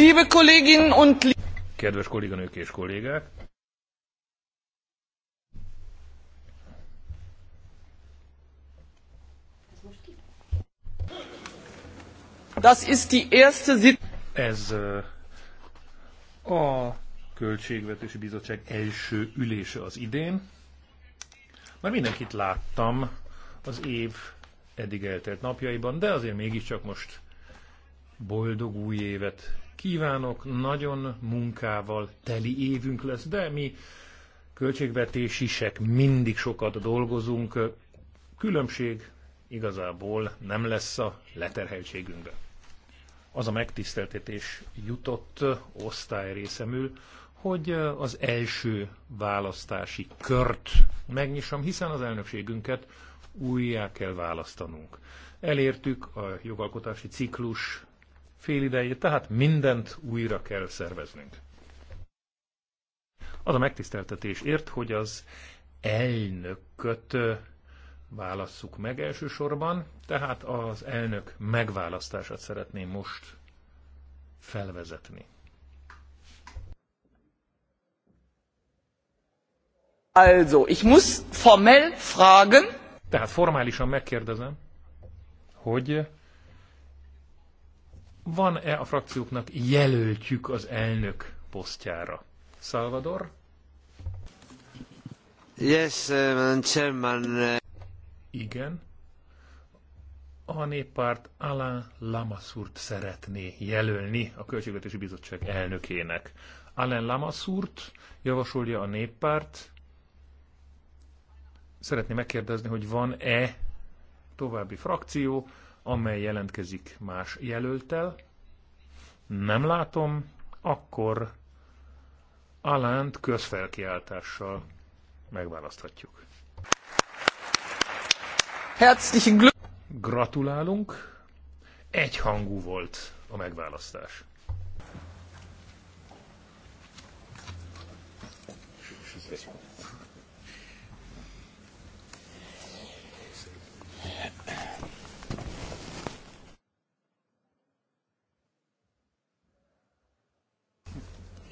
Liebe Kolleginnen und Kedves kolléganők és kollégák! Das ist die erste Sit Ez a Költségvetési Bizottság első ülése az idén. Már mindenkit láttam az év eddig eltelt napjaiban, de azért mégiscsak most boldog új évet kívánok, nagyon munkával teli évünk lesz, de mi költségvetésisek mindig sokat dolgozunk, különbség igazából nem lesz a leterheltségünkben. Az a megtiszteltetés jutott osztály részemül, hogy az első választási kört megnyissam, hiszen az elnökségünket újjá kell választanunk. Elértük a jogalkotási ciklus fél idejét, tehát mindent újra kell szerveznünk. Az a megtiszteltetés ért, hogy az elnököt válasszuk meg elsősorban, tehát az elnök megválasztását szeretném most felvezetni. Also, ich muss formell fragen. Tehát formálisan megkérdezem, hogy van-e a frakcióknak jelöltjük az elnök posztjára? Salvador? Yes, uh, Madam Chairman. Uh, Igen. A néppárt Alain Lamassurt szeretné jelölni a Költségvetési Bizottság elnökének. Alain Lamassurt javasolja a néppárt. Szeretné megkérdezni, hogy van-e további frakció, amely jelentkezik más jelöltel. Nem látom, akkor Alánt közfelkiáltással megválaszthatjuk. Herzlichen Glück! Gratulálunk! Egyhangú volt a megválasztás. Köszönöm.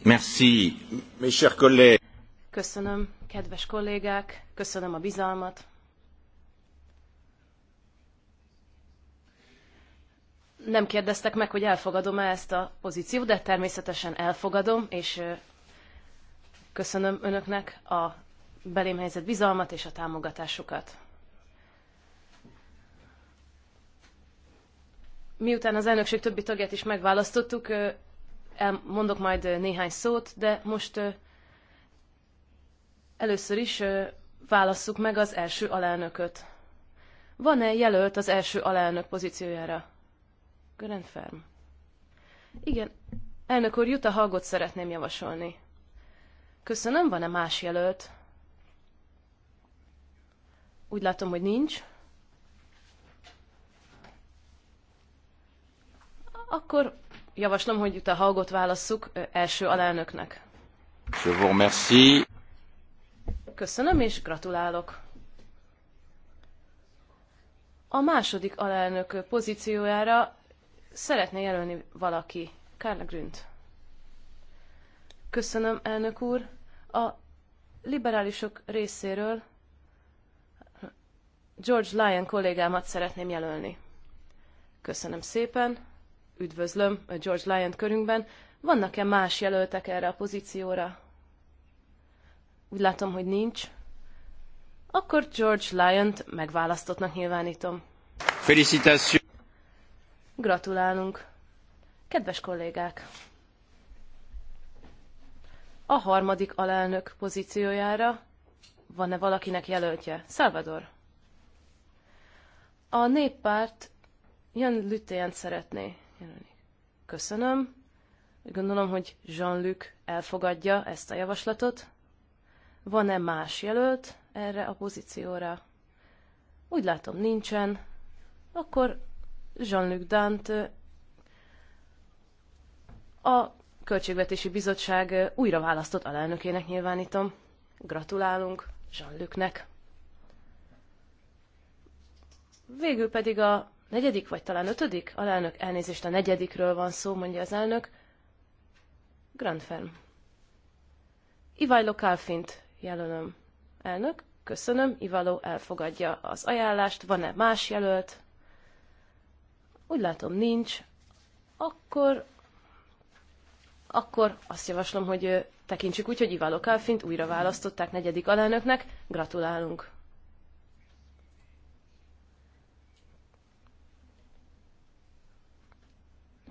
Merci, mes chers collègues. Köszönöm, kedves kollégák, köszönöm a bizalmat. Nem kérdeztek meg, hogy elfogadom-e ezt a pozíciót, de természetesen elfogadom, és köszönöm önöknek a belém helyzett bizalmat és a támogatásukat. Miután az elnökség többi tagját is megválasztottuk, mondok majd néhány szót, de most először is válasszuk meg az első alelnököt. Van-e jelölt az első alelnök pozíciójára? Grand Ferm. Igen, elnök úr, Juta Hagot szeretném javasolni. Köszönöm, van-e más jelölt? Úgy látom, hogy nincs. Akkor javaslom, hogy utána Haugot válasszuk első alelnöknek. Je vous remercie. Köszönöm és gratulálok. A második alelnök pozíciójára szeretné jelölni valaki. Kárla Grünt. Köszönöm, elnök úr. A liberálisok részéről George Lyon kollégámat szeretném jelölni. Köszönöm szépen üdvözlöm George Lyon körünkben. Vannak-e más jelöltek erre a pozícióra? Úgy látom, hogy nincs. Akkor George Lyon-t megválasztottnak nyilvánítom. Felicitáció! Gratulálunk! Kedves kollégák! A harmadik alelnök pozíciójára van-e valakinek jelöltje? Salvador. A néppárt Jan Lütéjent szeretné jelölik. Köszönöm. Gondolom, hogy Jean-Luc elfogadja ezt a javaslatot. Van-e más jelölt erre a pozícióra? Úgy látom, nincsen. Akkor Jean-Luc Dant a Költségvetési Bizottság újra választott alelnökének nyilvánítom. Gratulálunk Jean-Lucnek. Végül pedig a negyedik, vagy talán ötödik? Alelnök, elnézést, a negyedikről van szó, mondja az elnök. Grand Firm. Ivajlo Kálfint jelölöm. Elnök, köszönöm, Ivalo elfogadja az ajánlást. Van-e más jelölt? Úgy látom, nincs. Akkor, akkor azt javaslom, hogy tekintsük úgy, hogy Ivalo Kálfint újra választották negyedik alelnöknek. Gratulálunk!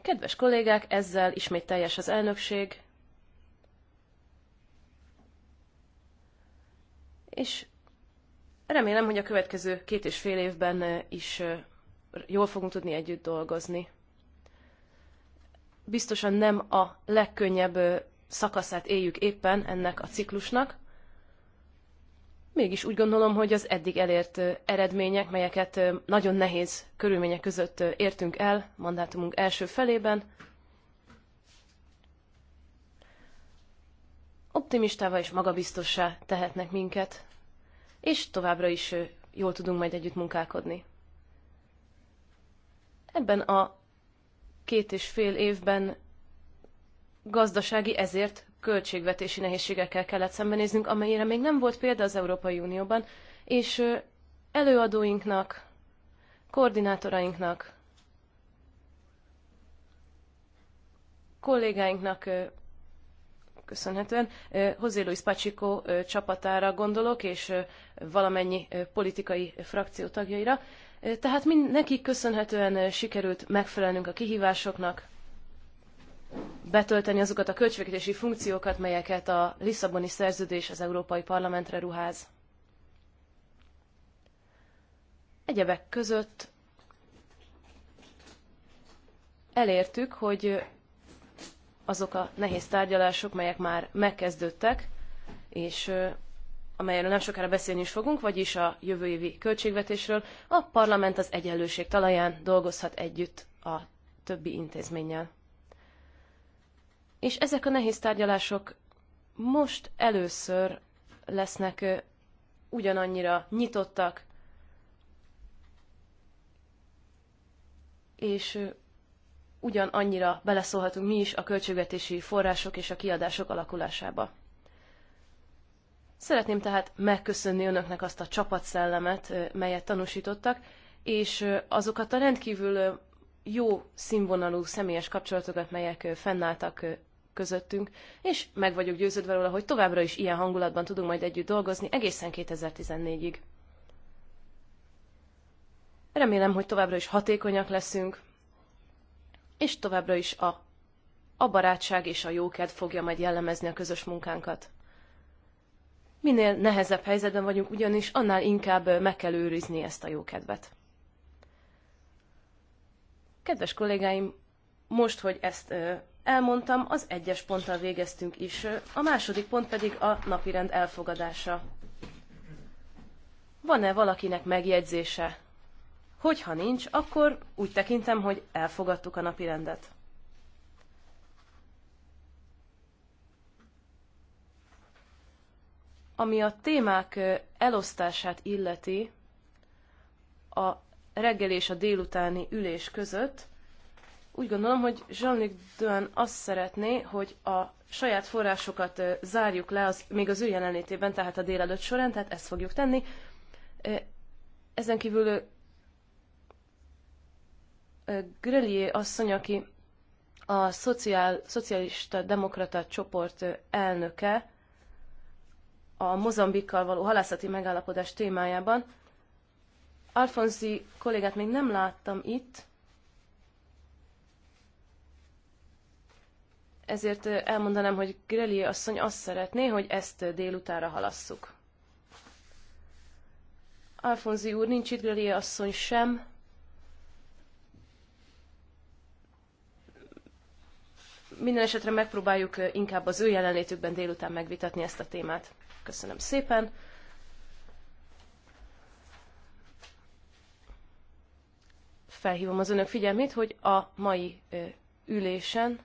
Kedves kollégák, ezzel ismét teljes az elnökség. És remélem, hogy a következő két és fél évben eh, is eh, jól fogunk tudni együtt dolgozni. Biztosan nem a legkönnyebb eh, szakaszát éljük éppen ennek a ciklusnak, mégis úgy gondolom, hogy az eddig elért eredmények, melyeket nagyon nehéz körülmények között értünk el mandátumunk első felében, optimistává és magabiztossá tehetnek minket, és továbbra is jól tudunk majd együtt munkálkodni. Ebben a két és fél évben gazdasági, ezért költségvetési nehézségekkel kellett szembenéznünk, amelyre még nem volt példa az Európai Unióban, és előadóinknak, koordinátorainknak, kollégáinknak köszönhetően José Luis Pacsikó csapatára gondolok, és valamennyi politikai frakció tagjaira. Tehát mind, nekik köszönhetően sikerült megfelelnünk a kihívásoknak, betölteni azokat a költségvetési funkciókat, melyeket a Lisszaboni szerződés az Európai Parlamentre ruház. Egyebek között elértük, hogy azok a nehéz tárgyalások, melyek már megkezdődtek, és amelyről nem sokára beszélni is fogunk, vagyis a jövő évi költségvetésről, a parlament az egyenlőség talaján dolgozhat együtt a többi intézménnyel és ezek a nehéz tárgyalások most először lesznek ugyanannyira nyitottak, és ugyanannyira beleszólhatunk mi is a költségvetési források és a kiadások alakulásába. Szeretném tehát megköszönni önöknek azt a csapatszellemet, melyet tanúsítottak, és azokat a rendkívül jó színvonalú személyes kapcsolatokat, melyek fennálltak közöttünk, és meg vagyok győződve róla, hogy továbbra is ilyen hangulatban tudunk majd együtt dolgozni egészen 2014-ig. Remélem, hogy továbbra is hatékonyak leszünk, és továbbra is a, a barátság és a jóked fogja majd jellemezni a közös munkánkat. Minél nehezebb helyzetben vagyunk ugyanis, annál inkább meg kell őrizni ezt a jókedvet. Kedves kollégáim, most, hogy ezt elmondtam, az egyes ponttal végeztünk is, a második pont pedig a napirend elfogadása. Van-e valakinek megjegyzése? Hogyha nincs, akkor úgy tekintem, hogy elfogadtuk a napirendet. Ami a témák elosztását illeti a reggel és a délutáni ülés között, úgy gondolom, hogy Jean-Luc Dön azt szeretné, hogy a saját forrásokat zárjuk le az, még az ő jelenlétében, tehát a délelőtt során, tehát ezt fogjuk tenni. Ezen kívül Grelier asszony, aki a szociál, szocialista demokrata csoport elnöke a Mozambikkal való halászati megállapodás témájában. Alfonzi kollégát még nem láttam itt, ezért elmondanám, hogy Greli asszony azt szeretné, hogy ezt délutára halasszuk. Alfonzi úr nincs itt, Greli asszony sem. Minden esetre megpróbáljuk inkább az ő jelenlétükben délután megvitatni ezt a témát. Köszönöm szépen. Felhívom az önök figyelmét, hogy a mai ülésen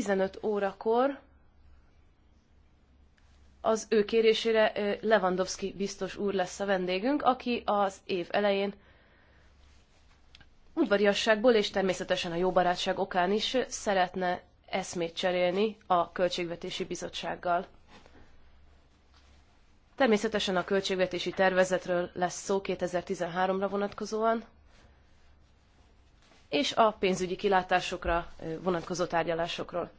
15 órakor az ő kérésére Lewandowski biztos úr lesz a vendégünk, aki az év elején udvariasságból és természetesen a jóbarátság okán is szeretne eszmét cserélni a Költségvetési Bizottsággal. Természetesen a költségvetési tervezetről lesz szó 2013-ra vonatkozóan, és a pénzügyi kilátásokra vonatkozó tárgyalásokról.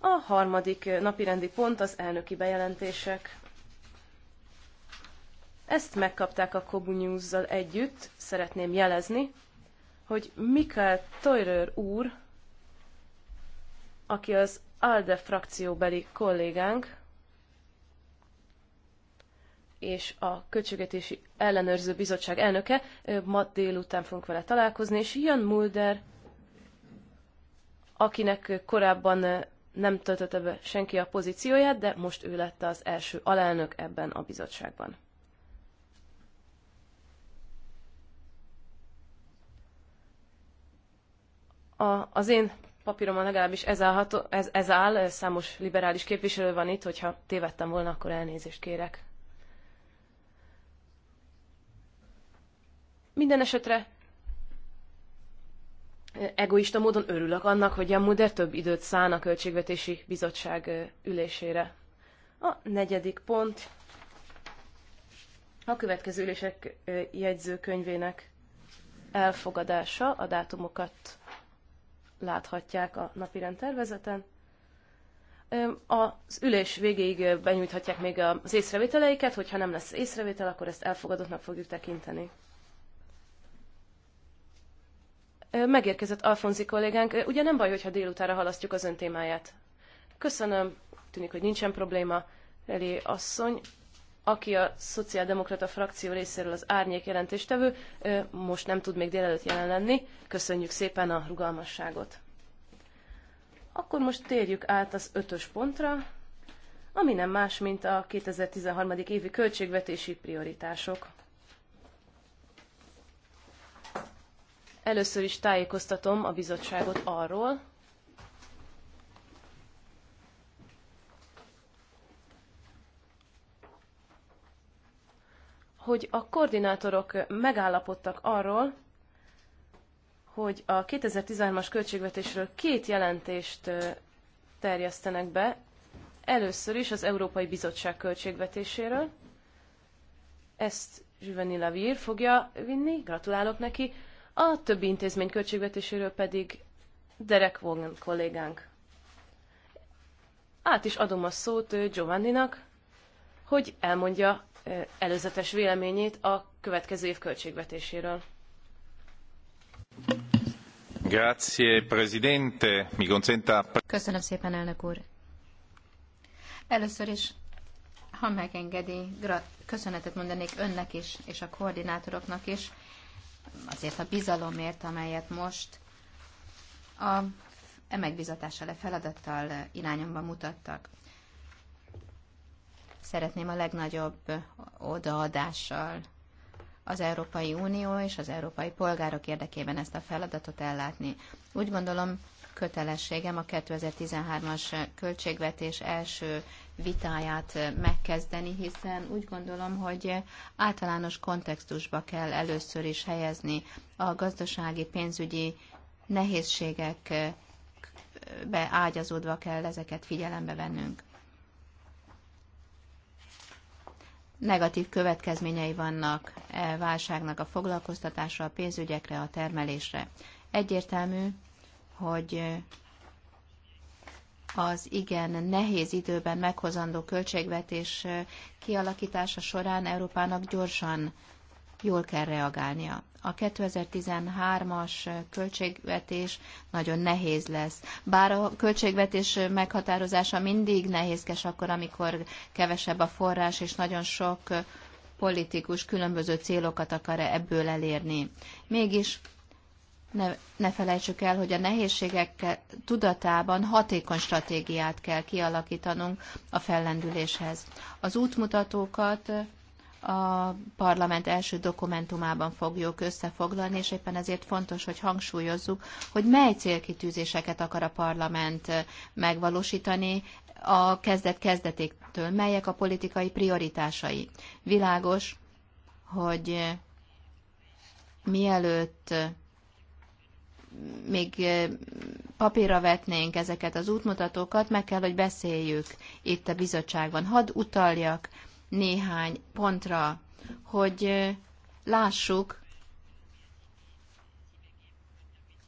A harmadik napirendi pont az elnöki bejelentések. Ezt megkapták a Kobu news együtt, szeretném jelezni, hogy Mikael Teurer úr, aki az ALDE frakcióbeli kollégánk, és a Költségetési Ellenőrző Bizottság elnöke. Ma délután fogunk vele találkozni, és Jan Mulder, akinek korábban nem töltötte be senki a pozícióját, de most ő lett az első alelnök ebben a bizottságban. A, az én papíromon legalábbis ez, állható, ez, ez áll, számos liberális képviselő van itt, hogyha tévedtem volna, akkor elnézést kérek. Minden esetre egoista módon örülök annak, hogy a Muder több időt szán a Költségvetési Bizottság ülésére. A negyedik pont a következő ülések jegyzőkönyvének elfogadása, a dátumokat láthatják a napirend rendtervezeten. Az ülés végéig benyújthatják még az észrevételeiket, hogyha nem lesz észrevétel, akkor ezt elfogadottnak fogjuk tekinteni megérkezett Alfonzi kollégánk, ugye nem baj, hogyha délutára halasztjuk az ön témáját. Köszönöm, tűnik, hogy nincsen probléma. Elé asszony, aki a szociáldemokrata frakció részéről az árnyék jelentéstevő, most nem tud még délelőtt jelen lenni. Köszönjük szépen a rugalmasságot. Akkor most térjük át az ötös pontra, ami nem más, mint a 2013. évi költségvetési prioritások. Először is tájékoztatom a bizottságot arról, hogy a koordinátorok megállapodtak arról, hogy a 2013-as költségvetésről két jelentést terjesztenek be, először is az Európai Bizottság költségvetéséről. Ezt Zsüveni Lavír fogja vinni, gratulálok neki, a többi intézmény költségvetéséről pedig Derek Wogan kollégánk. Át is adom a szót eh, Giovanninak, hogy elmondja eh, előzetes véleményét a következő év költségvetéséről. Grazie, Presidente. Mi consenta... Köszönöm szépen, elnök úr. Először is, ha megengedi, köszönetet mondanék önnek is, és a koordinátoroknak is, azért a bizalomért, amelyet most a e megbizatással, a feladattal eh, irányomba mutattak. Szeretném a legnagyobb odaadással az Európai Unió és az európai polgárok érdekében ezt a feladatot ellátni. Úgy gondolom, kötelességem a 2013-as költségvetés első vitáját megkezdeni, hiszen úgy gondolom, hogy általános kontextusba kell először is helyezni a gazdasági, pénzügyi nehézségekbe ágyazódva kell ezeket figyelembe vennünk. Negatív következményei vannak e válságnak a foglalkoztatásra, a pénzügyekre, a termelésre. Egyértelmű, hogy az igen nehéz időben meghozandó költségvetés kialakítása során Európának gyorsan jól kell reagálnia. A 2013-as költségvetés nagyon nehéz lesz. Bár a költségvetés meghatározása mindig nehézkes akkor, amikor kevesebb a forrás, és nagyon sok politikus különböző célokat akar ebből elérni. Mégis ne, ne felejtsük el, hogy a nehézségek tudatában hatékony stratégiát kell kialakítanunk a fellendüléshez. Az útmutatókat a parlament első dokumentumában fogjuk összefoglalni, és éppen ezért fontos, hogy hangsúlyozzuk, hogy mely célkitűzéseket akar a parlament megvalósítani a kezdet kezdetéktől, melyek a politikai prioritásai. Világos, hogy mielőtt még papírra vetnénk ezeket az útmutatókat, meg kell, hogy beszéljük itt a bizottságban. Hadd utaljak néhány pontra, hogy lássuk,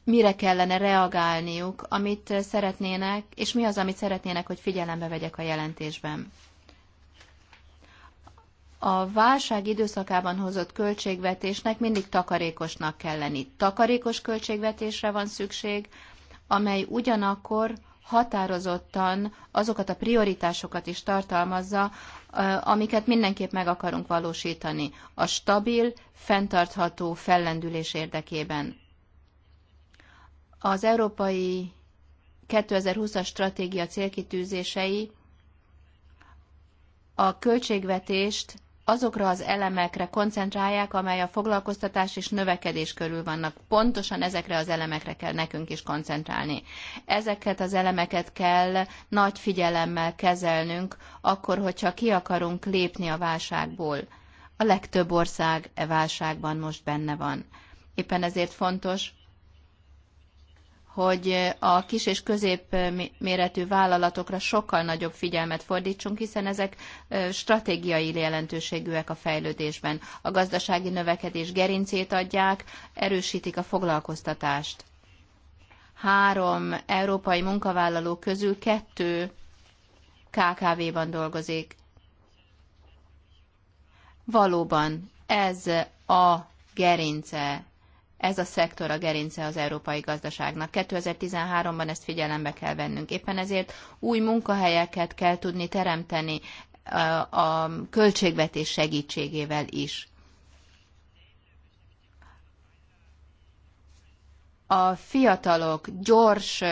mire kellene reagálniuk, amit szeretnének, és mi az, amit szeretnének, hogy figyelembe vegyek a jelentésben a válság időszakában hozott költségvetésnek mindig takarékosnak kell lenni. Takarékos költségvetésre van szükség, amely ugyanakkor határozottan azokat a prioritásokat is tartalmazza, amiket mindenképp meg akarunk valósítani a stabil, fenntartható fellendülés érdekében. Az európai 2020-as stratégia célkitűzései a költségvetést azokra az elemekre koncentrálják, amely a foglalkoztatás és növekedés körül vannak. Pontosan ezekre az elemekre kell nekünk is koncentrálni. Ezeket az elemeket kell nagy figyelemmel kezelnünk, akkor, hogyha ki akarunk lépni a válságból. A legtöbb ország e válságban most benne van. Éppen ezért fontos, hogy a kis és középméretű vállalatokra sokkal nagyobb figyelmet fordítsunk, hiszen ezek stratégiai jelentőségűek a fejlődésben. A gazdasági növekedés gerincét adják, erősítik a foglalkoztatást. Három európai munkavállaló közül kettő KKV-ban dolgozik. Valóban ez a gerince ez a szektor a gerince az európai gazdaságnak. 2013-ban ezt figyelembe kell vennünk. Éppen ezért új munkahelyeket kell tudni teremteni a költségvetés segítségével is. A fiatalok gyors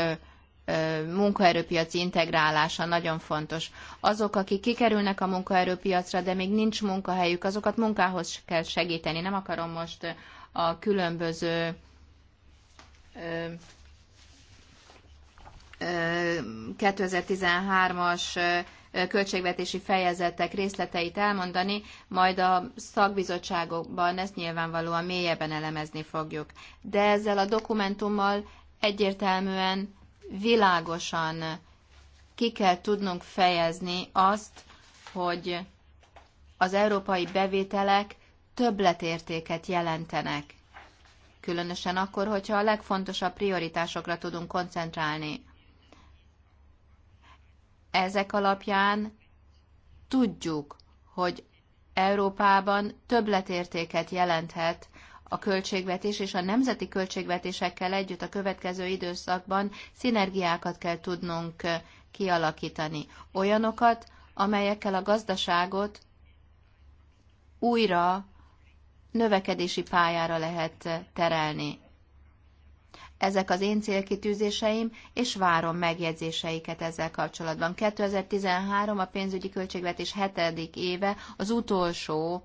munkaerőpiaci integrálása nagyon fontos. Azok, akik kikerülnek a munkaerőpiacra, de még nincs munkahelyük, azokat munkához kell segíteni. Nem akarom most a különböző ö, 2013-as költségvetési fejezetek részleteit elmondani, majd a szakbizottságokban ezt nyilvánvalóan mélyebben elemezni fogjuk. De ezzel a dokumentummal egyértelműen világosan ki kell tudnunk fejezni azt, hogy az európai bevételek többletértéket jelentenek. Különösen akkor, hogyha a legfontosabb prioritásokra tudunk koncentrálni. Ezek alapján tudjuk, hogy Európában többletértéket jelenthet a költségvetés és a nemzeti költségvetésekkel együtt a következő időszakban szinergiákat kell tudnunk kialakítani. Olyanokat, amelyekkel a gazdaságot újra növekedési pályára lehet terelni. Ezek az én célkitűzéseim, és várom megjegyzéseiket ezzel kapcsolatban. 2013 a pénzügyi költségvetés hetedik éve az utolsó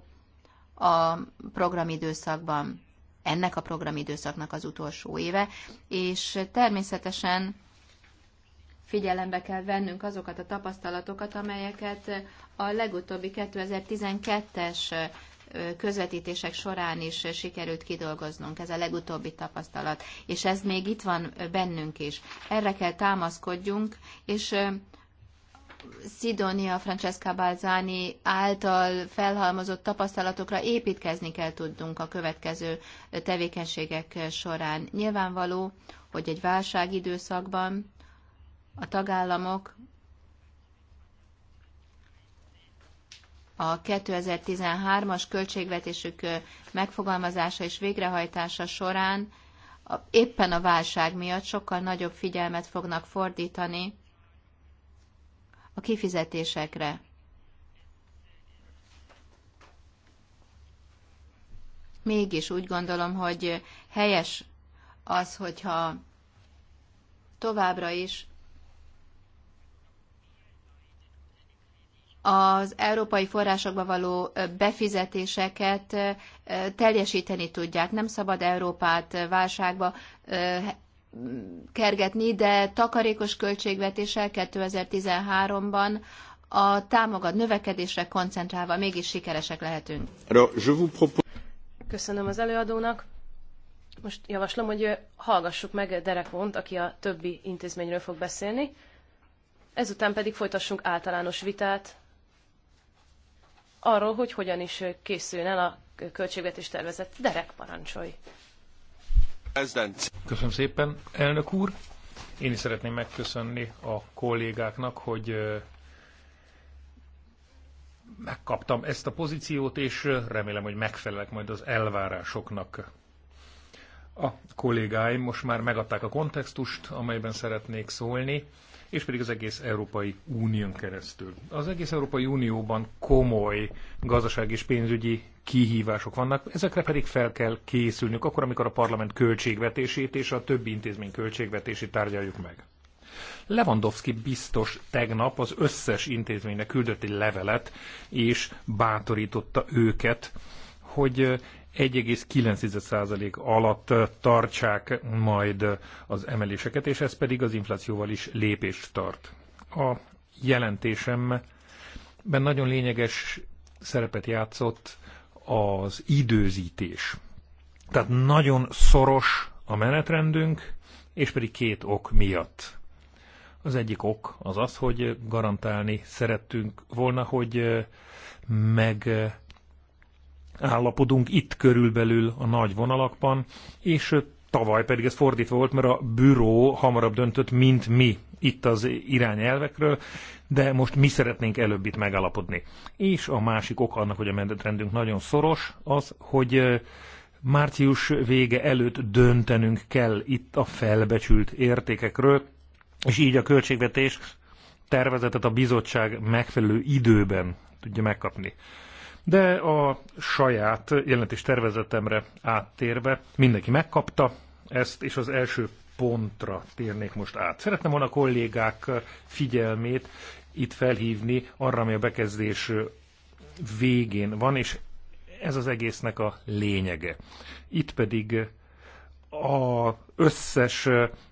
a programidőszakban. Ennek a programidőszaknak az utolsó éve, és természetesen figyelembe kell vennünk azokat a tapasztalatokat, amelyeket a legutóbbi 2012-es közvetítések során is sikerült kidolgoznunk. Ez a legutóbbi tapasztalat. És ez még itt van bennünk is. Erre kell támaszkodjunk, és Sidonia Francesca Balzani által felhalmozott tapasztalatokra építkezni kell tudnunk a következő tevékenységek során. Nyilvánvaló, hogy egy válságidőszakban a tagállamok a 2013-as költségvetésük megfogalmazása és végrehajtása során éppen a válság miatt sokkal nagyobb figyelmet fognak fordítani a kifizetésekre. Mégis úgy gondolom, hogy helyes az, hogyha továbbra is az európai forrásokba való befizetéseket teljesíteni tudják. Nem szabad Európát válságba kergetni, de takarékos költségvetéssel 2013-ban a támogat növekedésre koncentrálva mégis sikeresek lehetünk. Köszönöm az előadónak. Most javaslom, hogy hallgassuk meg Derek Vont, aki a többi intézményről fog beszélni. Ezután pedig folytassunk általános vitát arról, hogy hogyan is készüljön el a költségvetés tervezet. Derek, parancsolj! Köszönöm szépen, elnök úr! Én is szeretném megköszönni a kollégáknak, hogy megkaptam ezt a pozíciót, és remélem, hogy megfelelek majd az elvárásoknak. A kollégáim most már megadták a kontextust, amelyben szeretnék szólni, és pedig az egész Európai Unión keresztül. Az egész Európai Unióban komoly gazdasági és pénzügyi kihívások vannak, ezekre pedig fel kell készülnünk, akkor, amikor a parlament költségvetését és a többi intézmény költségvetését tárgyaljuk meg. Lewandowski biztos tegnap az összes intézménynek küldött egy levelet, és bátorította őket, hogy 1,9% alatt tartsák majd az emeléseket, és ez pedig az inflációval is lépést tart. A jelentésemben nagyon lényeges szerepet játszott az időzítés. Tehát nagyon szoros a menetrendünk, és pedig két ok miatt. Az egyik ok az az, hogy garantálni szerettünk volna, hogy meg állapodunk itt körülbelül a nagy vonalakban, és tavaly pedig ez fordítva volt, mert a büró hamarabb döntött, mint mi itt az irányelvekről, de most mi szeretnénk előbb itt megállapodni. És a másik ok annak, hogy a menetrendünk nagyon szoros, az, hogy március vége előtt döntenünk kell itt a felbecsült értékekről, és így a költségvetés tervezetet a bizottság megfelelő időben tudja megkapni. De a saját jelentés tervezetemre áttérve mindenki megkapta ezt, és az első pontra térnék most át. Szeretném volna a kollégák figyelmét itt felhívni arra, ami a bekezdés végén van, és ez az egésznek a lényege. Itt pedig a összes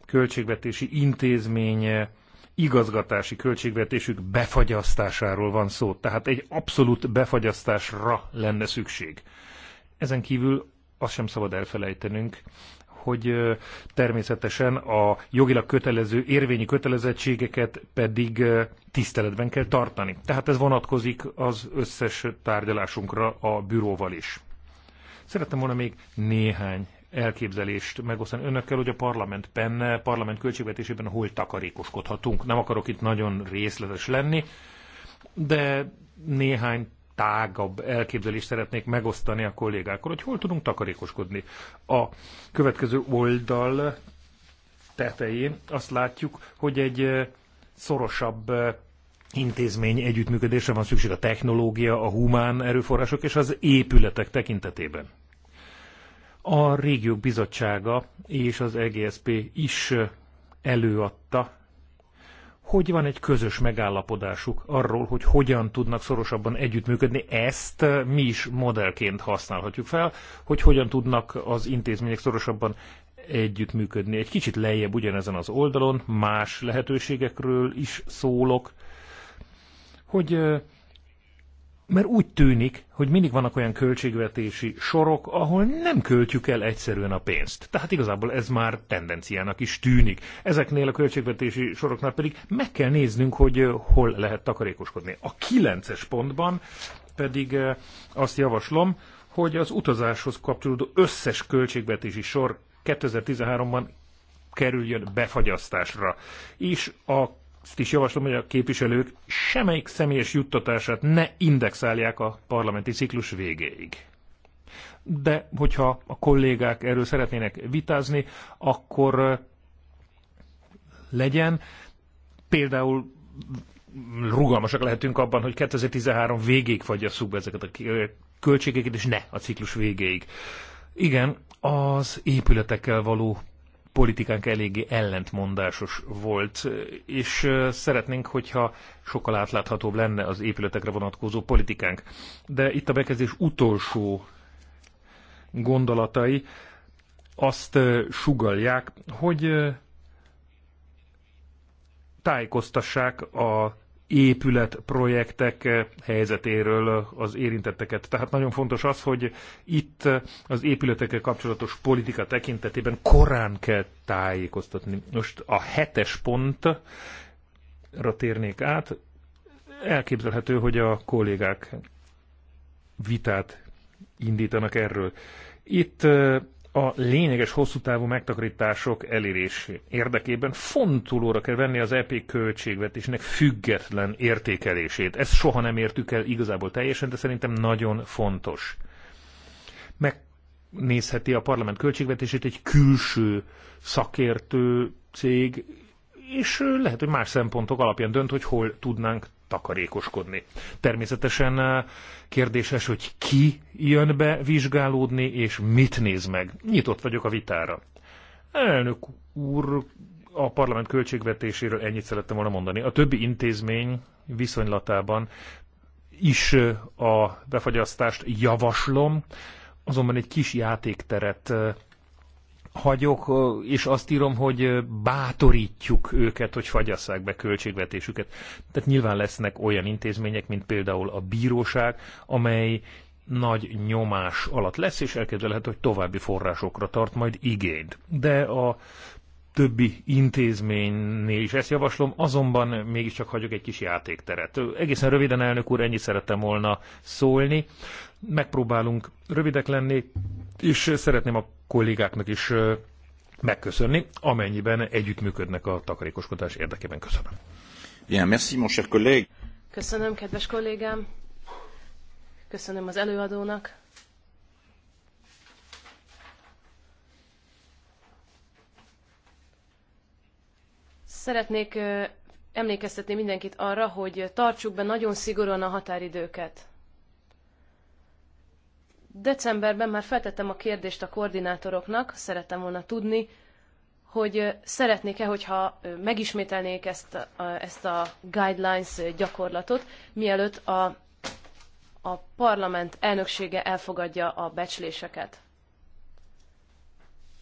költségvetési intézménye igazgatási költségvetésük befagyasztásáról van szó. Tehát egy abszolút befagyasztásra lenne szükség. Ezen kívül azt sem szabad elfelejtenünk, hogy természetesen a jogilag kötelező, érvényi kötelezettségeket pedig tiszteletben kell tartani. Tehát ez vonatkozik az összes tárgyalásunkra a büróval is. Szerettem volna még néhány elképzelést megosztani önökkel, hogy a penne parlament költségvetésében hol takarékoskodhatunk. Nem akarok itt nagyon részletes lenni, de néhány tágabb elképzelést szeretnék megosztani a kollégákkal, hogy hol tudunk takarékoskodni. A következő oldal tetején azt látjuk, hogy egy szorosabb intézmény együttműködésre van szükség a technológia, a humán erőforrások és az épületek tekintetében. A régiók bizottsága és az EGSP is előadta, hogy van egy közös megállapodásuk arról, hogy hogyan tudnak szorosabban együttműködni, ezt mi is modellként használhatjuk fel, hogy hogyan tudnak az intézmények szorosabban együttműködni. Egy kicsit lejjebb ugyanezen az oldalon, más lehetőségekről is szólok, hogy mert úgy tűnik, hogy mindig vannak olyan költségvetési sorok, ahol nem költjük el egyszerűen a pénzt. Tehát igazából ez már tendenciának is tűnik. Ezeknél a költségvetési soroknál pedig meg kell néznünk, hogy hol lehet takarékoskodni. A kilences pontban pedig azt javaslom, hogy az utazáshoz kapcsolódó összes költségvetési sor 2013-ban kerüljön befagyasztásra. És a azt is javaslom, hogy a képviselők semmelyik személyes juttatását ne indexálják a parlamenti ciklus végéig. De hogyha a kollégák erről szeretnének vitázni, akkor legyen. Például rugalmasak lehetünk abban, hogy 2013 végéig be ezeket a költségeket, és ne a ciklus végéig. Igen, az épületekkel való politikánk eléggé ellentmondásos volt, és szeretnénk, hogyha sokkal átláthatóbb lenne az épületekre vonatkozó politikánk. De itt a bekezdés utolsó gondolatai azt sugalják, hogy tájékoztassák a épületprojektek eh, helyzetéről eh, az érintetteket. Tehát nagyon fontos az, hogy itt eh, az épületekkel kapcsolatos politika tekintetében korán kell tájékoztatni. Most a hetes pontra térnék át. Elképzelhető, hogy a kollégák vitát indítanak erről. Itt a lényeges hosszú távú megtakarítások elérésé érdekében fontolóra kell venni az EP költségvetésnek független értékelését. Ezt soha nem értük el igazából teljesen, de szerintem nagyon fontos. Megnézheti a parlament költségvetését egy külső szakértő cég, és lehet, hogy más szempontok alapján dönt, hogy hol tudnánk takarékoskodni. Természetesen eh, kérdéses, hogy ki jön be vizsgálódni, és mit néz meg. Nyitott vagyok a vitára. Elnök úr, a parlament költségvetéséről ennyit szerettem volna mondani. A többi intézmény viszonylatában is eh, a befagyasztást javaslom, azonban egy kis játékteret eh, hagyok, és azt írom, hogy bátorítjuk őket, hogy fagyasszák be költségvetésüket. Tehát nyilván lesznek olyan intézmények, mint például a bíróság, amely nagy nyomás alatt lesz, és elképzelhető, hogy további forrásokra tart majd igényt. De a többi intézménynél is ezt javaslom, azonban mégiscsak hagyok egy kis játékteret. Egészen röviden, elnök úr, ennyit szerettem volna szólni megpróbálunk rövidek lenni, és szeretném a kollégáknak is megköszönni, amennyiben együttműködnek a takarékoskodás érdekében. Köszönöm. Bien, merci, mon cher collègue. Köszönöm, kedves kollégám. Köszönöm az előadónak. Szeretnék emlékeztetni mindenkit arra, hogy tartsuk be nagyon szigorúan a határidőket. Decemberben már feltettem a kérdést a koordinátoroknak, szerettem volna tudni, hogy szeretnék-e, hogyha megismételnék ezt a, ezt a guidelines gyakorlatot, mielőtt a, a parlament elnöksége elfogadja a becsléseket.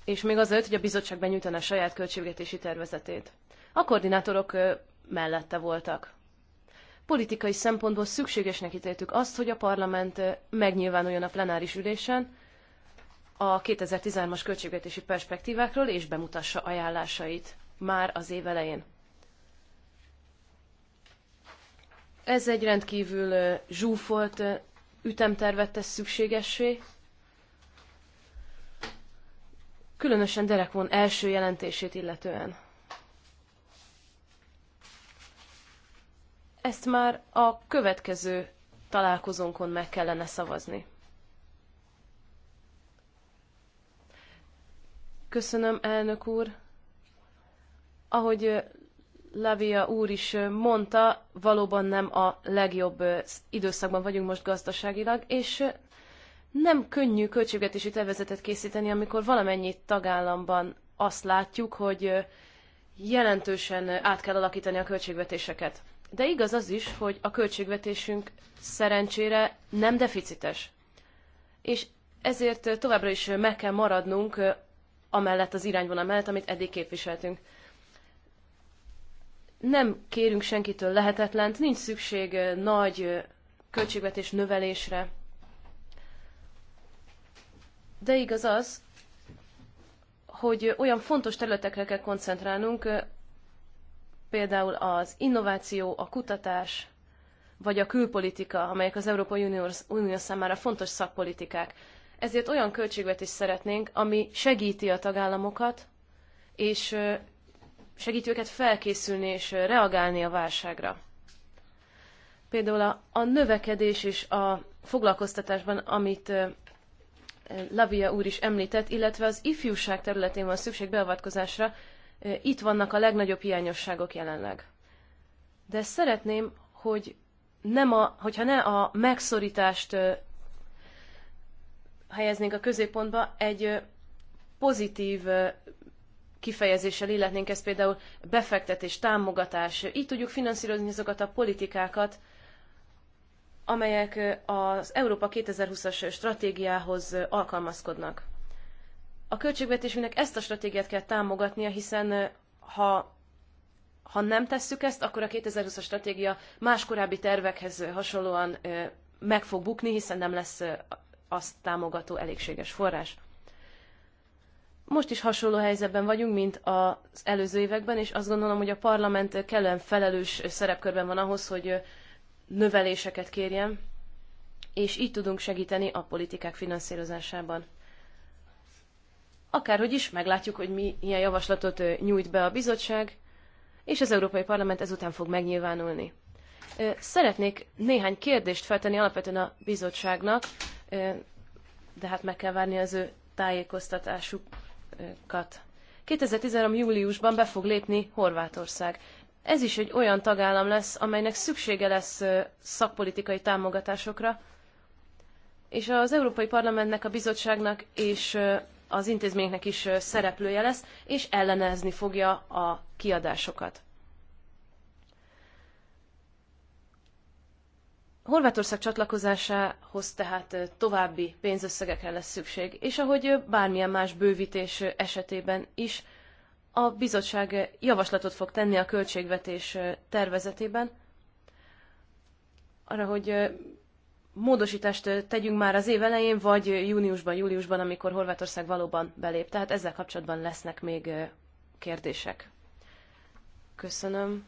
És még azelőtt, hogy a bizottság benyújtaná a saját költségvetési tervezetét. A koordinátorok mellette voltak politikai szempontból szükségesnek ítéltük azt, hogy a parlament megnyilvánuljon a plenáris ülésen a 2013-as költségvetési perspektívákról és bemutassa ajánlásait már az év elején. Ez egy rendkívül zsúfolt ütemtervet tesz szükségessé. Különösen Derek von első jelentését illetően. ezt már a következő találkozónkon meg kellene szavazni. Köszönöm, elnök úr. Ahogy Lavia úr is mondta, valóban nem a legjobb időszakban vagyunk most gazdaságilag, és nem könnyű költségvetési tervezetet készíteni, amikor valamennyi tagállamban azt látjuk, hogy jelentősen át kell alakítani a költségvetéseket. De igaz az is, hogy a költségvetésünk szerencsére nem deficites. És ezért továbbra is meg kell maradnunk amellett az irányvonal mellett, amit eddig képviseltünk. Nem kérünk senkitől lehetetlent, nincs szükség nagy költségvetés növelésre. De igaz az, hogy olyan fontos területekre kell koncentrálnunk, például az innováció, a kutatás, vagy a külpolitika, amelyek az Európai Unió, Unió számára fontos szakpolitikák. Ezért olyan költségvetést szeretnénk, ami segíti a tagállamokat, és segíti őket felkészülni és reagálni a válságra. Például a, a növekedés és a foglalkoztatásban, amit Lavia úr is említett, illetve az ifjúság területén van szükség beavatkozásra, itt vannak a legnagyobb hiányosságok jelenleg. De szeretném, hogy nem a, hogyha ne a megszorítást helyeznénk a középpontba, egy pozitív kifejezéssel illetnénk ezt például befektetés, támogatás. Így tudjuk finanszírozni azokat a politikákat, amelyek az Európa 2020-as stratégiához alkalmazkodnak a költségvetésünknek ezt a stratégiát kell támogatnia, hiszen ha, ha nem tesszük ezt, akkor a 2020-as stratégia más korábbi tervekhez hasonlóan meg fog bukni, hiszen nem lesz azt támogató elégséges forrás. Most is hasonló helyzetben vagyunk, mint az előző években, és azt gondolom, hogy a parlament kellően felelős szerepkörben van ahhoz, hogy növeléseket kérjen, és így tudunk segíteni a politikák finanszírozásában. Akárhogy is, meglátjuk, hogy mi ilyen javaslatot nyújt be a bizottság, és az Európai Parlament ezután fog megnyilvánulni. Szeretnék néhány kérdést feltenni alapvetően a bizottságnak, de hát meg kell várni az ő tájékoztatásukat. 2013. júliusban be fog lépni Horvátország. Ez is egy olyan tagállam lesz, amelynek szüksége lesz szakpolitikai támogatásokra, és az Európai Parlamentnek, a bizottságnak és az intézményeknek is szereplője lesz, és ellenezni fogja a kiadásokat. Horvátország csatlakozásához tehát további pénzösszegekre lesz szükség, és ahogy bármilyen más bővítés esetében is, a bizottság javaslatot fog tenni a költségvetés tervezetében, arra, hogy módosítást tegyünk már az év elején, vagy júniusban, júliusban, amikor Horvátország valóban belép. Tehát ezzel kapcsolatban lesznek még kérdések. Köszönöm,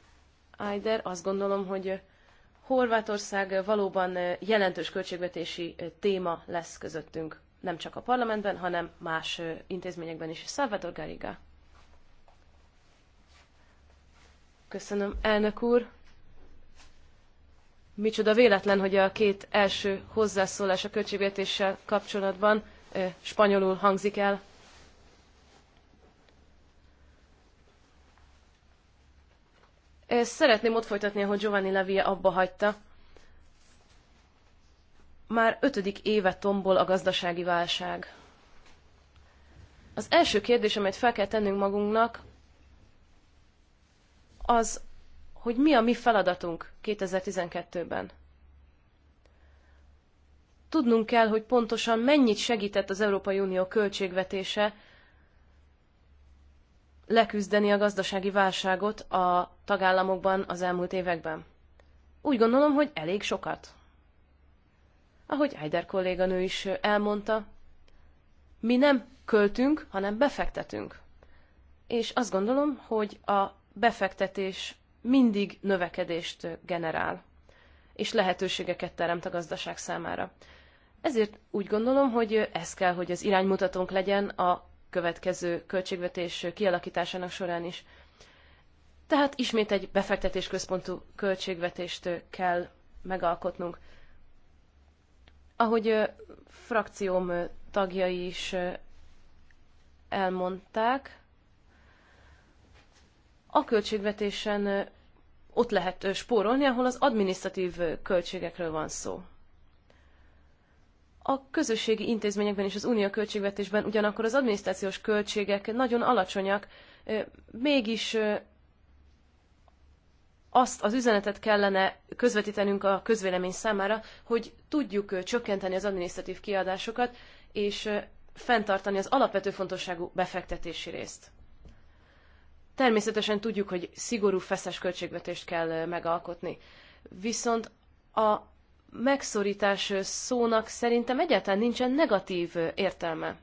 Aider. Azt gondolom, hogy Horvátország valóban jelentős költségvetési téma lesz közöttünk. Nem csak a parlamentben, hanem más intézményekben is. Salvador Garriga. Köszönöm, elnök úr. Micsoda véletlen, hogy a két első hozzászólás a költségvetéssel kapcsolatban spanyolul hangzik el. Szeretném ott folytatni, ahol Giovanni Levia abba hagyta. Már ötödik éve tombol a gazdasági válság. Az első kérdés, amelyet fel kell tennünk magunknak, az hogy mi a mi feladatunk 2012-ben. Tudnunk kell, hogy pontosan mennyit segített az Európai Unió költségvetése leküzdeni a gazdasági válságot a tagállamokban az elmúlt években. Úgy gondolom, hogy elég sokat. Ahogy Eider kolléganő is elmondta, mi nem költünk, hanem befektetünk. És azt gondolom, hogy a befektetés mindig növekedést generál, és lehetőségeket teremt a gazdaság számára. Ezért úgy gondolom, hogy ez kell, hogy az iránymutatónk legyen a következő költségvetés kialakításának során is. Tehát ismét egy központú költségvetést kell megalkotnunk. Ahogy frakcióm tagjai is elmondták, a költségvetésen ott lehet spórolni, ahol az adminisztratív költségekről van szó. A közösségi intézményekben és az unió költségvetésben ugyanakkor az adminisztrációs költségek nagyon alacsonyak, mégis azt az üzenetet kellene közvetítenünk a közvélemény számára, hogy tudjuk csökkenteni az adminisztratív kiadásokat, és fenntartani az alapvető fontosságú befektetési részt. Természetesen tudjuk, hogy szigorú feszes költségvetést kell megalkotni. Viszont a megszorítás szónak szerintem egyáltalán nincsen negatív értelme.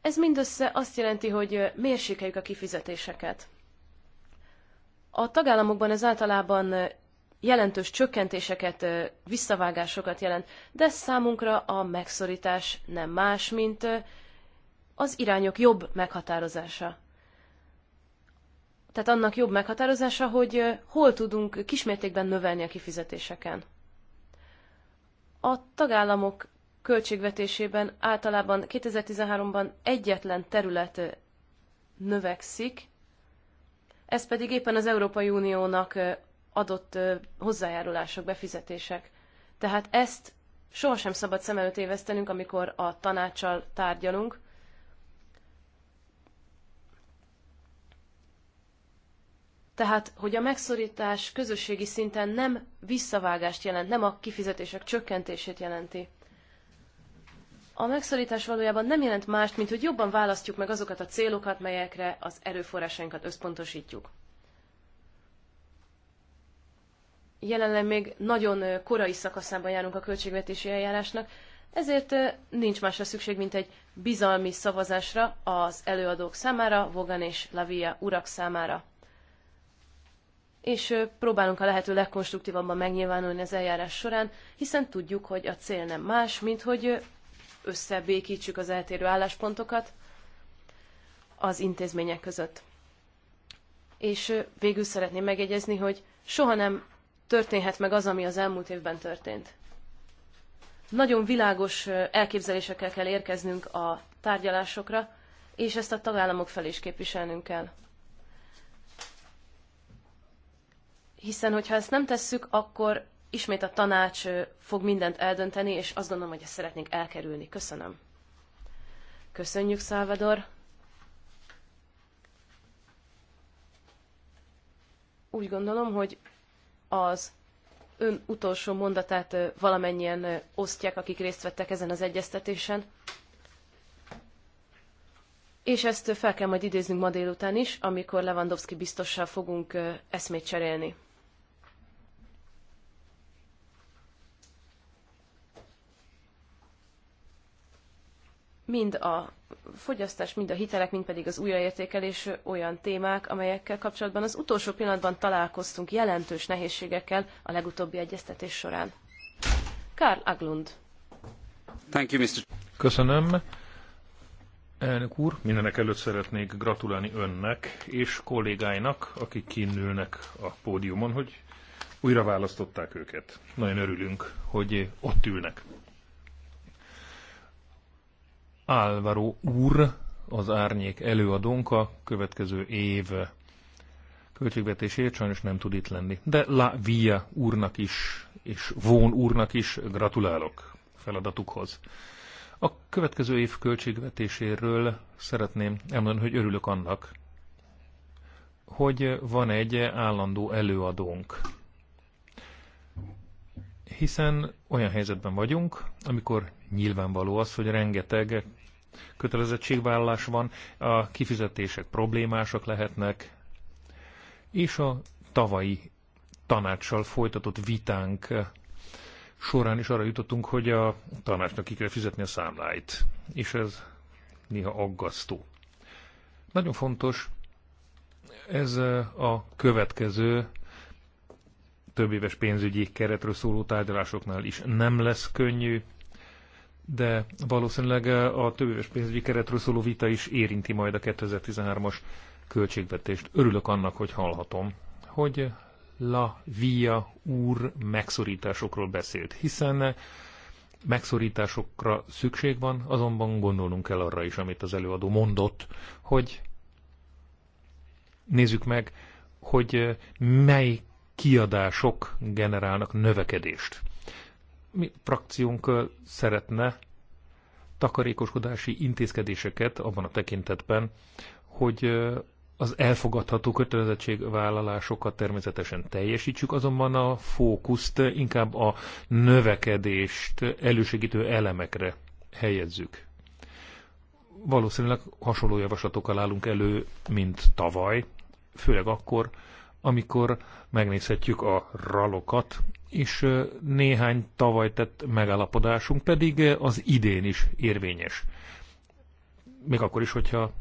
Ez mindössze azt jelenti, hogy mérsékeljük a kifizetéseket. A tagállamokban ez általában jelentős csökkentéseket, visszavágásokat jelent, de számunkra a megszorítás nem más, mint az irányok jobb meghatározása tehát annak jobb meghatározása, hogy hol tudunk kismértékben növelni a kifizetéseken. A tagállamok költségvetésében általában 2013-ban egyetlen terület növekszik, ez pedig éppen az Európai Uniónak adott hozzájárulások, befizetések. Tehát ezt sohasem szabad szem előtt évesztenünk, amikor a tanácssal tárgyalunk, Tehát, hogy a megszorítás közösségi szinten nem visszavágást jelent, nem a kifizetések csökkentését jelenti. A megszorítás valójában nem jelent mást, mint hogy jobban választjuk meg azokat a célokat, melyekre az erőforrásainkat összpontosítjuk. Jelenleg még nagyon korai szakaszában járunk a költségvetési eljárásnak, ezért nincs másra szükség, mint egy bizalmi szavazásra az előadók számára, Vogan és Lavia urak számára és próbálunk a lehető legkonstruktívabban megnyilvánulni az eljárás során, hiszen tudjuk, hogy a cél nem más, mint hogy összebékítsük az eltérő álláspontokat az intézmények között. És végül szeretném megjegyezni, hogy soha nem történhet meg az, ami az elmúlt évben történt. Nagyon világos elképzelésekkel kell érkeznünk a tárgyalásokra, és ezt a tagállamok felé is képviselnünk kell. hiszen hogyha ezt nem tesszük, akkor ismét a tanács fog mindent eldönteni, és azt gondolom, hogy ezt szeretnénk elkerülni. Köszönöm. Köszönjük, Szálvador. Úgy gondolom, hogy az ön utolsó mondatát valamennyien osztják, akik részt vettek ezen az egyeztetésen. És ezt fel kell majd idéznünk ma délután is, amikor Lewandowski biztossal fogunk eszmét cserélni. mind a fogyasztás, mind a hitelek, mind pedig az újraértékelés olyan témák, amelyekkel kapcsolatban az utolsó pillanatban találkoztunk jelentős nehézségekkel a legutóbbi egyeztetés során. Karl Aglund. Thank you, Mr. Köszönöm. Elnök úr, mindenek előtt szeretnék gratulálni önnek és kollégáinak, akik kinnülnek a pódiumon, hogy újra választották őket. Nagyon örülünk, hogy ott ülnek. Álvaro úr, az árnyék előadónk a következő év költségvetéséért sajnos nem tud itt lenni. De La Via úrnak is, és Vón úrnak is gratulálok feladatukhoz. A következő év költségvetéséről szeretném elmondani, hogy örülök annak, hogy van egy állandó előadónk. Hiszen olyan helyzetben vagyunk, amikor nyilvánvaló az, hogy rengeteg kötelezettségvállalás van, a kifizetések problémásak lehetnek, és a tavalyi tanácssal folytatott vitánk során is arra jutottunk, hogy a tanácsnak ki kell fizetni a számláit, és ez néha aggasztó. Nagyon fontos ez a következő több éves pénzügyi keretről szóló tárgyalásoknál is nem lesz könnyű, de valószínűleg eh, a többéves pénzügyi keretről szóló vita is érinti majd a 2013-as költségvetést. Örülök annak, hogy hallhatom, hogy La Via úr megszorításokról beszélt, hiszen megszorításokra szükség van, azonban gondolnunk kell arra is, amit az előadó mondott, hogy nézzük meg, hogy mely kiadások generálnak növekedést mi frakciónk szeretne takarékoskodási intézkedéseket abban a tekintetben, hogy az elfogadható kötelezettségvállalásokat természetesen teljesítsük, azonban a fókuszt inkább a növekedést elősegítő elemekre helyezzük. Valószínűleg hasonló javaslatokkal állunk elő, mint tavaly, főleg akkor, amikor megnézhetjük a ralokat, és néhány tavaly tett megállapodásunk pedig az idén is érvényes. Még akkor is, hogyha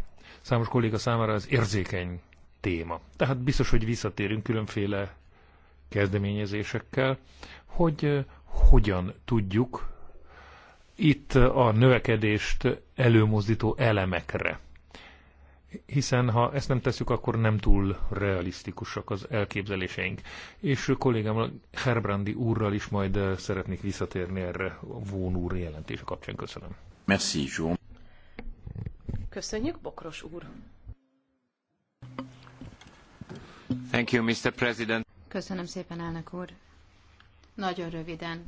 számos kolléga számára az érzékeny téma. Tehát biztos, hogy visszatérünk különféle kezdeményezésekkel, hogy hogyan tudjuk itt a növekedést előmozdító elemekre hiszen ha ezt nem tesszük, akkor nem túl realisztikusak az elképzeléseink. És kollégám Herbrandi úrral is majd eh, szeretnék visszatérni erre a Vón úr jelentése kapcsán. Köszönöm. Merci, Jean. Köszönjük, Bokros úr. Thank you, Mr. President. Köszönöm szépen, elnök úr. Nagyon röviden.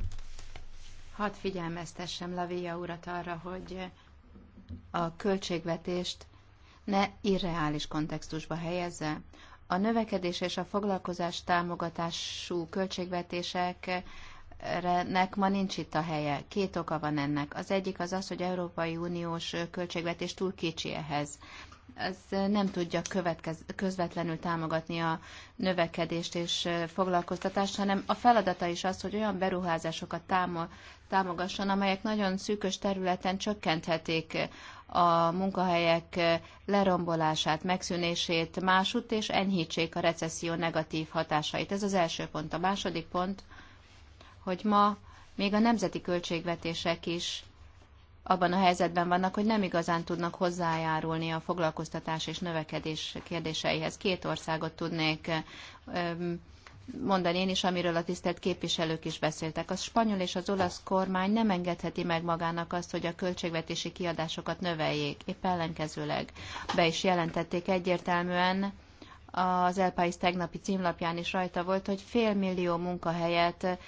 Hadd figyelmeztessem Lavia urat arra, hogy a költségvetést ne irreális kontextusba helyezze. A növekedés és a foglalkozás támogatású költségvetések nek ma nincs itt a helye. Két oka van ennek. Az egyik az az, hogy Európai Uniós költségvetés túl kicsi ehhez. Ez nem tudja következ, közvetlenül támogatni a növekedést és foglalkoztatást, hanem a feladata is az, hogy olyan beruházásokat támo, támogasson, amelyek nagyon szűkös területen csökkenthetik a munkahelyek lerombolását, megszűnését másút, és enyhítsék a recesszió negatív hatásait. Ez az első pont. A második pont, hogy ma még a nemzeti költségvetések is abban a helyzetben vannak, hogy nem igazán tudnak hozzájárulni a foglalkoztatás és növekedés kérdéseihez. Két országot tudnék mondani én is, amiről a tisztelt képviselők is beszéltek. A spanyol és az olasz kormány nem engedheti meg magának azt, hogy a költségvetési kiadásokat növeljék, épp ellenkezőleg be is jelentették egyértelműen, az Elpais tegnapi címlapján is rajta volt, hogy fél millió munkahelyet,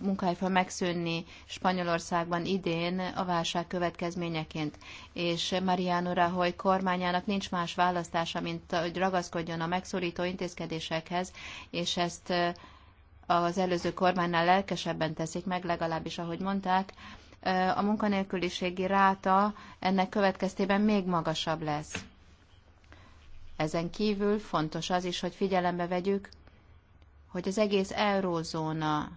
munkahely fog megszűnni Spanyolországban idén a válság következményeként. És Mariano Rajoy kormányának nincs más választása, mint hogy ragaszkodjon a megszorító intézkedésekhez, és ezt az előző kormánynál lelkesebben teszik meg, legalábbis ahogy mondták, a munkanélküliségi ráta ennek következtében még magasabb lesz ezen kívül fontos az is, hogy figyelembe vegyük, hogy az egész eurózóna,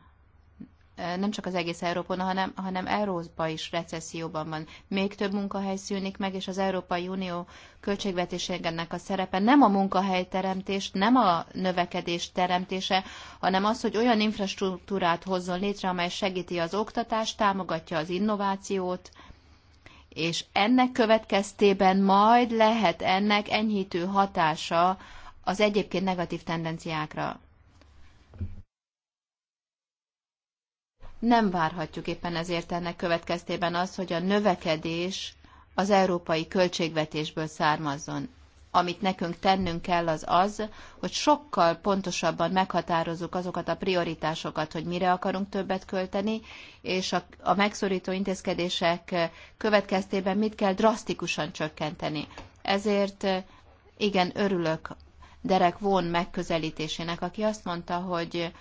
nem csak az egész Európona, hanem, hanem Európa is recesszióban van. Még több munkahely szűnik meg, és az Európai Unió költségvetésének a szerepe nem a munkahelyteremtés, nem a növekedés teremtése, hanem az, hogy olyan infrastruktúrát hozzon létre, amely segíti az oktatást, támogatja az innovációt, és ennek következtében majd lehet ennek enyhítő hatása az egyébként negatív tendenciákra. Nem várhatjuk éppen ezért ennek következtében az, hogy a növekedés az európai költségvetésből származzon amit nekünk tennünk kell, az az, hogy sokkal pontosabban meghatározzuk azokat a prioritásokat, hogy mire akarunk többet költeni, és a, a megszorító intézkedések következtében mit kell drasztikusan csökkenteni. Ezért igen, örülök Derek Von megközelítésének, aki azt mondta, hogy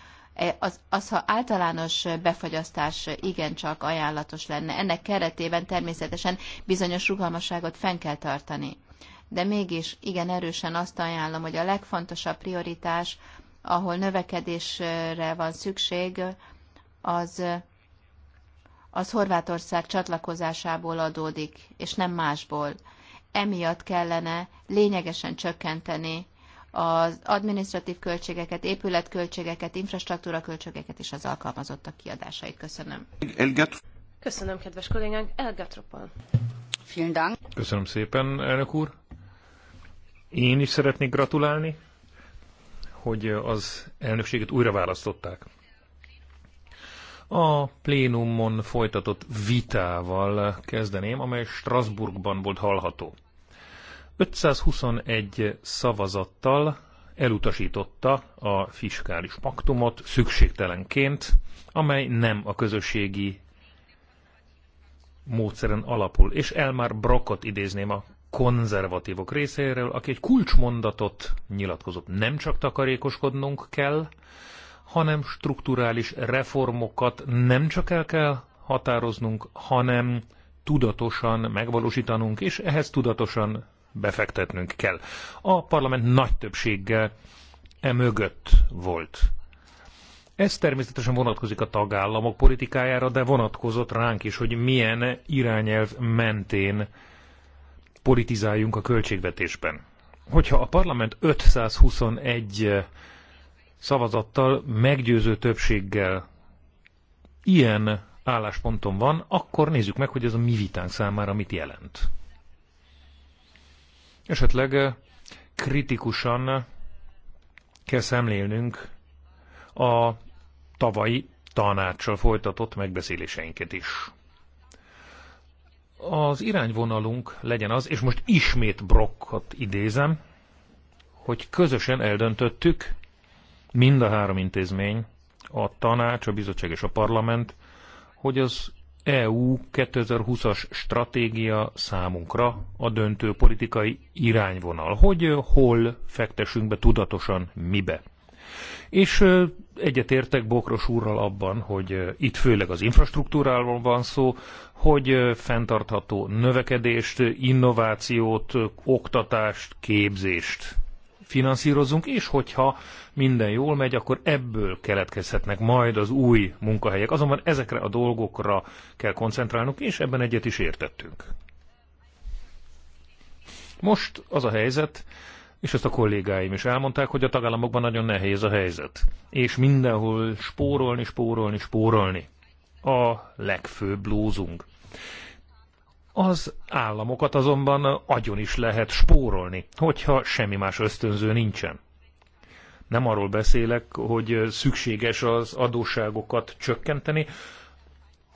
az, az, ha általános befagyasztás igencsak ajánlatos lenne, ennek keretében természetesen bizonyos rugalmasságot fenn kell tartani de mégis igen erősen azt ajánlom, hogy a legfontosabb prioritás, ahol növekedésre van szükség, az, az Horvátország csatlakozásából adódik, és nem másból. Emiatt kellene lényegesen csökkenteni az adminisztratív költségeket, épületköltségeket, infrastruktúra költségeket és az alkalmazottak kiadásait. Köszönöm. Köszönöm, kedves kollégánk. Elgatropol. Köszönöm szépen, elnök úr. Én is szeretnék gratulálni, hogy az elnökséget újra választották. A plénumon folytatott vitával kezdeném, amely Strasbourgban volt hallható. 521 szavazattal elutasította a fiskális paktumot szükségtelenként, amely nem a közösségi módszeren alapul. És Elmar Brockot idézném a konzervatívok részéről, aki egy kulcsmondatot nyilatkozott. Nem csak takarékoskodnunk kell, hanem strukturális reformokat nem csak el kell határoznunk, hanem tudatosan megvalósítanunk, és ehhez tudatosan befektetnünk kell. A parlament nagy többséggel e mögött volt. Ez természetesen vonatkozik a tagállamok politikájára, de vonatkozott ránk is, hogy milyen irányelv mentén politizáljunk a költségvetésben. Hogyha a parlament 521 szavazattal, meggyőző többséggel ilyen állásponton van, akkor nézzük meg, hogy ez a mi vitánk számára mit jelent. Esetleg eh, kritikusan kell szemlélnünk a tavalyi tanácssal folytatott megbeszéléseinket is. Az irányvonalunk legyen az, és most ismét Brockot idézem, hogy közösen eldöntöttük, mind a három intézmény, a tanács, a bizottság és a parlament, hogy az EU 2020-as stratégia számunkra a döntő politikai irányvonal, hogy eh, hol fektessünk be tudatosan mibe. És egyetértek Bokros úrral abban, hogy itt főleg az infrastruktúrával van szó, hogy fenntartható növekedést, innovációt, oktatást, képzést finanszírozunk, és hogyha minden jól megy, akkor ebből keletkezhetnek majd az új munkahelyek. Azonban ezekre a dolgokra kell koncentrálnunk, és ebben egyet is értettünk. Most az a helyzet, és ezt a kollégáim is elmondták, hogy a tagállamokban nagyon nehéz a helyzet. És mindenhol spórolni, spórolni, spórolni. A legfőbb lózunk. Az államokat azonban agyon is lehet spórolni, hogyha semmi más ösztönző nincsen. Nem arról beszélek, hogy szükséges az adósságokat csökkenteni,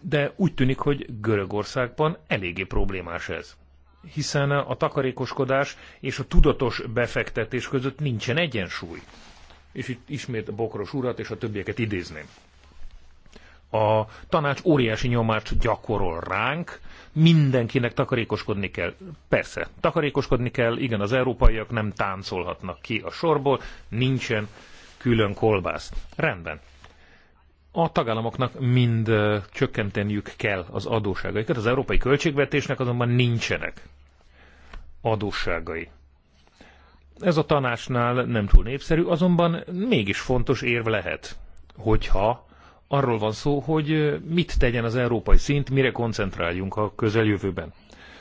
de úgy tűnik, hogy Görögországban eléggé problémás ez hiszen a takarékoskodás és a tudatos befektetés között nincsen egyensúly. És itt ismét a Bokros urat és a többieket idézném. A tanács óriási nyomást gyakorol ránk, mindenkinek takarékoskodni kell. Persze, takarékoskodni kell, igen, az európaiak nem táncolhatnak ki a sorból, nincsen külön kolbász. Rendben. A tagállamoknak mind csökkenteniük kell az adósságaikat, az európai költségvetésnek azonban nincsenek adósságai. Ez a tanácsnál nem túl népszerű, azonban mégis fontos érv lehet, hogyha arról van szó, hogy mit tegyen az európai szint, mire koncentráljunk a közeljövőben.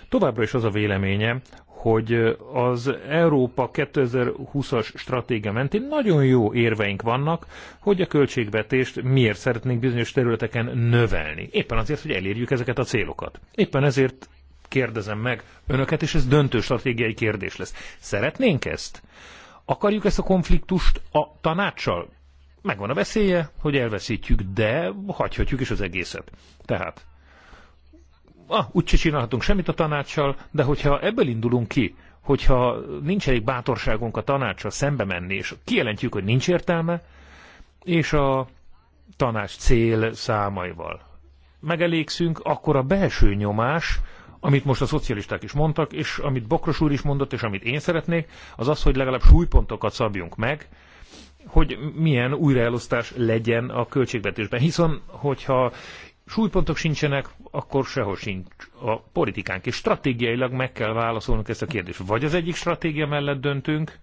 Továbbra is az a véleménye hogy az Európa 2020-as stratégia mentén nagyon jó érveink vannak, hogy a költségvetést miért szeretnénk bizonyos területeken növelni. Éppen azért, hogy elérjük ezeket a célokat. Éppen ezért kérdezem meg önöket, és ez döntő stratégiai kérdés lesz. Szeretnénk ezt? Akarjuk ezt a konfliktust a tanácssal? Megvan a veszélye, hogy elveszítjük, de hagyhatjuk is az egészet. Tehát ah, úgyse csinálhatunk semmit a tanácssal, de hogyha ebből indulunk ki, hogyha nincs elég bátorságunk a tanácssal szembe menni, és kijelentjük, hogy nincs értelme, és a tanács cél számaival megelégszünk, akkor a belső nyomás, amit most a szocialisták is mondtak, és amit Bokros úr is mondott, és amit én szeretnék, az az, hogy legalább súlypontokat szabjunk meg, hogy milyen újraelosztás legyen a költségvetésben. Hiszen, hogyha súlypontok sincsenek, akkor sehol sincs a politikánk. És stratégiailag meg kell válaszolnunk ezt a kérdést. Vagy az egyik stratégia mellett döntünk,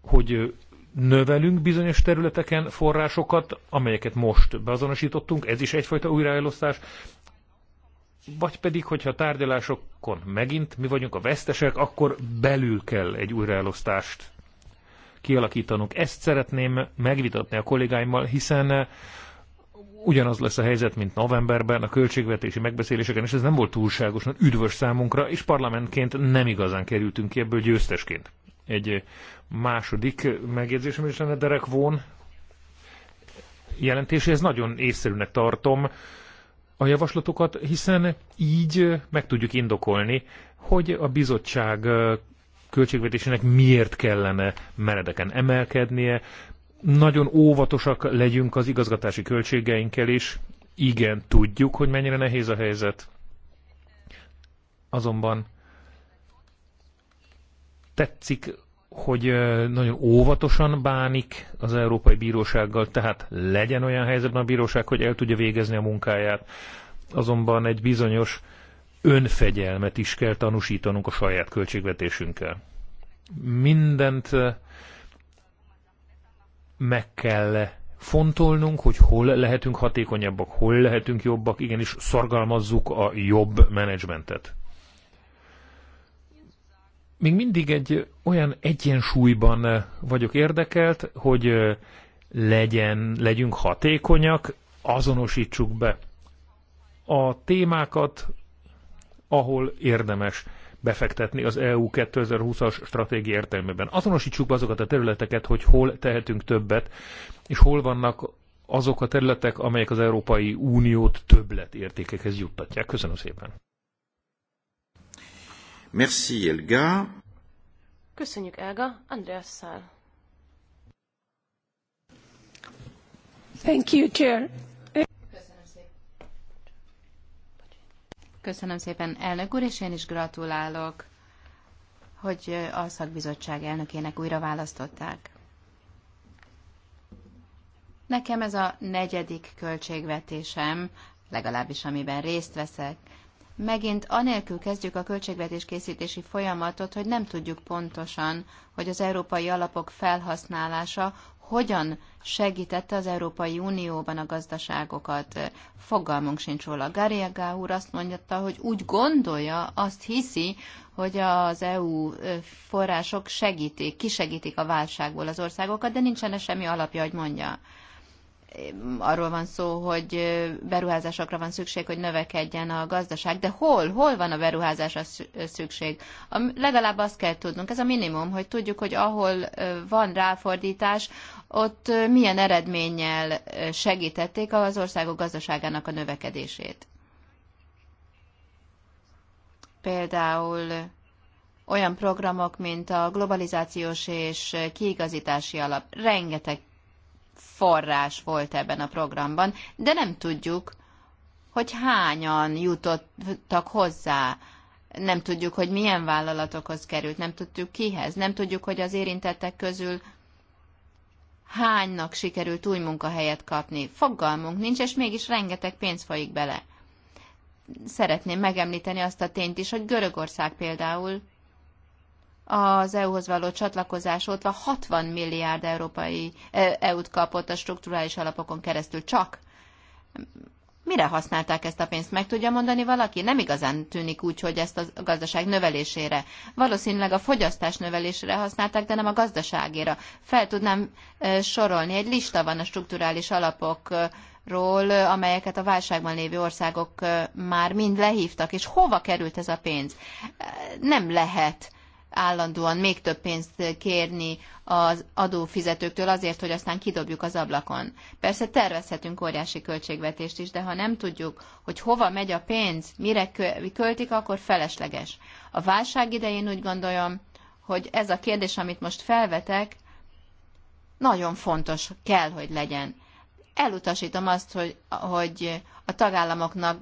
hogy növelünk bizonyos területeken forrásokat, amelyeket most beazonosítottunk, ez is egyfajta újraelosztás, vagy pedig, hogyha tárgyalásokon megint mi vagyunk a vesztesek, akkor belül kell egy újraelosztást kialakítanunk. Ezt szeretném megvitatni a kollégáimmal, hiszen ugyanaz lesz a helyzet, mint novemberben a költségvetési megbeszéléseken, és ez nem volt túlságosan üdvös számunkra, és parlamentként nem igazán kerültünk ki ebből győztesként. Egy második megjegyzésem is lenne Derek Vaughan jelentéséhez nagyon észszerűnek tartom a javaslatokat, hiszen így meg tudjuk indokolni, hogy a bizottság költségvetésének miért kellene meredeken emelkednie, nagyon óvatosak legyünk az igazgatási költségeinkkel is. Igen, tudjuk, hogy mennyire nehéz a helyzet. Azonban tetszik, hogy nagyon óvatosan bánik az Európai Bírósággal, tehát legyen olyan helyzetben a bíróság, hogy el tudja végezni a munkáját. Azonban egy bizonyos önfegyelmet is kell tanúsítanunk a saját költségvetésünkkel. Mindent meg kell fontolnunk, hogy hol lehetünk hatékonyabbak, hol lehetünk jobbak, igenis szorgalmazzuk a jobb menedzsmentet. Még mindig egy olyan egyensúlyban vagyok érdekelt, hogy legyen, legyünk hatékonyak, azonosítsuk be a témákat, ahol érdemes befektetni az EU 2020-as stratégia értelmében. Azonosítsuk be azokat a területeket, hogy hol tehetünk többet, és hol vannak azok a területek, amelyek az Európai Uniót többlet értékekhez juttatják. Köszönöm szépen. Merci, Elga. Köszönjük, Elga. Andreas Szál. Thank you, Chair. Köszönöm szépen, elnök úr, és én is gratulálok, hogy a szakbizottság elnökének újra választották. Nekem ez a negyedik költségvetésem, legalábbis amiben részt veszek. Megint anélkül kezdjük a költségvetés készítési folyamatot, hogy nem tudjuk pontosan, hogy az európai alapok felhasználása hogyan segítette az Európai Unióban a gazdaságokat. Fogalmunk sincs róla. Gariaga úr azt mondta, hogy úgy gondolja, azt hiszi, hogy az EU források segítik, kisegítik a válságból az országokat, de nincsen -e semmi alapja, hogy mondja arról van szó, hogy beruházásokra van szükség, hogy növekedjen a gazdaság, de hol, hol van a beruházásra szükség? A, legalább azt kell tudnunk, ez a minimum, hogy tudjuk, hogy ahol van ráfordítás, ott milyen eredménnyel segítették az országok gazdaságának a növekedését. Például olyan programok, mint a globalizációs és kiigazítási alap. Rengeteg forrás volt ebben a programban, de nem tudjuk, hogy hányan jutottak hozzá. Nem tudjuk, hogy milyen vállalatokhoz került, nem tudjuk kihez, nem tudjuk, hogy az érintettek közül hánynak sikerült új munkahelyet kapni. Fogalmunk nincs, és mégis rengeteg pénz folyik bele. Szeretném megemlíteni azt a tényt is, hogy Görögország például az EU-hoz való csatlakozás óta 60 milliárd európai EU-t eh, e kapott a strukturális alapokon keresztül csak Mire használták ezt a pénzt? Meg tudja mondani valaki? Nem igazán tűnik úgy, hogy ezt a gazdaság növelésére. Valószínűleg a fogyasztás növelésére használták, de nem a gazdaságére. Fel tudnám sorolni. Egy lista van a strukturális alapokról, amelyeket a válságban lévő országok már mind lehívtak, és hova került ez a pénz? Nem lehet állandóan még több pénzt kérni az adófizetőktől azért, hogy aztán kidobjuk az ablakon. Persze tervezhetünk óriási költségvetést is, de ha nem tudjuk, hogy hova megy a pénz, mire költik, akkor felesleges. A válság idején úgy gondolom, hogy ez a kérdés, amit most felvetek, nagyon fontos kell, hogy legyen. Elutasítom azt, hogy, hogy a tagállamoknak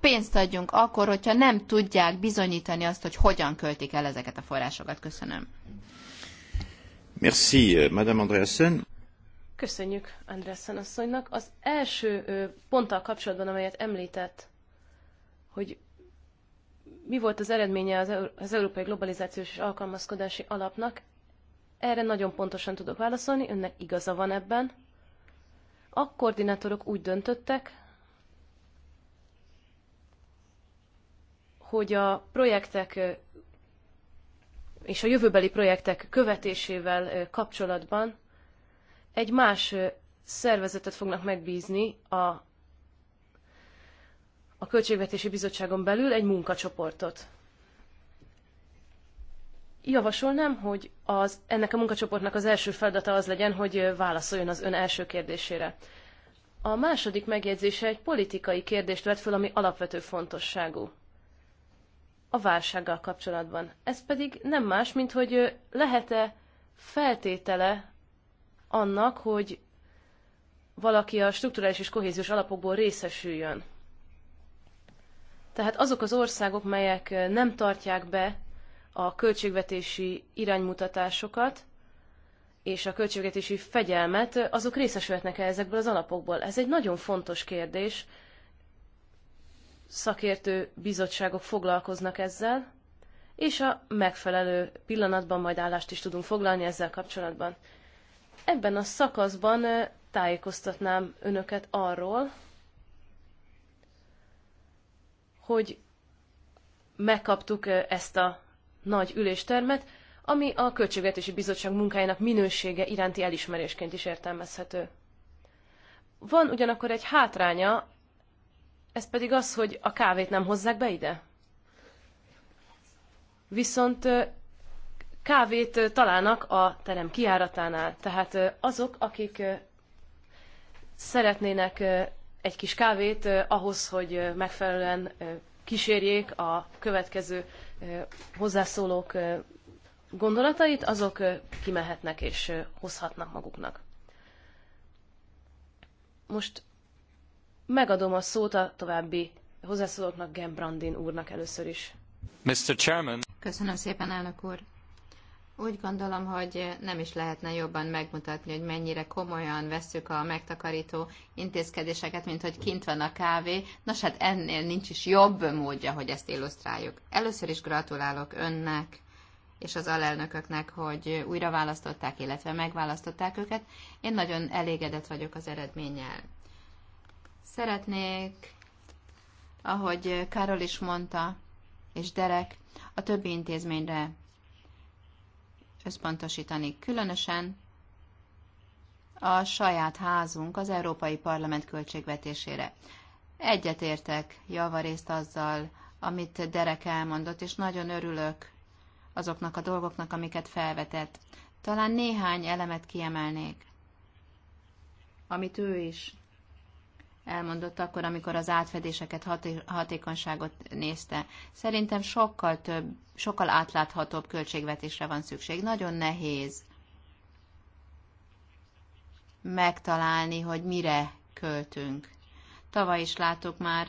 pénzt adjunk akkor, hogyha nem tudják bizonyítani azt, hogy hogyan költik el ezeket a forrásokat. Köszönöm. Merci, euh, Madame Andreasen. Köszönjük Andreasen asszonynak. Az első ponttal kapcsolatban, amelyet említett, hogy mi volt az eredménye az, az Európai Globalizációs és Alkalmazkodási Alapnak, erre nagyon pontosan tudok válaszolni, önnek igaza van ebben. A koordinátorok úgy döntöttek, hogy a projektek és a jövőbeli projektek követésével kapcsolatban egy más szervezetet fognak megbízni a, a Költségvetési Bizottságon belül egy munkacsoportot. Javasolnám, hogy az, ennek a munkacsoportnak az első feladata az legyen, hogy válaszoljon az ön első kérdésére. A második megjegyzése egy politikai kérdést vet föl, ami alapvető fontosságú a válsággal kapcsolatban. Ez pedig nem más, mint hogy lehet-e feltétele annak, hogy valaki a strukturális és kohéziós alapokból részesüljön. Tehát azok az országok, melyek nem tartják be a költségvetési iránymutatásokat és a költségvetési fegyelmet, azok részesülhetnek-e ezekből az alapokból? Ez egy nagyon fontos kérdés, szakértő bizottságok foglalkoznak ezzel, és a megfelelő pillanatban majd állást is tudunk foglalni ezzel kapcsolatban. Ebben a szakaszban tájékoztatnám önöket arról, hogy megkaptuk ezt a nagy üléstermet, ami a Költségvetési Bizottság munkájának minősége iránti elismerésként is értelmezhető. Van ugyanakkor egy hátránya ez pedig az, hogy a kávét nem hozzák be ide. Viszont kávét találnak a terem kiáratánál. Tehát azok, akik szeretnének egy kis kávét ahhoz, hogy megfelelően kísérjék a következő hozzászólók gondolatait, azok kimehetnek és hozhatnak maguknak. Most Megadom a szót a további hozzászólóknak, Gembrandin úrnak először is. Mr. Chairman. Köszönöm szépen, elnök úr. Úgy gondolom, hogy nem is lehetne jobban megmutatni, hogy mennyire komolyan vesszük a megtakarító intézkedéseket, mint hogy kint van a kávé. Nos, hát ennél nincs is jobb módja, hogy ezt illusztráljuk. Először is gratulálok önnek és az alelnököknek, hogy újra választották, illetve megválasztották őket. Én nagyon elégedett vagyok az eredménnyel. Szeretnék, ahogy Karol is mondta, és Derek, a többi intézményre összpontosítani, különösen a saját házunk az Európai Parlament költségvetésére. Egyetértek javarészt azzal, amit Derek elmondott, és nagyon örülök azoknak a dolgoknak, amiket felvetett. Talán néhány elemet kiemelnék, amit ő is elmondott akkor, amikor az átfedéseket, haté- hatékonyságot nézte. Szerintem sokkal több, sokkal átláthatóbb költségvetésre van szükség. Nagyon nehéz megtalálni, hogy mire költünk. Tavaly is látok már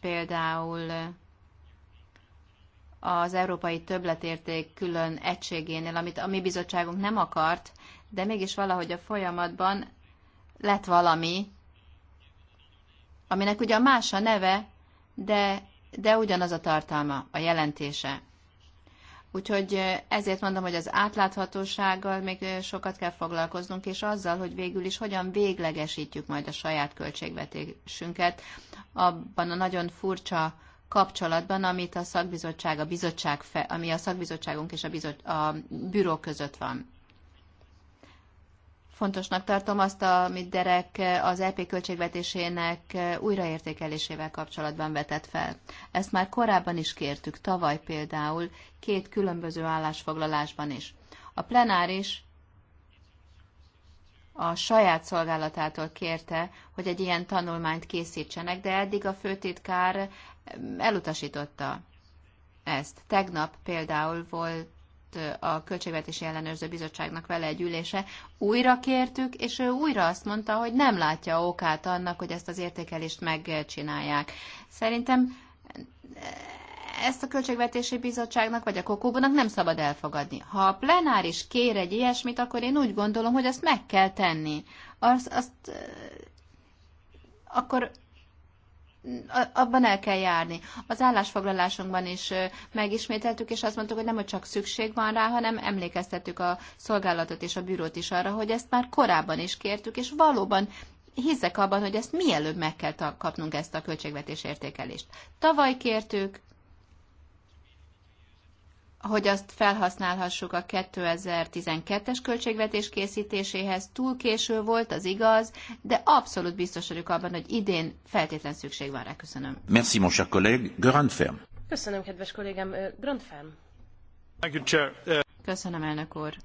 például az európai többletérték külön egységénél, amit a mi bizottságunk nem akart, de mégis valahogy a folyamatban lett valami, aminek ugyan más a neve, de, de ugyanaz a tartalma, a jelentése. Úgyhogy ezért mondom, hogy az átláthatósággal még sokat kell foglalkoznunk, és azzal, hogy végül is hogyan véglegesítjük majd a saját költségvetésünket abban a nagyon furcsa kapcsolatban, amit a szakbizottság, a bizottság, ami a szakbizottságunk és a, bizot, a büró között van. Fontosnak tartom azt, amit Derek az EP költségvetésének újraértékelésével kapcsolatban vetett fel. Ezt már korábban is kértük, tavaly például, két különböző állásfoglalásban is. A plenáris a saját szolgálatától kérte, hogy egy ilyen tanulmányt készítsenek, de eddig a főtitkár elutasította ezt. Tegnap például volt a Költségvetési Ellenőrző Bizottságnak vele egy ülése, újra kértük, és ő újra azt mondta, hogy nem látja okát annak, hogy ezt az értékelést megcsinálják. Szerintem ezt a Költségvetési Bizottságnak vagy a Kokóbónak nem szabad elfogadni. Ha a plenáris kér egy ilyesmit, akkor én úgy gondolom, hogy ezt meg kell tenni. Azt, azt akkor abban el kell járni. Az állásfoglalásunkban is megismételtük, és azt mondtuk, hogy nem, hogy csak szükség van rá, hanem emlékeztettük a szolgálatot és a bürót is arra, hogy ezt már korábban is kértük, és valóban hiszek abban, hogy ezt mielőbb meg kell kapnunk ezt a költségvetés értékelést. Tavaly kértük, hogy azt felhasználhassuk a 2012-es költségvetés készítéséhez. Túl késő volt, az igaz, de abszolút biztos vagyok abban, hogy idén feltétlen szükség van rá. Köszönöm. Merci, mon cher collègue. Grand Ferm. Köszönöm, kedves kollégám. Grand Ferm. Köszönöm, elnök úr.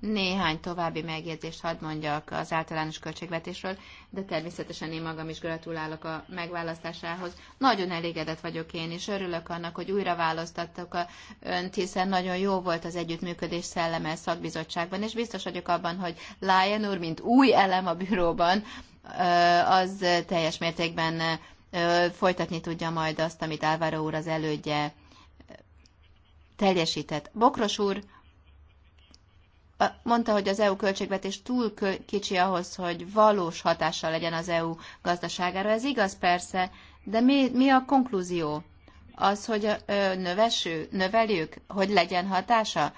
Néhány további megjegyzést hadd mondjak az általános költségvetésről, de természetesen én magam is gratulálok a megválasztásához. Nagyon elégedett vagyok én, és örülök annak, hogy újra választattak a önt, hiszen nagyon jó volt az együttműködés szelleme szakbizottságban, és biztos vagyok abban, hogy Lájen úr, mint új elem a bűróban, az teljes mértékben folytatni tudja majd azt, amit Álvaro úr az elődje teljesített. Bokros úr, mondta, hogy az EU költségvetés túl kicsi ahhoz, hogy valós hatással legyen az EU gazdaságára. Ez igaz persze, de mi, mi a konklúzió? Az, hogy növessük, növeljük, hogy legyen hatása?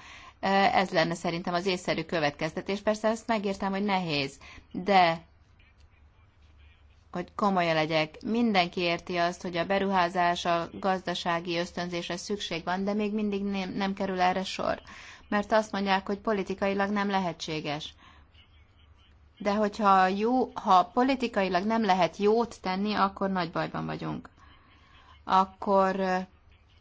Ez lenne szerintem az észszerű következtetés. Persze ezt megértem, hogy nehéz, de hogy komolyan legyek, mindenki érti azt, hogy a beruházás, a gazdasági ösztönzésre szükség van, de még mindig nem, nem kerül erre sor mert azt mondják, hogy politikailag nem lehetséges. De hogyha jó, ha politikailag nem lehet jót tenni, akkor nagy bajban vagyunk. Akkor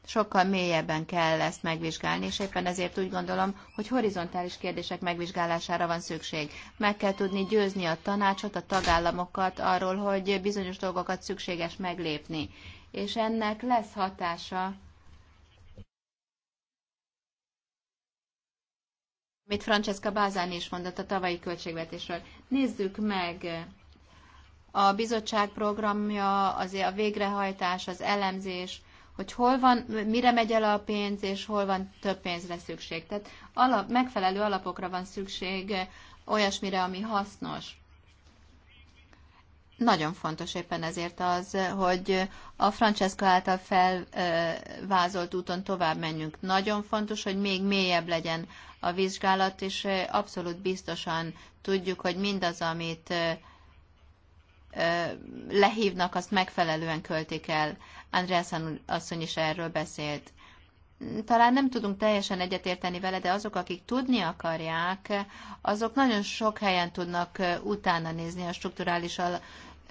sokkal mélyebben kell ezt megvizsgálni, és éppen ezért úgy gondolom, hogy horizontális kérdések megvizsgálására van szükség. Meg kell tudni győzni a tanácsot, a tagállamokat arról, hogy bizonyos dolgokat szükséges meglépni. És ennek lesz hatása amit Francesca Bázán is mondott a tavalyi költségvetésről. Nézzük meg a bizottság programja, azért a végrehajtás, az elemzés, hogy hol van, mire megy el a pénz, és hol van több pénzre szükség. Tehát alap, megfelelő alapokra van szükség olyasmire, ami hasznos. Nagyon fontos éppen ezért az, hogy a Francesca által felvázolt úton tovább menjünk. Nagyon fontos, hogy még mélyebb legyen a vizsgálat, és abszolút biztosan tudjuk, hogy mindaz, amit lehívnak, azt megfelelően költik el. Andreas asszony is erről beszélt. Talán nem tudunk teljesen egyetérteni vele, de azok, akik tudni akarják, azok nagyon sok helyen tudnak utána nézni a strukturális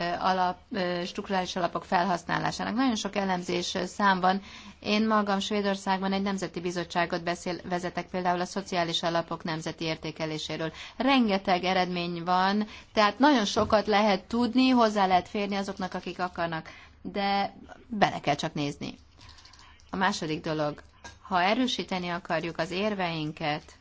alap, strukturális alapok felhasználásának. Nagyon sok elemzés szám van. Én magam Svédországban egy nemzeti bizottságot beszél, vezetek például a szociális alapok nemzeti értékeléséről. Rengeteg eredmény van, tehát nagyon sokat lehet tudni, hozzá lehet férni azoknak, akik akarnak, de bele kell csak nézni. A második dolog, ha erősíteni akarjuk az érveinket,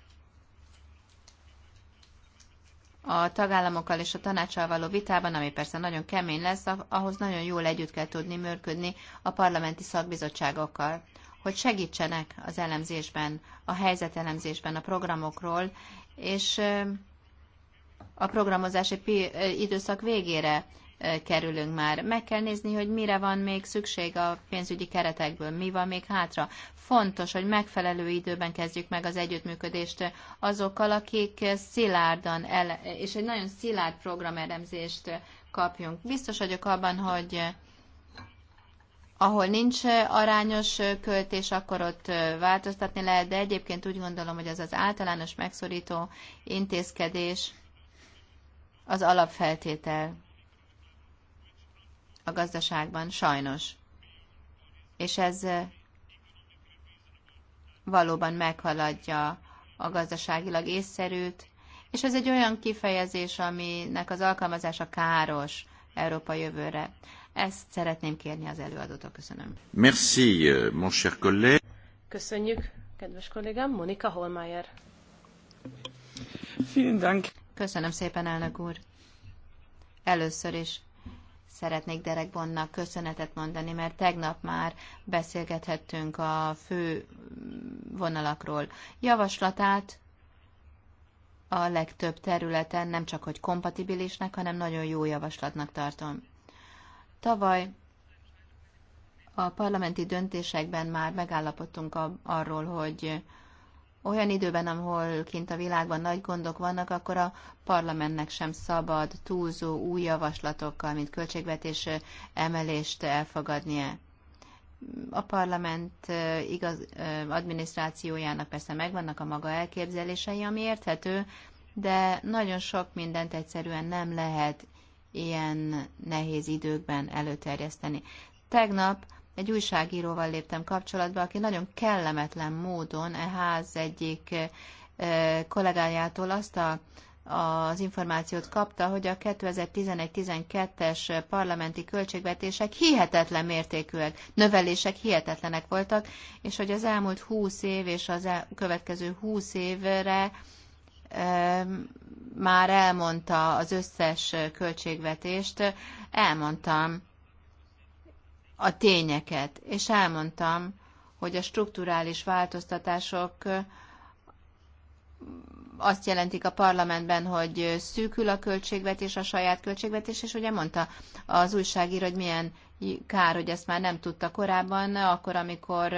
a tagállamokkal és a tanácsal való vitában, ami persze nagyon kemény lesz, ahhoz nagyon jól együtt kell tudni mörködni a parlamenti szakbizottságokkal, hogy segítsenek az elemzésben, a helyzet elemzésben a programokról, és a programozási időszak végére kerülünk már. Meg kell nézni, hogy mire van még szükség a pénzügyi keretekből, mi van még hátra. Fontos, hogy megfelelő időben kezdjük meg az együttműködést azokkal, akik szilárdan, ele- és egy nagyon szilárd programelemzést kapjunk. Biztos vagyok abban, hogy ahol nincs arányos költés, akkor ott változtatni lehet, de egyébként úgy gondolom, hogy az az általános megszorító intézkedés az alapfeltétel a gazdaságban, sajnos. És ez eh, valóban meghaladja a gazdaságilag észszerűt, és ez egy olyan kifejezés, aminek az alkalmazása káros Európa jövőre. Ezt szeretném kérni az előadótól. Köszönöm. Merci, euh, mon cher collègue. Köszönjük, kedves kollégám, Monika Holmeier. Vielen Dank. Köszönöm szépen, elnök úr. Először is szeretnék Derek Bonnak köszönetet mondani, mert tegnap már beszélgethettünk a fő vonalakról. Javaslatát a legtöbb területen nem csak hogy kompatibilisnek, hanem nagyon jó javaslatnak tartom. Tavaly a parlamenti döntésekben már megállapodtunk arról, hogy olyan időben, ahol kint a világban nagy gondok vannak, akkor a parlamentnek sem szabad túlzó új javaslatokkal, mint költségvetés emelést elfogadnie. A parlament igaz, adminisztrációjának persze megvannak a maga elképzelései, ami érthető, de nagyon sok mindent egyszerűen nem lehet ilyen nehéz időkben előterjeszteni. Tegnap egy újságíróval léptem kapcsolatba, aki nagyon kellemetlen módon e ház egyik e, kollégájától azt a, az információt kapta, hogy a 2011-12-es parlamenti költségvetések hihetetlen mértékűek, növelések hihetetlenek voltak, és hogy az elmúlt 20 év és az el, következő 20 évre e, már elmondta az összes költségvetést. Elmondtam, a tényeket, és elmondtam, hogy a strukturális változtatások azt jelentik a parlamentben, hogy szűkül a költségvetés, a saját költségvetés, és ugye mondta az újságíró, hogy milyen kár, hogy ezt már nem tudta korábban, akkor, amikor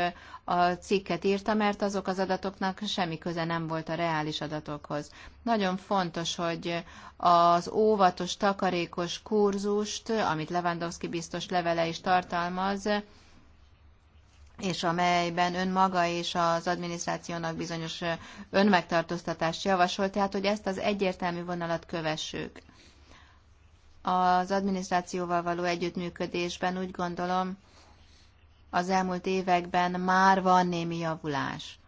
a cikket írta, mert azok az adatoknak semmi köze nem volt a reális adatokhoz. Nagyon fontos, hogy az óvatos, takarékos kurzust, amit Lewandowski biztos levele is tartalmaz, és amelyben ön maga és az adminisztrációnak bizonyos önmegtartóztatást javasolt, tehát hogy ezt az egyértelmű vonalat kövessük az adminisztrációval való együttműködésben úgy gondolom, az elmúlt években már van némi javulás.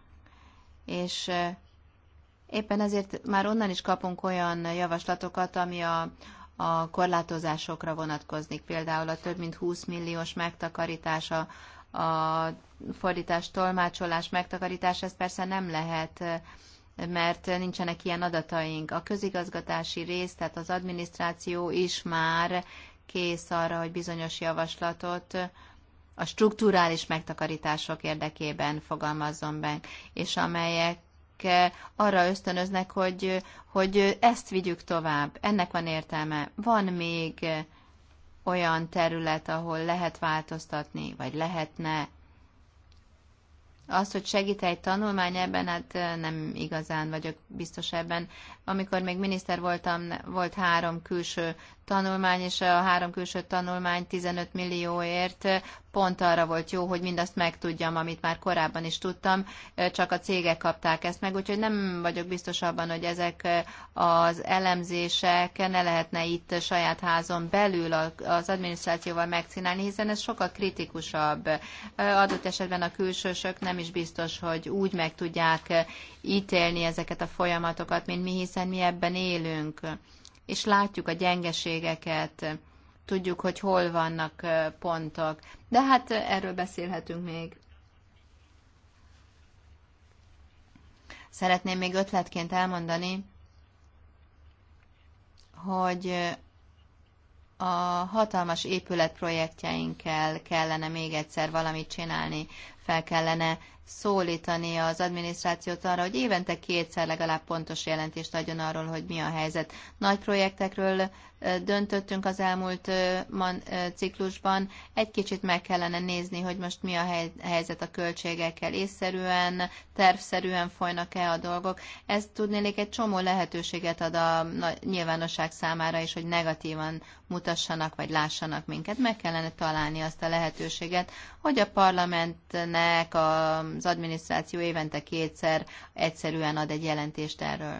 És éppen ezért már onnan is kapunk olyan javaslatokat, ami a, a korlátozásokra vonatkoznik Például a több mint 20 milliós megtakarítása, a fordítás, tolmácsolás, megtakarítás, ez persze nem lehet mert nincsenek ilyen adataink. A közigazgatási rész, tehát az adminisztráció is már kész arra, hogy bizonyos javaslatot a strukturális megtakarítások érdekében fogalmazzon be, és amelyek arra ösztönöznek, hogy, hogy ezt vigyük tovább. Ennek van értelme. Van még olyan terület, ahol lehet változtatni, vagy lehetne azt, hogy segít egy tanulmány ebben, hát nem igazán vagyok biztos ebben. Amikor még miniszter voltam, volt három külső tanulmány, és a három külső tanulmány 15 millióért pont arra volt jó, hogy mindazt megtudjam, amit már korábban is tudtam, csak a cégek kapták ezt meg, úgyhogy nem vagyok biztos abban, hogy ezek az elemzések ne lehetne itt saját házon belül az adminisztrációval megcsinálni, hiszen ez sokkal kritikusabb. Adott esetben a külsősök nem is biztos, hogy úgy meg tudják eh, ítélni ezeket a folyamatokat, mint mi, hiszen mi ebben élünk, és látjuk a gyengeségeket, tudjuk, hogy hol vannak eh, pontok. De hát eh, erről beszélhetünk még. Szeretném még ötletként elmondani, hogy a hatalmas épületprojektjeinkkel kellene még egyszer valamit csinálni fel kellene szólítani az adminisztrációt arra, hogy évente kétszer legalább pontos jelentést adjon arról, hogy mi a helyzet. Nagy projektekről döntöttünk az elmúlt ciklusban. Egy kicsit meg kellene nézni, hogy most mi a helyzet a költségekkel. Észszerűen, tervszerűen folynak-e a dolgok. Ez tudnélék egy csomó lehetőséget ad a nyilvánosság számára is, hogy negatívan mutassanak vagy lássanak minket. Meg kellene találni azt a lehetőséget, hogy a parlamentnek, a az adminisztráció évente kétszer egyszerűen ad egy jelentést erről.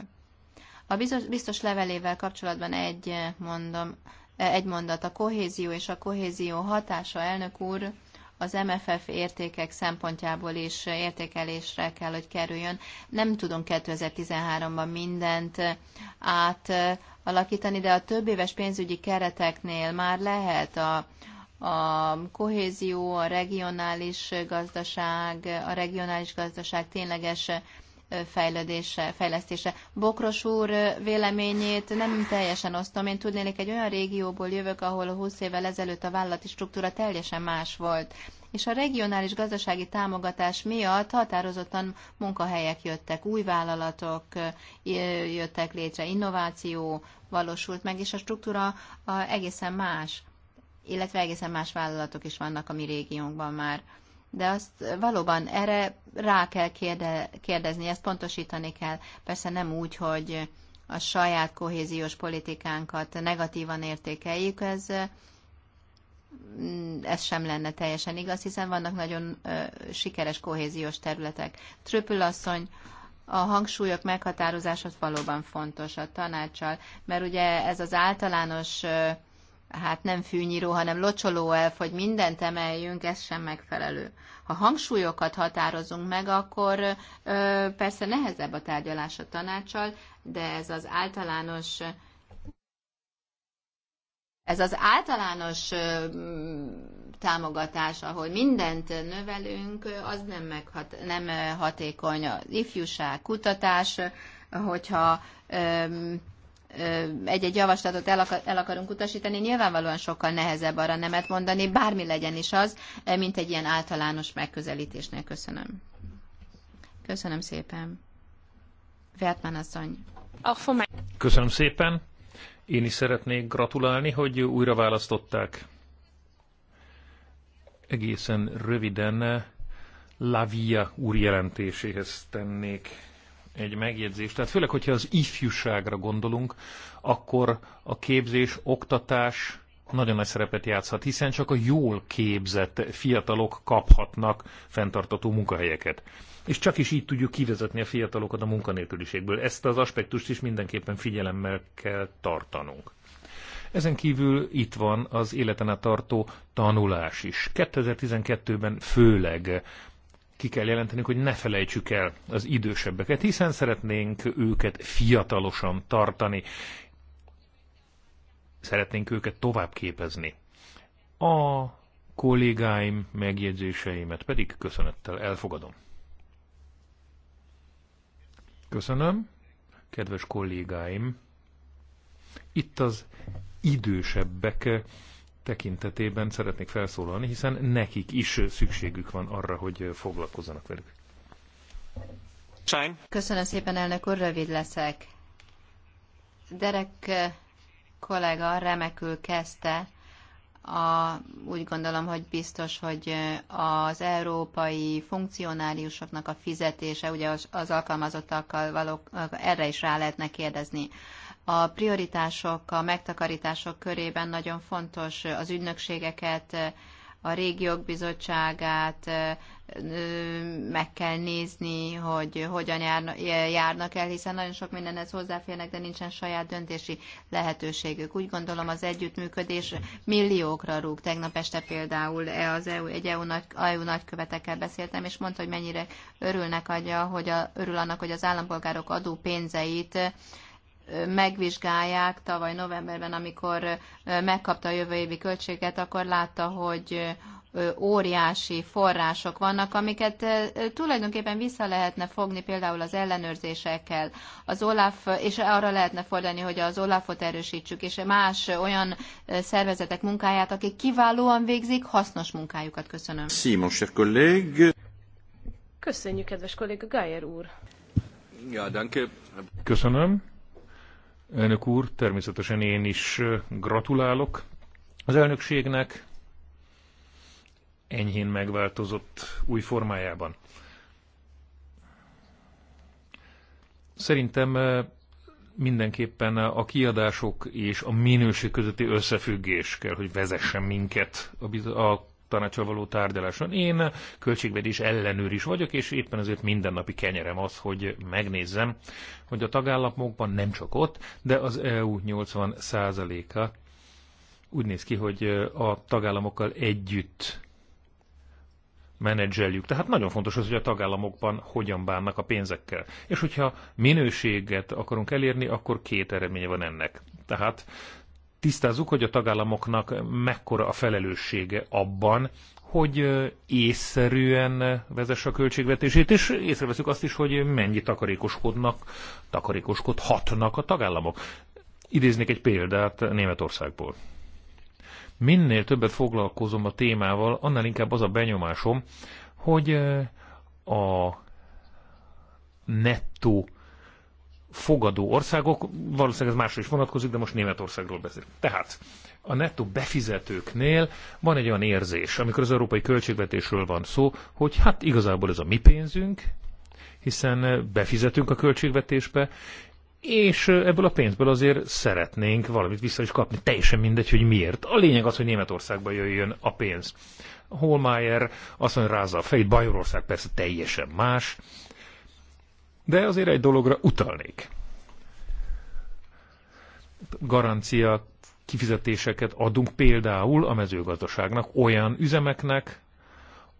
A biztos, biztos levelével kapcsolatban egy, mondom, egy mondat, a kohézió és a kohézió hatása, elnök úr, az MFF értékek szempontjából is értékelésre kell, hogy kerüljön. Nem tudom 2013-ban mindent átalakítani, de a több éves pénzügyi kereteknél már lehet a, a kohézió, a regionális gazdaság, a regionális gazdaság tényleges fejlődése, fejlesztése. Bokros úr véleményét nem teljesen osztom. Én tudnélik, egy olyan régióból jövök, ahol 20 évvel ezelőtt a vállalati struktúra teljesen más volt. És a regionális gazdasági támogatás miatt határozottan munkahelyek jöttek, új vállalatok jöttek létre, innováció valósult meg, és a struktúra egészen más illetve egészen más vállalatok is vannak a mi régiónkban már. De azt valóban erre rá kell kérde, kérdezni, ezt pontosítani kell. Persze nem úgy, hogy a saját kohéziós politikánkat negatívan értékeljük, ez, mm, ez sem lenne teljesen igaz, hiszen vannak nagyon sikeres kohéziós területek. Tröpülasszony, a hangsúlyok meghatározása valóban fontos a tanácsal, mert ugye ez az általános hát nem fűnyíró, hanem locsoló elf, hogy mindent emeljünk, ez sem megfelelő. Ha hangsúlyokat határozunk meg, akkor ö, persze nehezebb a tárgyalás a tanácsal, de ez az általános ez az általános ö, támogatás, ahol mindent növelünk, az nem, meghat, nem hatékony. Az ifjúság, kutatás, hogyha ö, egy-egy javaslatot el, akar, el akarunk utasítani, nyilvánvalóan sokkal nehezebb arra nemet mondani, bármi legyen is az, mint egy ilyen általános megközelítésnél. Köszönöm. Köszönöm szépen. Vertman asszony. Köszönöm szépen. Én is szeretnék gratulálni, hogy újra választották. Egészen röviden eh, Lavia úr jelentéséhez tennék egy megjegyzést. Tehát főleg, hogyha az ifjúságra gondolunk, akkor a képzés, oktatás nagyon nagy szerepet játszhat, hiszen csak a jól képzett fiatalok kaphatnak fenntartató munkahelyeket. És csak is így tudjuk kivezetni a fiatalokat a munkanélküliségből. Ezt az aspektust is mindenképpen figyelemmel kell tartanunk. Ezen kívül itt van az életen tartó tanulás is. 2012-ben főleg ki kell jelenteni, hogy ne felejtsük el az idősebbeket, hiszen szeretnénk őket fiatalosan tartani, szeretnénk őket tovább képezni. A kollégáim megjegyzéseimet pedig köszönettel elfogadom. Köszönöm, kedves kollégáim. Itt az idősebbek tekintetében szeretnék felszólalni, hiszen nekik is szükségük van arra, hogy foglalkozzanak velük. Köszönöm szépen, elnök úr, rövid leszek. Derek eh, kollega remekül kezdte, a, úgy gondolom, hogy biztos, hogy eh, az európai funkcionáriusoknak a fizetése, ugye az, az alkalmazottakkal való, eh, erre is rá lehetne kérdezni a prioritások, a megtakarítások körében nagyon fontos az ügynökségeket, a régiók bizottságát meg kell nézni, hogy hogyan járnak el, hiszen nagyon sok mindenhez hozzáférnek, de nincsen saját döntési lehetőségük. Úgy gondolom az együttműködés milliókra rúg. Tegnap este például e az EU, egy EU, nagy, EU nagykövetekkel beszéltem, és mondta, hogy mennyire örülnek adja, hogy a, örül annak, hogy az állampolgárok adó pénzeit megvizsgálják tavaly novemberben, amikor megkapta a jövő évi költséget, akkor látta, hogy óriási források vannak, amiket tulajdonképpen vissza lehetne fogni például az ellenőrzésekkel. Az Olaf, és arra lehetne fordani, hogy az Olafot erősítsük, és más olyan szervezetek munkáját, akik kiválóan végzik hasznos munkájukat. Köszönöm. Sí, mon cher collègue. Köszönjük, kedves kolléga Gájer úr. Ja, danke. Köszönöm. Elnök úr, természetesen én is gratulálok az elnökségnek enyhén megváltozott új formájában. Szerintem mindenképpen a kiadások és a minőség közötti összefüggés kell, hogy vezessen minket a tanácsal való tárgyaláson. Én költségvetés ellenőr is vagyok, és éppen ezért mindennapi kenyerem az, hogy megnézzem, hogy a tagállamokban nem csak ott, de az EU 80%-a úgy néz ki, hogy a tagállamokkal együtt menedzseljük. Tehát nagyon fontos az, hogy a tagállamokban hogyan bánnak a pénzekkel. És hogyha minőséget akarunk elérni, akkor két eredménye van ennek. Tehát tisztázzuk, hogy a tagállamoknak mekkora a felelőssége abban, hogy észszerűen vezesse a költségvetését, és észreveszük azt is, hogy mennyi takarékoskodnak, takarékoskodhatnak a tagállamok. Idéznék egy példát Németországból. Minél többet foglalkozom a témával, annál inkább az a benyomásom, hogy a nettó fogadó országok, valószínűleg ez másra is vonatkozik, de most Németországról beszélünk. Tehát a nettó befizetőknél van egy olyan érzés, amikor az európai költségvetésről van szó, hogy hát igazából ez a mi pénzünk, hiszen befizetünk a költségvetésbe, és ebből a pénzből azért szeretnénk valamit vissza is kapni, teljesen mindegy, hogy miért. A lényeg az, hogy Németországba jöjjön a pénz. Holmeyer azt mondja, rázza a fejét, Bajorország persze teljesen más, de azért egy dologra utalnék. Garancia kifizetéseket adunk például a mezőgazdaságnak, olyan üzemeknek,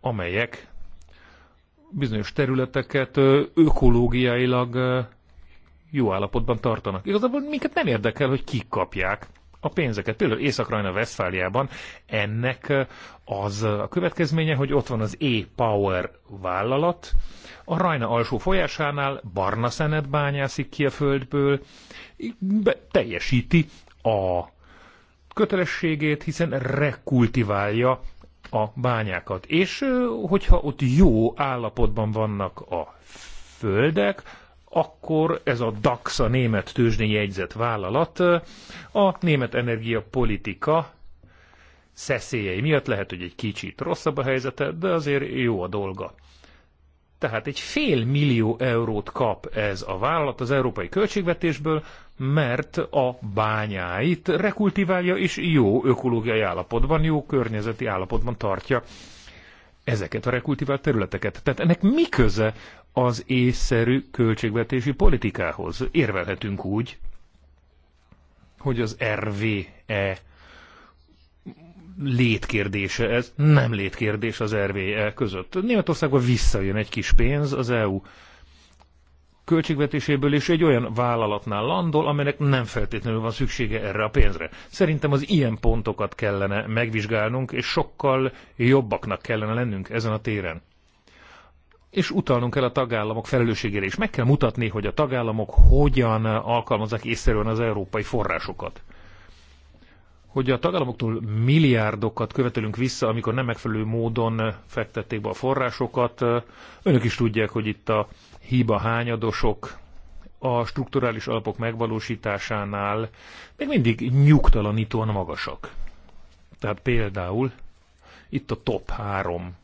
amelyek bizonyos területeket ökológiailag jó állapotban tartanak. Igazából minket nem érdekel, hogy kik kapják a pénzeket. Például Észak-Rajna Veszfáliában ennek az a következménye, hogy ott van az E-Power vállalat, a Rajna alsó folyásánál barna szenet bányászik ki a földből, be, teljesíti a kötelességét, hiszen rekultiválja a bányákat. És hogyha ott jó állapotban vannak a földek, akkor ez a DAX, a német tőzsdén jegyzett vállalat a német energiapolitika szeszélyei miatt lehet, hogy egy kicsit rosszabb a helyzete, de azért jó a dolga. Tehát egy fél millió eurót kap ez a vállalat az európai költségvetésből, mert a bányáit rekultiválja és jó ökológiai állapotban, jó környezeti állapotban tartja ezeket a rekultivált területeket. Tehát ennek mi köze az észszerű költségvetési politikához. Érvelhetünk úgy, hogy az RVE létkérdése ez, nem létkérdés az RVE között. Németországban visszajön egy kis pénz az EU költségvetéséből, és egy olyan vállalatnál landol, amelynek nem feltétlenül van szüksége erre a pénzre. Szerintem az ilyen pontokat kellene megvizsgálnunk, és sokkal jobbaknak kellene lennünk ezen a téren és utalnunk kell a tagállamok felelősségére is. Meg kell mutatni, hogy a tagállamok hogyan alkalmazzák észszerűen az európai forrásokat. Hogy a tagállamoktól milliárdokat követelünk vissza, amikor nem megfelelő módon fektették be a forrásokat. Önök is tudják, hogy itt a hiba hányadosok a strukturális alapok megvalósításánál még mindig nyugtalanítóan magasak. Tehát például itt a top három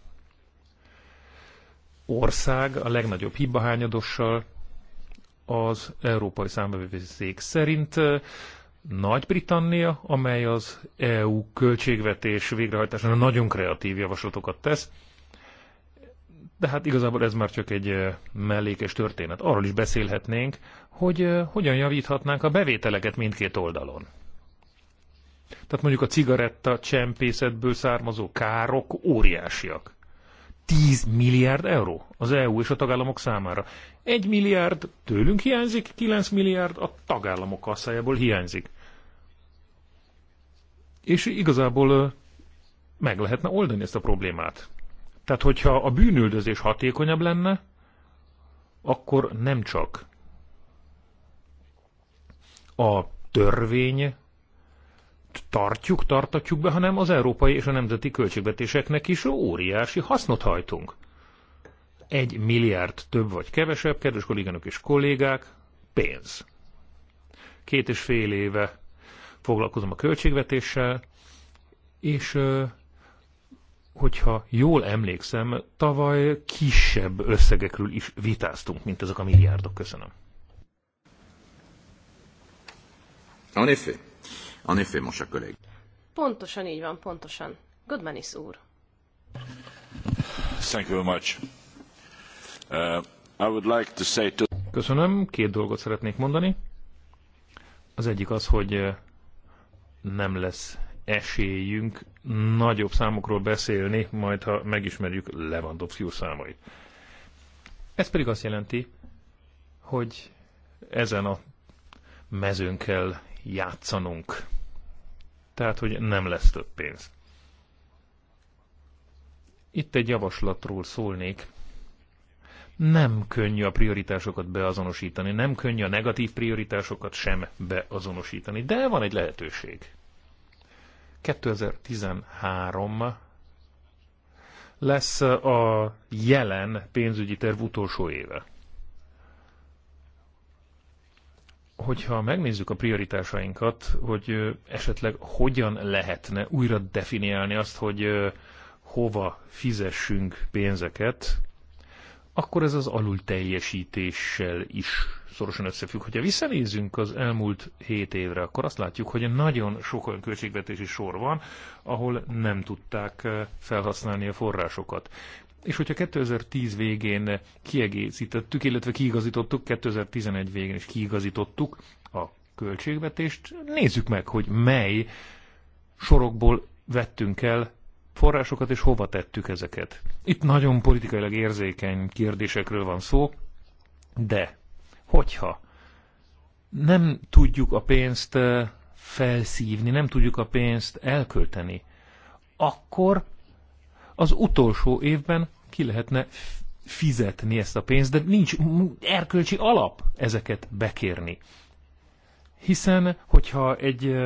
ország a legnagyobb hibahányadossal az Európai Számbevőszék szerint Nagy-Britannia, amely az EU költségvetés végrehajtására nagyon kreatív javaslatokat tesz, de hát igazából ez már csak egy eh, mellékes történet. Arról is beszélhetnénk, hogy eh, hogyan javíthatnánk a bevételeket mindkét oldalon. Tehát mondjuk a cigaretta csempészetből származó károk óriásiak. 10 milliárd euró az EU és a tagállamok számára. 1 milliárd tőlünk hiányzik, 9 milliárd a tagállamok kasszájából hiányzik. És igazából meg lehetne oldani ezt a problémát. Tehát, hogyha a bűnüldözés hatékonyabb lenne, akkor nem csak a törvény tartjuk, tartatjuk be, hanem az európai és a nemzeti költségvetéseknek is óriási hasznot hajtunk. Egy milliárd több vagy kevesebb, kedves kolléganok és kollégák, pénz. Két és fél éve foglalkozom a költségvetéssel, és hogyha jól emlékszem, tavaly kisebb összegekről is vitáztunk, mint ezek a milliárdok. Köszönöm. En effet. En effet, mon cher collègue. Pontosan így van, pontosan. is úr. Thank you very much. Uh, I would like to say to... Köszönöm. Két dolgot szeretnék mondani. Az egyik az, hogy uh, nem lesz esélyünk nagyobb számokról beszélni, majd ha megismerjük Lewandowski számait. Ez pedig azt jelenti, hogy ezen a mezőn kell játszanunk tehát hogy nem lesz több pénz. Itt egy javaslatról szólnék. Nem könnyű a prioritásokat beazonosítani, nem könnyű a negatív prioritásokat sem beazonosítani, de van egy lehetőség. 2013 lesz a jelen pénzügyi terv utolsó éve. hogyha megnézzük a prioritásainkat, hogy esetleg hogyan lehetne újra definiálni azt, hogy hova fizessünk pénzeket, akkor ez az alul teljesítéssel is szorosan összefügg. Hogyha visszanézzünk az elmúlt hét évre, akkor azt látjuk, hogy nagyon sok olyan költségvetési sor van, ahol nem tudták felhasználni a forrásokat. És hogyha 2010 végén kiegészítettük, illetve kiigazítottuk, 2011 végén is kiigazítottuk a költségvetést, nézzük meg, hogy mely sorokból vettünk el forrásokat, és hova tettük ezeket. Itt nagyon politikailag érzékeny kérdésekről van szó, de hogyha nem tudjuk a pénzt eh, felszívni, nem tudjuk a pénzt elkölteni, akkor az utolsó évben ki lehetne fizetni ezt a pénzt, de nincs erkölcsi alap ezeket bekérni. Hiszen, hogyha egy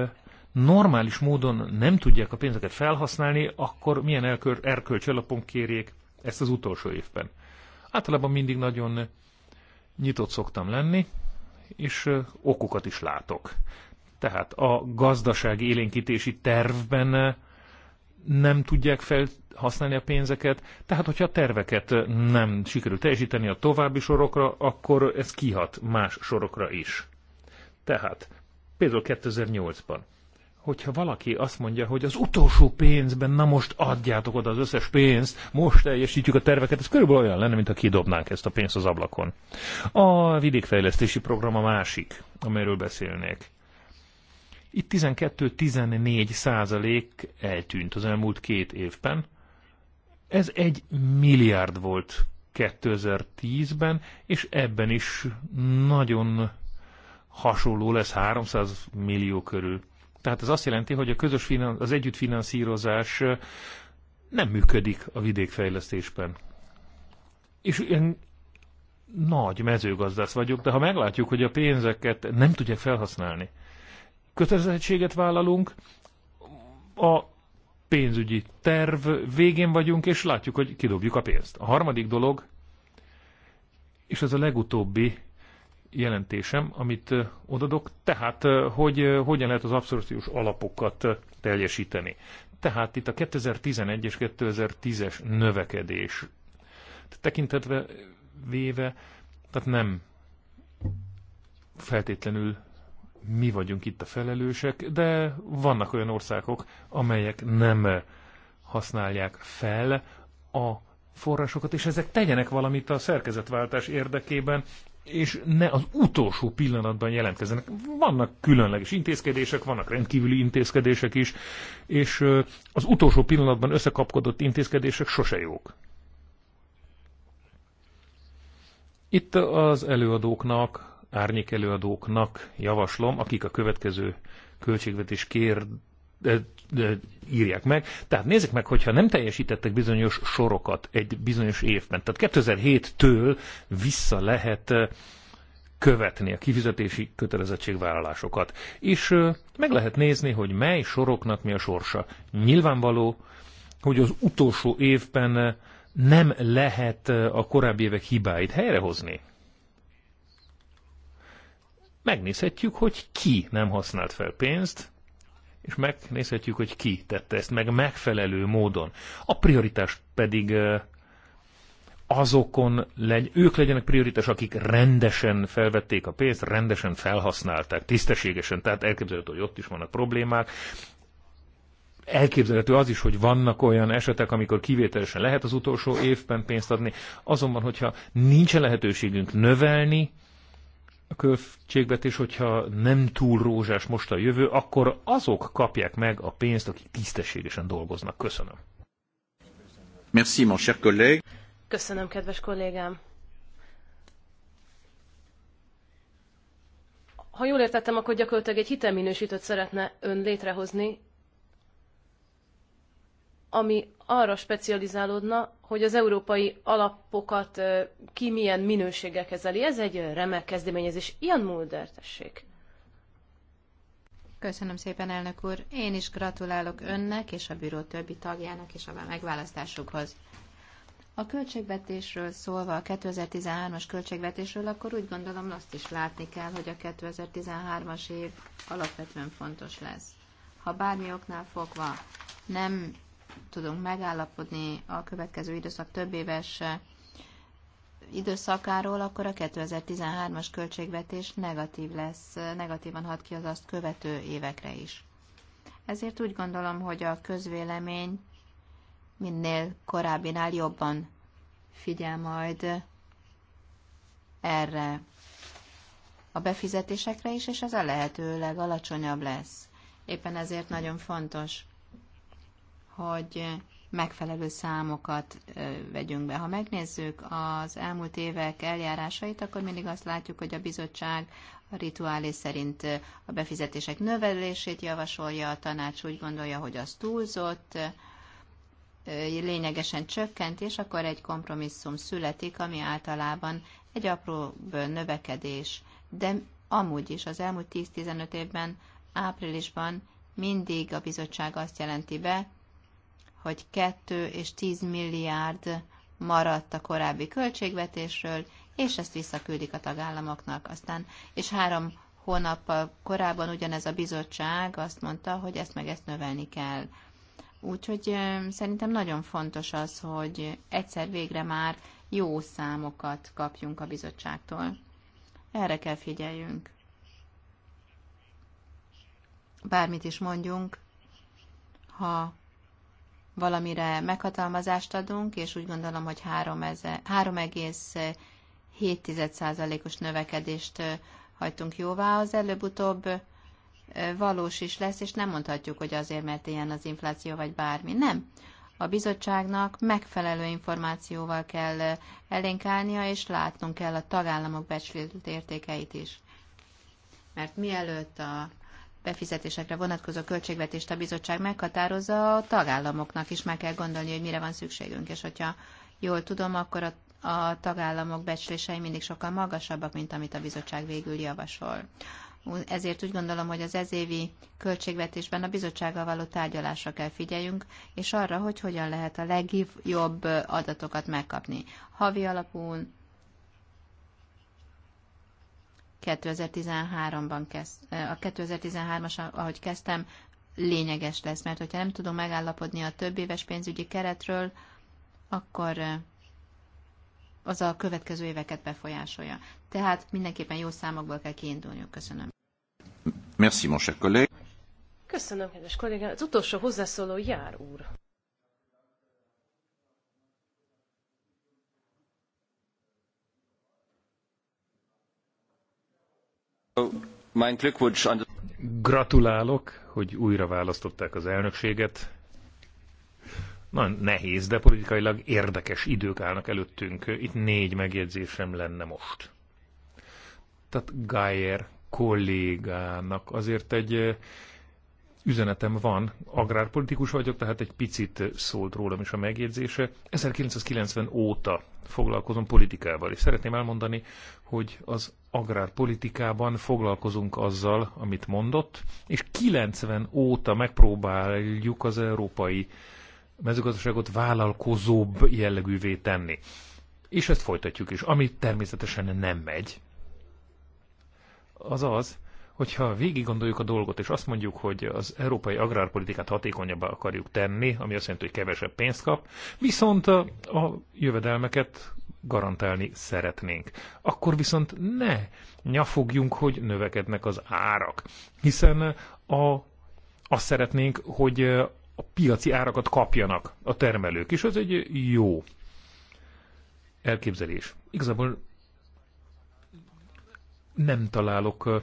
normális módon nem tudják a pénzeket felhasználni, akkor milyen elkör, erkölcsi alapon kérjék ezt az utolsó évben. Általában mindig nagyon nyitott szoktam lenni, és okokat is látok. Tehát a gazdasági élénkítési tervben nem tudják fel használni a pénzeket, tehát hogyha a terveket nem sikerül teljesíteni a további sorokra, akkor ez kihat más sorokra is. Tehát, például 2008-ban, hogyha valaki azt mondja, hogy az utolsó pénzben, na most adjátok oda az összes pénzt, most teljesítjük a terveket, ez körülbelül olyan lenne, mintha kidobnánk ezt a pénzt az ablakon. A vidékfejlesztési program a másik, amiről beszélnék. Itt 12-14 százalék eltűnt az elmúlt két évben, ez egy milliárd volt 2010-ben, és ebben is nagyon hasonló lesz 300 millió körül. Tehát ez azt jelenti, hogy a közös finan- az együttfinanszírozás nem működik a vidékfejlesztésben. És én nagy mezőgazdász vagyok, de ha meglátjuk, hogy a pénzeket nem tudják felhasználni, kötelezettséget vállalunk, a pénzügyi terv végén vagyunk, és látjuk, hogy kidobjuk a pénzt. A harmadik dolog, és ez a legutóbbi jelentésem, amit odadok, tehát, hogy hogyan lehet az abszorciós alapokat teljesíteni. Tehát itt a 2011 és 2010-es növekedés tekintetve véve, tehát nem feltétlenül mi vagyunk itt a felelősek, de vannak olyan országok, amelyek nem használják fel a forrásokat, és ezek tegyenek valamit a szerkezetváltás érdekében, és ne az utolsó pillanatban jelentkezzenek. Vannak különleges intézkedések, vannak rendkívüli intézkedések is, és az utolsó pillanatban összekapkodott intézkedések sose jók. Itt az előadóknak árnyék előadóknak javaslom, akik a következő költségvetés kér, de, de, írják meg. Tehát nézzük meg, hogyha nem teljesítettek bizonyos sorokat egy bizonyos évben, tehát 2007-től vissza lehet követni a kifizetési kötelezettségvállalásokat. És meg lehet nézni, hogy mely soroknak mi a sorsa. Nyilvánvaló, hogy az utolsó évben nem lehet a korábbi évek hibáit helyrehozni megnézhetjük, hogy ki nem használt fel pénzt, és megnézhetjük, hogy ki tette ezt meg megfelelő módon. A prioritás pedig azokon legy, ők legyenek prioritás, akik rendesen felvették a pénzt, rendesen felhasználták, tisztességesen, tehát elképzelhető, hogy ott is vannak problémák. Elképzelhető az is, hogy vannak olyan esetek, amikor kivételesen lehet az utolsó évben pénzt adni, azonban, hogyha nincs lehetőségünk növelni a költségvetés, hogyha nem túl rózsás most a jövő, akkor azok kapják meg a pénzt, akik tisztességesen dolgoznak. Köszönöm. Merci, mon cher collègue. Köszönöm, kedves kollégám. Ha jól értettem, akkor gyakorlatilag egy hitelminősítőt szeretne ön létrehozni, ami arra specializálódna, hogy az európai alapokat ki milyen minőséggel kezeli. Ez egy remek kezdeményezés. Ilyen Mulder, tessék. Köszönöm szépen, elnök úr. Én is gratulálok önnek és a bíró többi tagjának és a megválasztásukhoz. A költségvetésről szólva, a 2013-as költségvetésről, akkor úgy gondolom azt is látni kell, hogy a 2013-as év alapvetően fontos lesz. Ha bármi oknál fogva nem tudunk megállapodni a következő időszak több éves eh, időszakáról, akkor a 2013-as költségvetés negatív lesz, eh, negatívan hat ki az azt követő évekre is. Ezért úgy gondolom, hogy a közvélemény minél korábbinál jobban figyel majd erre a befizetésekre is, és ez a lehető legalacsonyabb lesz. Éppen ezért nagyon fontos, hogy megfelelő számokat vegyünk be. Ha megnézzük az elmúlt évek eljárásait, akkor mindig azt látjuk, hogy a bizottság a rituálé szerint a befizetések növelését javasolja, a tanács úgy gondolja, hogy az túlzott, lényegesen csökkent, és akkor egy kompromisszum születik, ami általában egy apró növekedés, de amúgy is az elmúlt 10-15 évben áprilisban mindig a bizottság azt jelenti be, hogy 2 és 10 milliárd maradt a korábbi költségvetésről, és ezt visszaküldik a tagállamoknak. Aztán, és három hónappal korábban ugyanez a bizottság azt mondta, hogy ezt meg ezt növelni kell. Úgyhogy szerintem nagyon fontos az, hogy egyszer végre már jó számokat kapjunk a bizottságtól. Erre kell figyeljünk. Bármit is mondjunk, ha valamire meghatalmazást adunk, és úgy gondolom, hogy 3,7%-os növekedést hagytunk jóvá, az előbb-utóbb valós is lesz, és nem mondhatjuk, hogy azért, mert ilyen az infláció, vagy bármi. Nem. A bizottságnak megfelelő információval kell elénk állnia, és látnunk kell a tagállamok becsült értékeit is. Mert mielőtt a befizetésekre vonatkozó költségvetést a bizottság meghatározza, a tagállamoknak is meg kell gondolni, hogy mire van szükségünk, és hogyha jól tudom, akkor a, a tagállamok becslései mindig sokkal magasabbak, mint amit a bizottság végül javasol. Ezért úgy gondolom, hogy az ezévi költségvetésben a bizottsággal való tárgyalásra kell figyeljünk, és arra, hogy hogyan lehet a legjobb adatokat megkapni. Havi alapú, 2013-ban kezd, a 2013-as, ahogy kezdtem, lényeges lesz, mert hogyha nem tudom megállapodni a több éves pénzügyi keretről, akkor az a következő éveket befolyásolja. Tehát mindenképpen jó számokból kell kiindulniuk. Köszönöm. Merci, mon cher collègue. Köszönöm, kedves kollégám. Az utolsó hozzászóló jár úr. Gratulálok, hogy újra választották az elnökséget. Nagyon nehéz, de politikailag érdekes idők állnak előttünk. Itt négy megjegyzésem lenne most. Tehát Geyer kollégának azért egy üzenetem van, agrárpolitikus vagyok, tehát egy picit szólt rólam is a megjegyzése. 1990 óta foglalkozom politikával, és szeretném elmondani, hogy az agrárpolitikában foglalkozunk azzal, amit mondott, és 90 óta megpróbáljuk az európai mezőgazdaságot vállalkozóbb jellegűvé tenni. És ezt folytatjuk is. Ami természetesen nem megy, az az, hogyha végig gondoljuk a dolgot, és azt mondjuk, hogy az európai agrárpolitikát hatékonyabbá akarjuk tenni, ami azt jelenti, hogy kevesebb pénzt kap, viszont a, a jövedelmeket garantálni szeretnénk. Akkor viszont ne nyafogjunk, hogy növekednek az árak, hiszen a, azt szeretnénk, hogy a piaci árakat kapjanak a termelők, és ez egy jó elképzelés. Igazából nem találok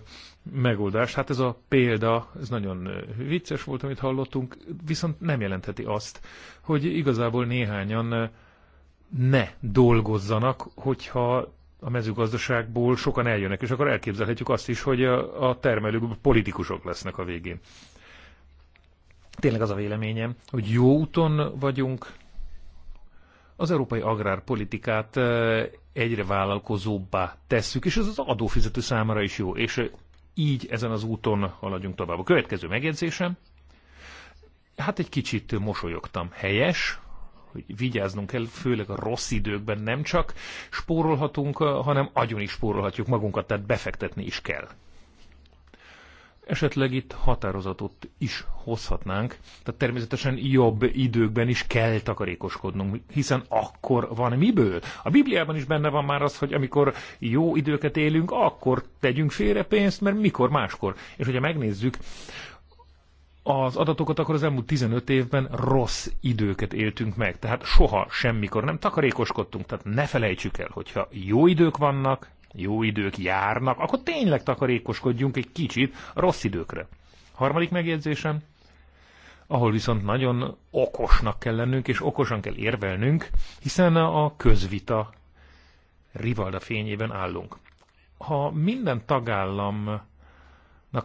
megoldást. Hát ez a példa, ez nagyon vicces volt, amit hallottunk, viszont nem jelentheti azt, hogy igazából néhányan ne dolgozzanak, hogyha a mezőgazdaságból sokan eljönnek, és akkor elképzelhetjük azt is, hogy a termelők politikusok lesznek a végén. Tényleg az a véleményem, hogy jó úton vagyunk, az európai agrárpolitikát egyre vállalkozóbbá tesszük, és ez az adófizető számára is jó, és így ezen az úton haladjunk tovább. A következő megjegyzésem, hát egy kicsit mosolyogtam. Helyes, hogy vigyáznunk kell, főleg a rossz időkben nem csak spórolhatunk, hanem agyon is spórolhatjuk magunkat, tehát befektetni is kell esetleg itt határozatot is hozhatnánk. Tehát természetesen jobb időkben is kell takarékoskodnunk, hiszen akkor van miből. A Bibliában is benne van már az, hogy amikor jó időket élünk, akkor tegyünk félre pénzt, mert mikor máskor. És hogyha megnézzük, az adatokat, akkor az elmúlt 15 évben rossz időket éltünk meg. Tehát soha semmikor nem takarékoskodtunk. Tehát ne felejtsük el, hogyha jó idők vannak, jó idők járnak, akkor tényleg takarékoskodjunk egy kicsit a rossz időkre. Harmadik megjegyzésem, ahol viszont nagyon okosnak kell lennünk, és okosan kell érvelnünk, hiszen a közvita rivalda fényében állunk. Ha minden tagállam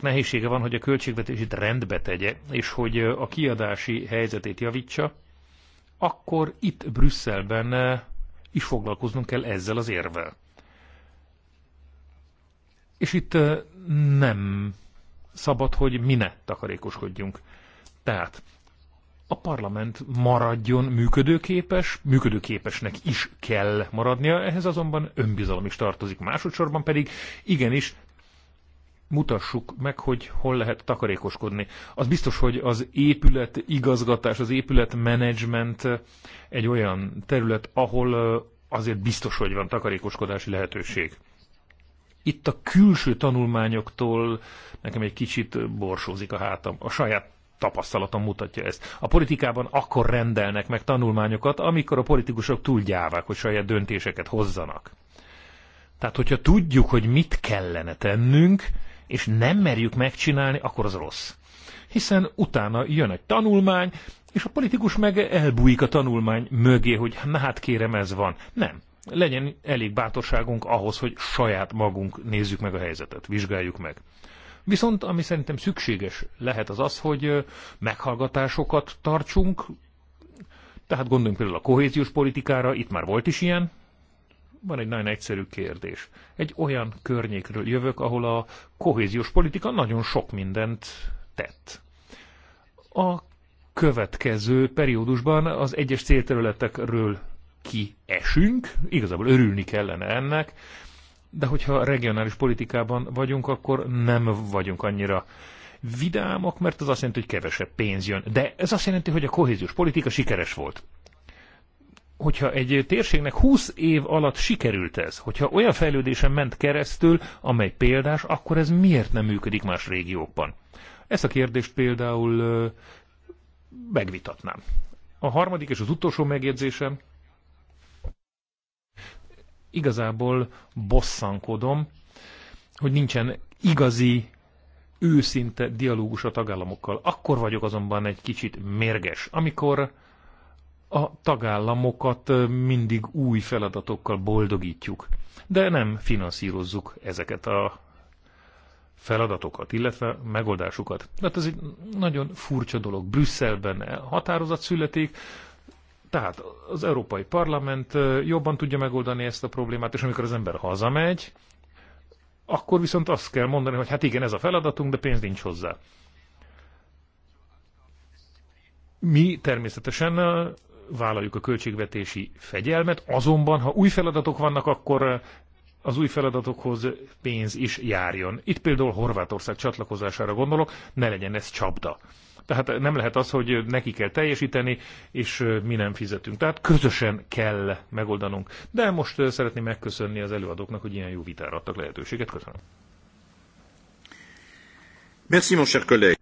nehézsége van, hogy a költségvetését rendbe tegye, és hogy a kiadási helyzetét javítsa, akkor itt Brüsszelben is foglalkoznunk kell ezzel az érvel. És itt nem szabad, hogy mi ne takarékoskodjunk. Tehát a parlament maradjon működőképes, működőképesnek is kell maradnia, ehhez azonban önbizalom is tartozik. Másodszorban pedig igenis mutassuk meg, hogy hol lehet takarékoskodni. Az biztos, hogy az épület igazgatás, az épület menedzsment egy olyan terület, ahol azért biztos, hogy van takarékoskodási lehetőség. Itt a külső tanulmányoktól nekem egy kicsit borsózik a hátam. A saját tapasztalatom mutatja ezt. A politikában akkor rendelnek meg tanulmányokat, amikor a politikusok túl gyávák, hogy saját döntéseket hozzanak. Tehát, hogyha tudjuk, hogy mit kellene tennünk, és nem merjük megcsinálni, akkor az rossz. Hiszen utána jön egy tanulmány, és a politikus meg elbújik a tanulmány mögé, hogy na hát kérem, ez van. Nem legyen elég bátorságunk ahhoz, hogy saját magunk nézzük meg a helyzetet, vizsgáljuk meg. Viszont ami szerintem szükséges lehet az az, hogy meghallgatásokat tartsunk, tehát gondoljunk például a kohéziós politikára, itt már volt is ilyen, van egy nagyon egyszerű kérdés. Egy olyan környékről jövök, ahol a kohéziós politika nagyon sok mindent tett. A következő periódusban az egyes célterületekről kiesünk, igazából örülni kellene ennek, de hogyha regionális politikában vagyunk, akkor nem vagyunk annyira vidámak, mert az azt jelenti, hogy kevesebb pénz jön. De ez azt jelenti, hogy a kohéziós politika sikeres volt. Hogyha egy térségnek 20 év alatt sikerült ez, hogyha olyan fejlődésen ment keresztül, amely példás, akkor ez miért nem működik más régiókban? Ezt a kérdést például megvitatnám. A harmadik és az utolsó megjegyzésem, igazából bosszankodom, hogy nincsen igazi, őszinte dialógus a tagállamokkal. Akkor vagyok azonban egy kicsit mérges, amikor a tagállamokat mindig új feladatokkal boldogítjuk, de nem finanszírozzuk ezeket a feladatokat, illetve megoldásukat. Tehát ez egy nagyon furcsa dolog. Brüsszelben határozat születik, tehát az Európai Parlament jobban tudja megoldani ezt a problémát, és amikor az ember hazamegy, akkor viszont azt kell mondani, hogy hát igen, ez a feladatunk, de pénz nincs hozzá. Mi természetesen vállaljuk a költségvetési fegyelmet, azonban ha új feladatok vannak, akkor az új feladatokhoz pénz is járjon. Itt például Horvátország csatlakozására gondolok, ne legyen ez csapda. Tehát nem lehet az, hogy neki kell teljesíteni, és mi nem fizetünk. Tehát közösen kell megoldanunk. De most szeretném megköszönni az előadóknak, hogy ilyen jó vitára adtak lehetőséget. Köszönöm. Merci, mon cher collègue.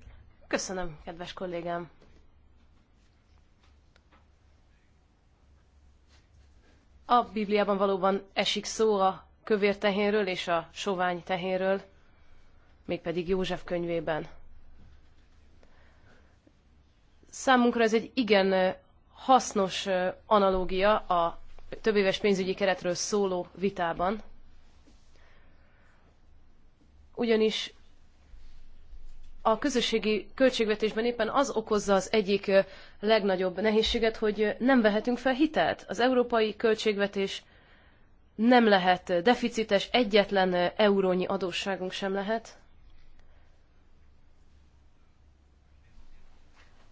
Köszönöm, kedves kollégám. A Bibliában valóban esik szó a kövér tehénről és a sovány tehénről, mégpedig József könyvében. Számunkra ez egy igen hasznos analógia a többéves pénzügyi keretről szóló vitában, ugyanis a közösségi költségvetésben éppen az okozza az egyik legnagyobb nehézséget, hogy nem vehetünk fel hitelt. Az európai költségvetés nem lehet deficites, egyetlen eurónyi adósságunk sem lehet.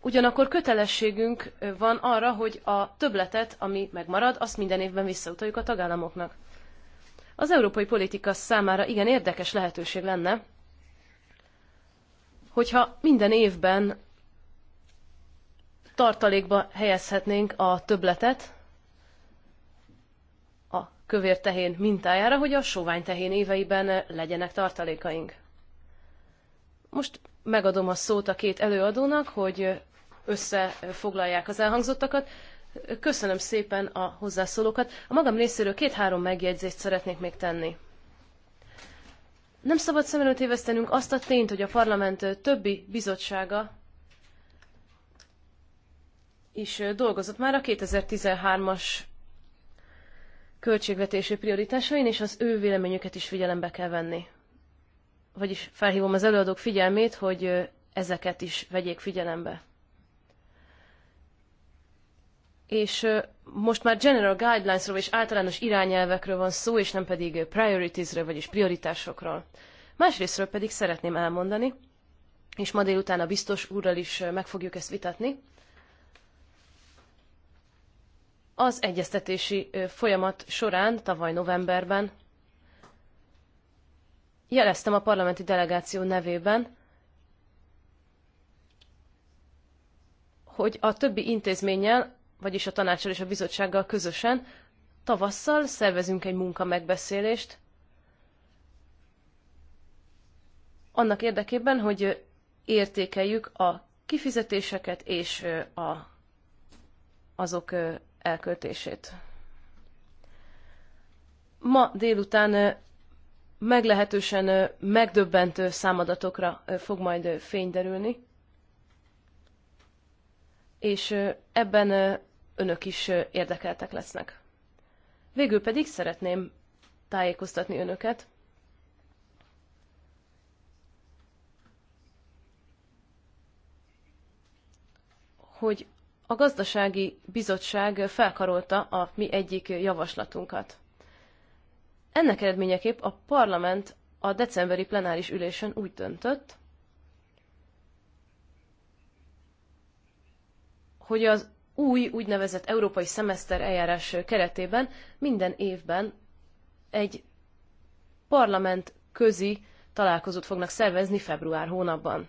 Ugyanakkor kötelességünk van arra, hogy a többletet, ami megmarad, azt minden évben visszautaljuk a tagállamoknak. Az európai politika számára igen érdekes lehetőség lenne, hogyha minden évben tartalékba helyezhetnénk a többletet a kövér tehén mintájára, hogy a sovány tehén éveiben legyenek tartalékaink. Most megadom a szót a két előadónak, hogy összefoglalják az elhangzottakat. Köszönöm szépen a hozzászólókat. A magam részéről két-három megjegyzést szeretnék még tenni. Nem szabad szem előtt évesztenünk azt a tényt, hogy a parlament többi bizottsága is dolgozott már a 2013-as költségvetési prioritásain, és az ő véleményüket is figyelembe kell venni. Vagyis felhívom az előadók figyelmét, hogy ezeket is vegyék figyelembe és most már general guidelinesról és általános irányelvekről van szó, és nem pedig prioritiesről, vagyis prioritásokról. Másrésztről pedig szeretném elmondani, és ma délután a biztos úrral is meg fogjuk ezt vitatni, az egyeztetési folyamat során tavaly novemberben jeleztem a parlamenti delegáció nevében, hogy a többi intézménnyel vagyis a tanácsal és a bizottsággal közösen tavasszal szervezünk egy munka megbeszélést, annak érdekében, hogy értékeljük a kifizetéseket és a, azok elköltését. Ma délután meglehetősen megdöbbentő számadatokra fog majd fény derülni, és ebben önök is érdekeltek lesznek. Végül pedig szeretném tájékoztatni önöket, hogy a gazdasági bizottság felkarolta a mi egyik javaslatunkat. Ennek eredményeképp a parlament a decemberi plenáris ülésen úgy döntött, hogy az új úgynevezett európai szemeszter eljárás keretében minden évben egy parlament közi találkozót fognak szervezni február hónapban.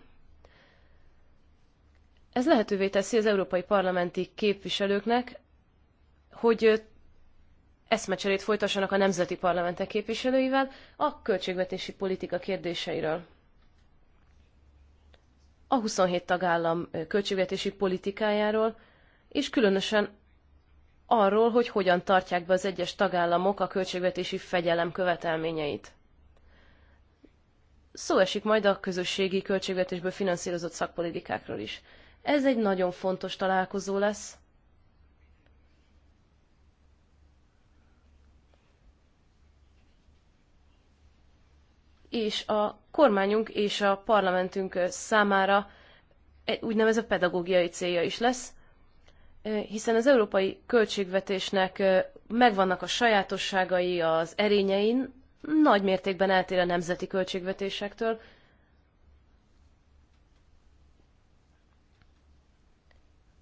Ez lehetővé teszi az európai parlamenti képviselőknek, hogy eszmecserét folytassanak a nemzeti parlamentek képviselőivel a költségvetési politika kérdéseiről. A 27 tagállam költségvetési politikájáról, és különösen arról, hogy hogyan tartják be az egyes tagállamok a költségvetési fegyelem követelményeit. Szó esik majd a közösségi költségvetésből finanszírozott szakpolitikákról is. Ez egy nagyon fontos találkozó lesz. És a kormányunk és a parlamentünk számára egy úgynevezett pedagógiai célja is lesz, hiszen az európai költségvetésnek megvannak a sajátosságai, az erényein, nagy mértékben eltér a nemzeti költségvetésektől.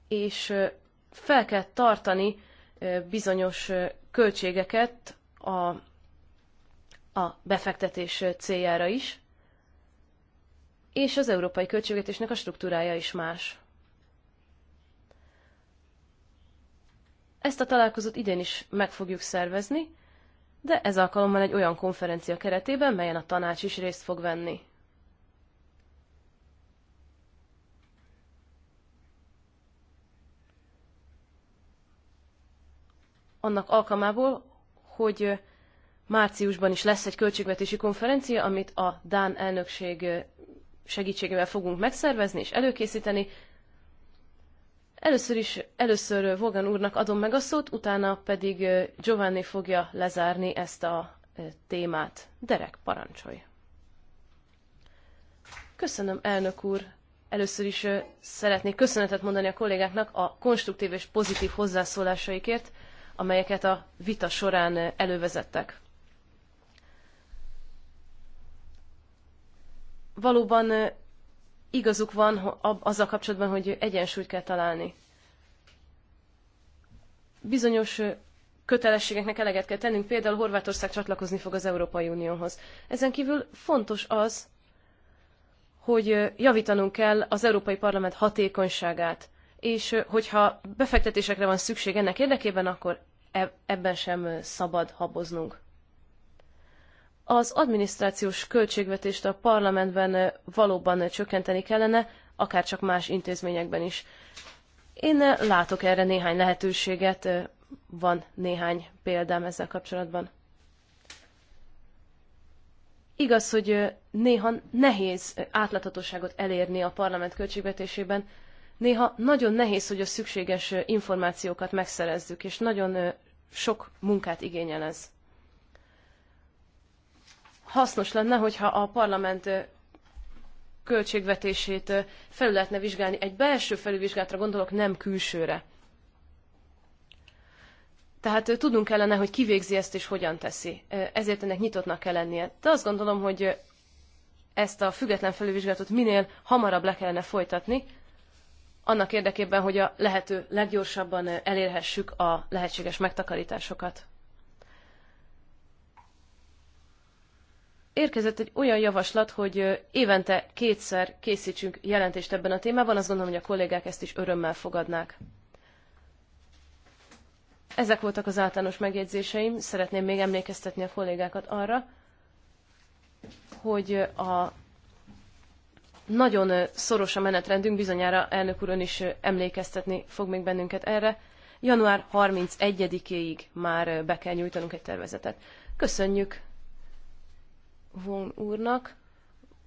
És fel kell tartani bizonyos költségeket a, a befektetés céljára is, és az európai költségvetésnek a struktúrája is más. Ezt a találkozót idén is meg fogjuk szervezni, de ez alkalommal egy olyan konferencia keretében, melyen a tanács is részt fog venni. Annak alkalmából, hogy márciusban is lesz egy költségvetési konferencia, amit a Dán elnökség segítségével fogunk megszervezni és előkészíteni, Először is, először Vogan úrnak adom meg a szót, utána pedig Giovanni fogja lezárni ezt a témát. Derek, parancsolj! Köszönöm, elnök úr! Először is szeretnék köszönetet mondani a kollégáknak a konstruktív és pozitív hozzászólásaikért, amelyeket a vita során elővezettek. Valóban igazuk van azzal kapcsolatban, hogy egyensúlyt kell találni. Bizonyos kötelességeknek eleget kell tennünk, például Horvátország csatlakozni fog az Európai Unióhoz. Ezen kívül fontos az, hogy javítanunk kell az Európai Parlament hatékonyságát, és hogyha befektetésekre van szükség ennek érdekében, akkor e- ebben sem szabad haboznunk az adminisztrációs költségvetést a parlamentben eh, valóban eh, csökkenteni kellene, akár csak más intézményekben is. Én eh, látok erre néhány lehetőséget, van néhány példám ezzel kapcsolatban. Igaz, hogy néha nehéz átláthatóságot elérni a parlament költségvetésében, néha nagyon nehéz, hogy a szükséges információkat megszerezzük, és nagyon sok munkát igényel ez hasznos lenne, hogyha a parlament költségvetését felül lehetne vizsgálni. Egy belső felülvizsgálatra gondolok, nem külsőre. Tehát tudnunk kellene, hogy végzi ezt és hogyan teszi. Ezért ennek nyitottnak kell lennie. De azt gondolom, hogy ezt a független felülvizsgálatot minél hamarabb le kellene folytatni, annak érdekében, hogy a lehető leggyorsabban elérhessük a lehetséges megtakarításokat. érkezett egy olyan javaslat, hogy évente kétszer készítsünk jelentést ebben a témában, azt gondolom, hogy a kollégák ezt is örömmel fogadnák. Ezek voltak az általános megjegyzéseim, szeretném még emlékeztetni a kollégákat arra, hogy a nagyon szoros a menetrendünk, bizonyára elnök úr ön is emlékeztetni fog még bennünket erre. Január 31-éig már be kell nyújtanunk egy tervezetet. Köszönjük Von úrnak.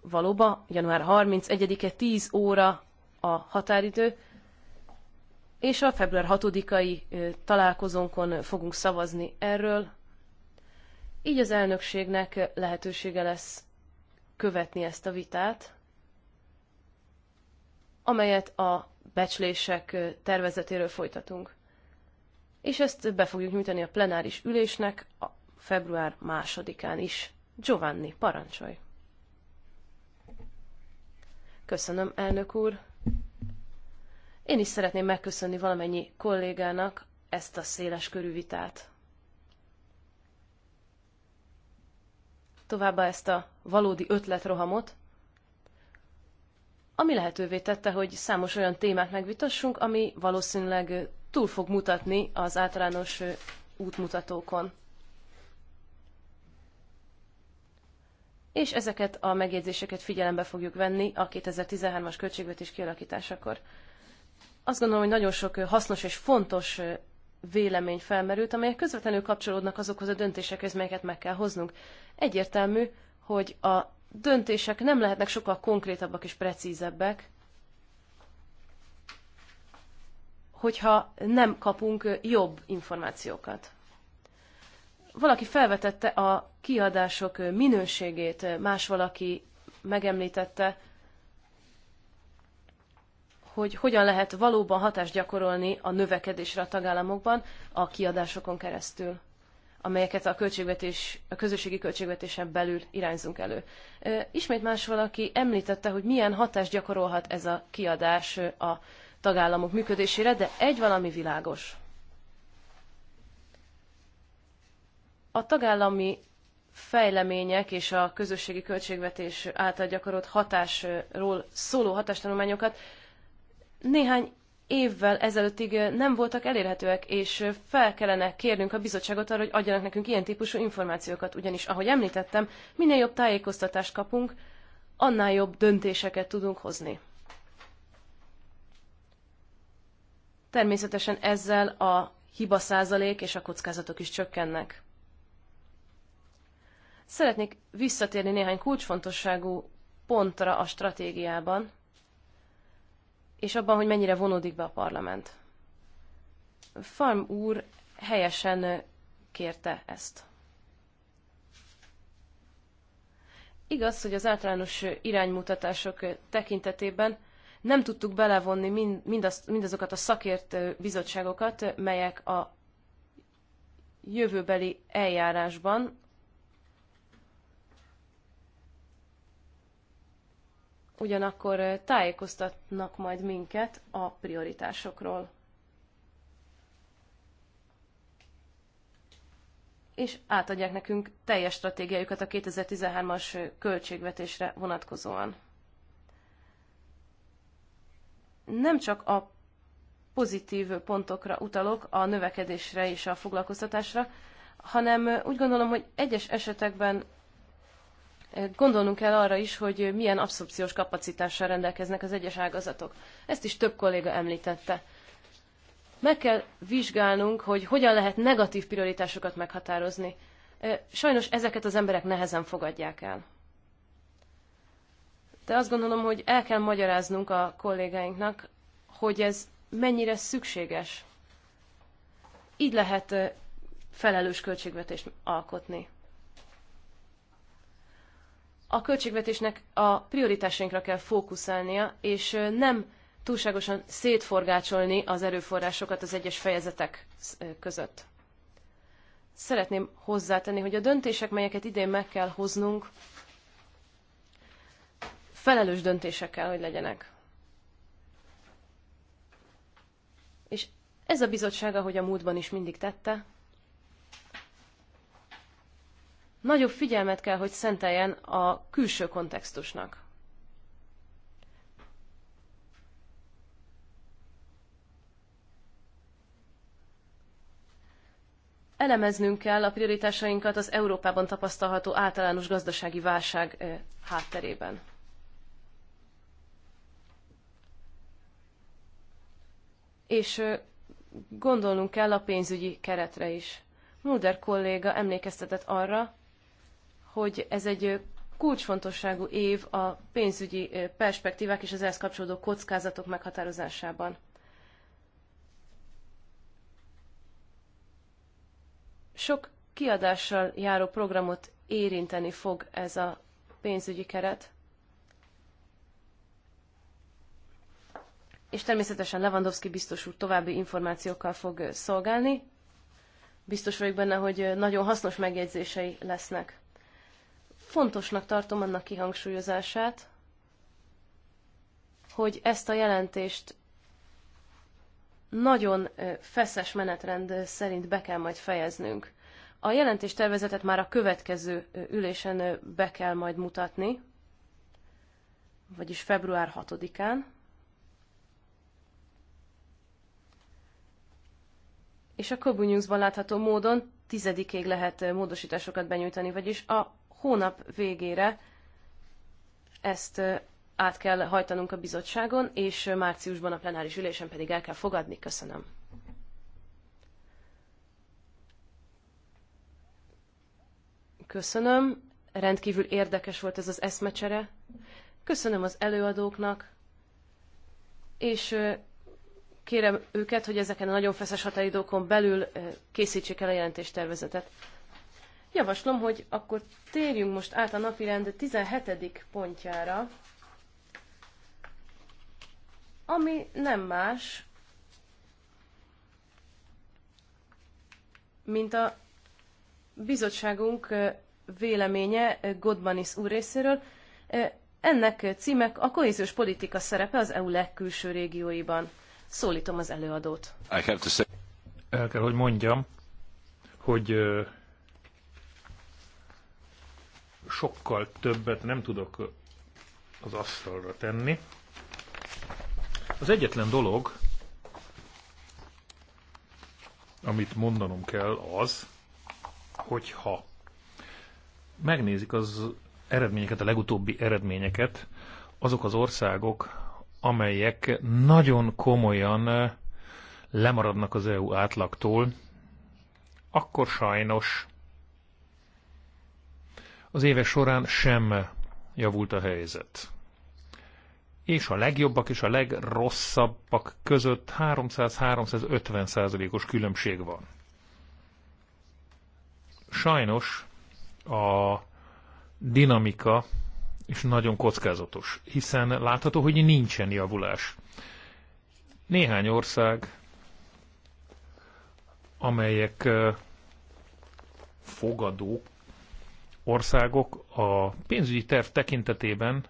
Valóban, január 31-e 10 óra a határidő, és a február 6-ai találkozónkon fogunk szavazni erről. Így az elnökségnek lehetősége lesz követni ezt a vitát, amelyet a becslések tervezetéről folytatunk. És ezt be fogjuk nyújtani a plenáris ülésnek a február másodikán is. Giovanni, parancsolj! Köszönöm, elnök úr! Én is szeretném megköszönni valamennyi kollégának ezt a széles körű vitát. Továbbá ezt a valódi ötletrohamot, ami lehetővé tette, hogy számos olyan témát megvitassunk, ami valószínűleg túl fog mutatni az általános útmutatókon. és ezeket a megjegyzéseket figyelembe fogjuk venni a 2013-as költségvetés kialakításakor. Azt gondolom, hogy nagyon sok hasznos és fontos vélemény felmerült, amelyek közvetlenül kapcsolódnak azokhoz a döntésekhez, melyeket meg kell hoznunk. Egyértelmű, hogy a döntések nem lehetnek sokkal konkrétabbak és precízebbek, hogyha nem kapunk jobb információkat. Valaki felvetette a kiadások minőségét, más valaki megemlítette, hogy hogyan lehet valóban hatást gyakorolni a növekedésre a tagállamokban a kiadásokon keresztül amelyeket a, költségvetés, a közösségi költségvetésen belül irányzunk elő. Ismét más valaki említette, hogy milyen hatást gyakorolhat ez a kiadás a tagállamok működésére, de egy valami világos. A tagállami fejlemények és a közösségi költségvetés által gyakorolt hatásról szóló hatástanulmányokat néhány évvel ezelőttig nem voltak elérhetőek, és fel kellene kérnünk a bizottságot arra, hogy adjanak nekünk ilyen típusú információkat, ugyanis, ahogy említettem, minél jobb tájékoztatást kapunk, annál jobb döntéseket tudunk hozni. Természetesen ezzel a hiba százalék és a kockázatok is csökkennek. Szeretnék visszatérni néhány kulcsfontosságú pontra a stratégiában, és abban, hogy mennyire vonódik be a parlament. Farm úr helyesen kérte ezt. Igaz, hogy az általános iránymutatások tekintetében nem tudtuk belevonni mind, mindazokat a szakért bizottságokat, melyek a jövőbeli eljárásban, ugyanakkor tájékoztatnak majd minket a prioritásokról. És átadják nekünk teljes stratégiájukat a 2013-as költségvetésre vonatkozóan. Nem csak a pozitív pontokra utalok, a növekedésre és a foglalkoztatásra, hanem úgy gondolom, hogy egyes esetekben gondolnunk kell arra is, hogy milyen abszorpciós kapacitással rendelkeznek az egyes ágazatok. Ezt is több kolléga említette. Meg kell vizsgálnunk, hogy hogyan lehet negatív prioritásokat meghatározni. Sajnos ezeket az emberek nehezen fogadják el. De azt gondolom, hogy el kell magyaráznunk a kollégáinknak, hogy ez mennyire szükséges. Így lehet felelős költségvetést alkotni a költségvetésnek a prioritásainkra kell fókuszálnia, és nem túlságosan szétforgácsolni az erőforrásokat az egyes fejezetek között. Szeretném hozzátenni, hogy a döntések, melyeket idén meg kell hoznunk, felelős döntések kell, hogy legyenek. És ez a bizottság, ahogy a múltban is mindig tette, nagyobb figyelmet kell, hogy szenteljen a külső kontextusnak. Elemeznünk kell a prioritásainkat az Európában tapasztalható általános gazdasági válság hátterében. És gondolnunk kell a pénzügyi keretre is. Mulder kolléga emlékeztetett arra, hogy ez egy kulcsfontosságú év a pénzügyi perspektívák és az ehhez kapcsolódó kockázatok meghatározásában. Sok kiadással járó programot érinteni fog ez a pénzügyi keret. És természetesen Lewandowski biztos úr további információkkal fog szolgálni. Biztos vagyok benne, hogy nagyon hasznos megjegyzései lesznek. Fontosnak tartom annak kihangsúlyozását, hogy ezt a jelentést nagyon feszes menetrend szerint be kell majd fejeznünk. A jelentéstervezetet már a következő ülésen be kell majd mutatni, vagyis február 6-án. És a Kobu látható módon tizedikig lehet módosításokat benyújtani, vagyis a hónap végére ezt át kell hajtanunk a bizottságon, és márciusban a plenáris ülésen pedig el kell fogadni. Köszönöm. Köszönöm. Rendkívül érdekes volt ez az eszmecsere. Köszönöm az előadóknak, és kérem őket, hogy ezeken a nagyon feszes határidókon belül készítsék el a jelentéstervezetet. Javaslom, hogy akkor térjünk most át a napirend 17. pontjára, ami nem más, mint a bizottságunk véleménye Godmanis úr részéről. Ennek címek a kohéziós politika szerepe az EU legkülső régióiban. Szólítom az előadót. El kell, hogy mondjam, hogy sokkal többet nem tudok az asztalra tenni. Az egyetlen dolog, amit mondanom kell az, hogyha megnézik az eredményeket, a legutóbbi eredményeket, azok az országok, amelyek nagyon komolyan eh, lemaradnak az EU átlagtól, akkor sajnos az évek során sem javult a helyzet. És a legjobbak és a legrosszabbak között 300-350 százalékos különbség van. Sajnos a dinamika is nagyon kockázatos, hiszen látható, hogy nincsen javulás. Néhány ország, amelyek fogadók országok a pénzügyi terv tekintetében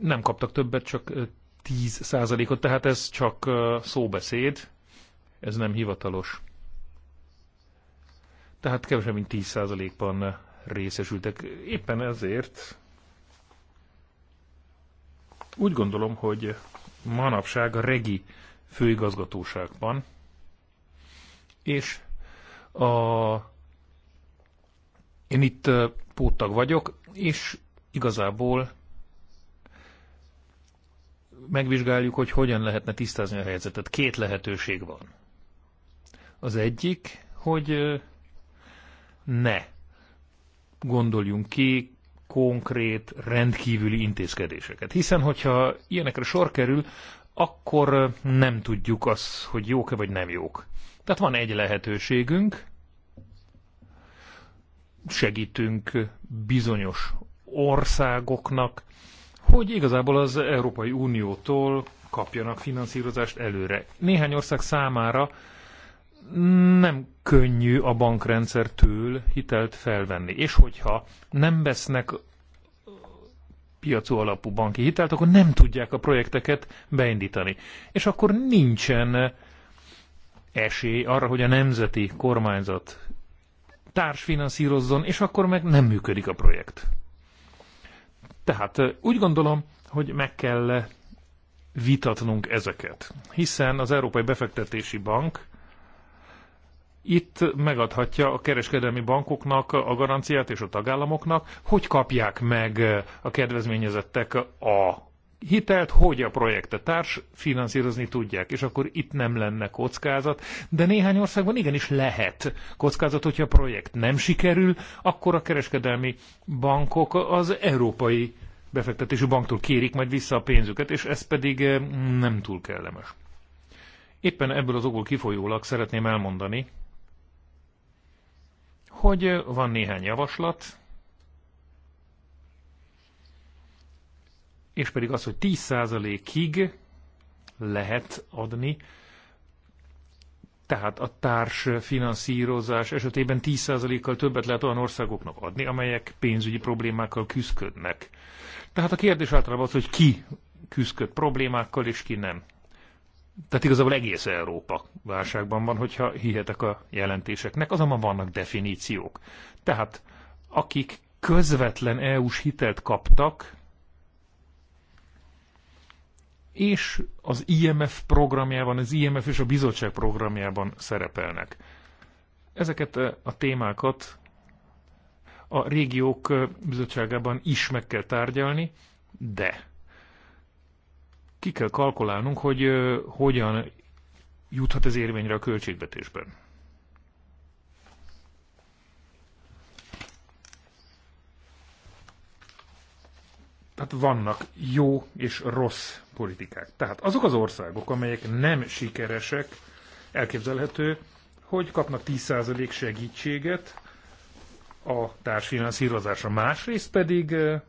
nem kaptak többet, csak 10 százalékot. tehát ez csak szóbeszéd, ez nem hivatalos. Tehát kevesebb, mint 10 százalékban részesültek. Éppen ezért úgy gondolom, hogy manapság a regi főigazgatóságban és a én itt póttag vagyok, és igazából megvizsgáljuk, hogy hogyan lehetne tisztázni a helyzetet. Két lehetőség van. Az egyik, hogy ne gondoljunk ki konkrét, rendkívüli intézkedéseket. Hiszen, hogyha ilyenekre sor kerül, akkor nem tudjuk azt, hogy jók-e vagy nem jók. Tehát van egy lehetőségünk, segítünk bizonyos országoknak, hogy igazából az Európai Uniótól kapjanak finanszírozást előre. Néhány ország számára nem könnyű a bankrendszertől hitelt felvenni, és hogyha nem vesznek piacú alapú banki hitelt, akkor nem tudják a projekteket beindítani. És akkor nincsen esély arra, hogy a nemzeti kormányzat finanszírozzon, és akkor meg nem működik a projekt. Tehát úgy gondolom, hogy meg kell vitatnunk ezeket, hiszen az Európai Befektetési Bank itt megadhatja a kereskedelmi bankoknak a garanciát és a tagállamoknak, hogy kapják meg a kedvezményezettek a hitelt, hogy a projektet társ finanszírozni tudják, és akkor itt nem lenne kockázat, de néhány országban igenis lehet kockázat, hogyha a projekt nem sikerül, akkor a kereskedelmi bankok az európai befektetési banktól kérik majd vissza a pénzüket, és ez pedig eh, nem túl kellemes. Éppen ebből az okból kifolyólag szeretném elmondani, hogy eh, van néhány javaslat, és pedig az, hogy 10%-ig lehet adni, tehát a társ finanszírozás esetében 10%-kal többet lehet olyan országoknak adni, amelyek pénzügyi problémákkal küzdködnek. Tehát a kérdés általában az, hogy ki küzdköd problémákkal, és ki nem. Tehát igazából egész Európa válságban van, hogyha hihetek a jelentéseknek, azonban vannak definíciók. Tehát akik közvetlen EU-s hitelt kaptak, és az IMF programjában, az IMF és a bizottság programjában szerepelnek. Ezeket eh, a témákat a régiók eh, bizottságában is meg kell tárgyalni, de ki kell kalkulálnunk, hogy eh, hogyan juthat ez érvényre a költségvetésben. tehát vannak jó és rossz politikák. Tehát azok az országok, amelyek nem sikeresek, elképzelhető, hogy kapnak 10% segítséget a társfinanszírozásra. Másrészt pedig eh,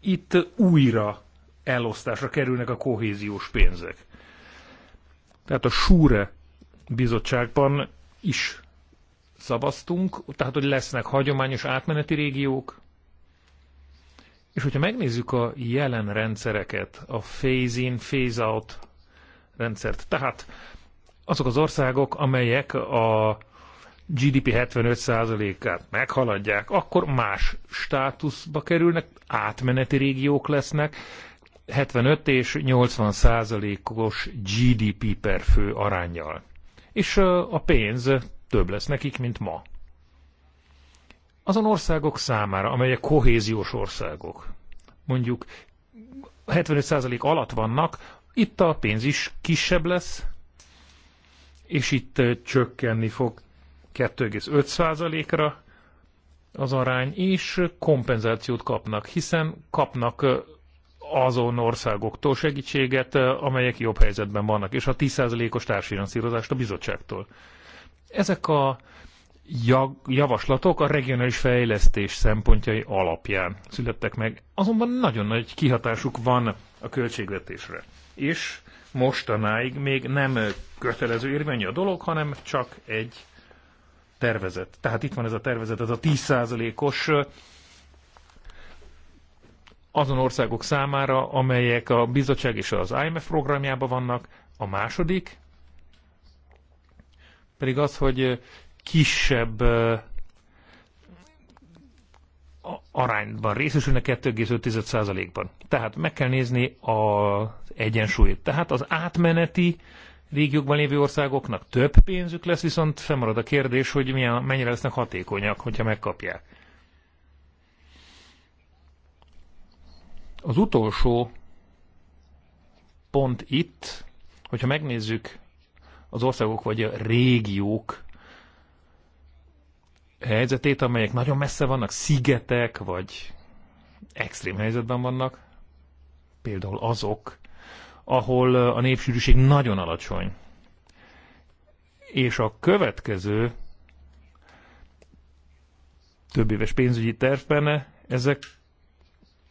itt újra elosztásra kerülnek a kohéziós pénzek. Tehát a Súre bizottságban is szavaztunk, tehát hogy lesznek hagyományos átmeneti régiók, és hogyha megnézzük a jelen rendszereket, a phase-in, phase-out rendszert, tehát azok az országok, amelyek a GDP 75%-át meghaladják, akkor más státuszba kerülnek, átmeneti régiók lesznek, 75 és 80 százalékos GDP per fő arányjal. És a pénz több lesz nekik, mint ma azon országok számára, amelyek kohéziós országok, mondjuk 75% alatt vannak, itt a pénz is kisebb lesz, és itt csökkenni fog 2,5%-ra az arány, és kompenzációt kapnak, hiszen kapnak azon országoktól segítséget, amelyek jobb helyzetben vannak, és a 10%-os társfinanszírozást a bizottságtól. Ezek a javaslatok a regionális fejlesztés szempontjai alapján születtek meg. Azonban nagyon nagy kihatásuk van a költségvetésre. És mostanáig még nem kötelező érvényű a dolog, hanem csak egy tervezet. Tehát itt van ez a tervezet, ez a 10%-os azon országok számára, amelyek a bizottság és az IMF programjában vannak. A második pedig az, hogy kisebb arányban részesülnek 2,5%-ban. Tehát meg kell nézni az egyensúlyt. Tehát az átmeneti régiókban lévő országoknak több pénzük lesz, viszont felmarad a kérdés, hogy milyen, mennyire lesznek hatékonyak, hogyha megkapják. Az utolsó pont itt, hogyha megnézzük az országok vagy a régiók helyzetét, amelyek nagyon messze vannak, szigetek, vagy extrém helyzetben vannak, például azok, ahol a népsűrűség nagyon alacsony. És a következő több éves pénzügyi tervben ezek,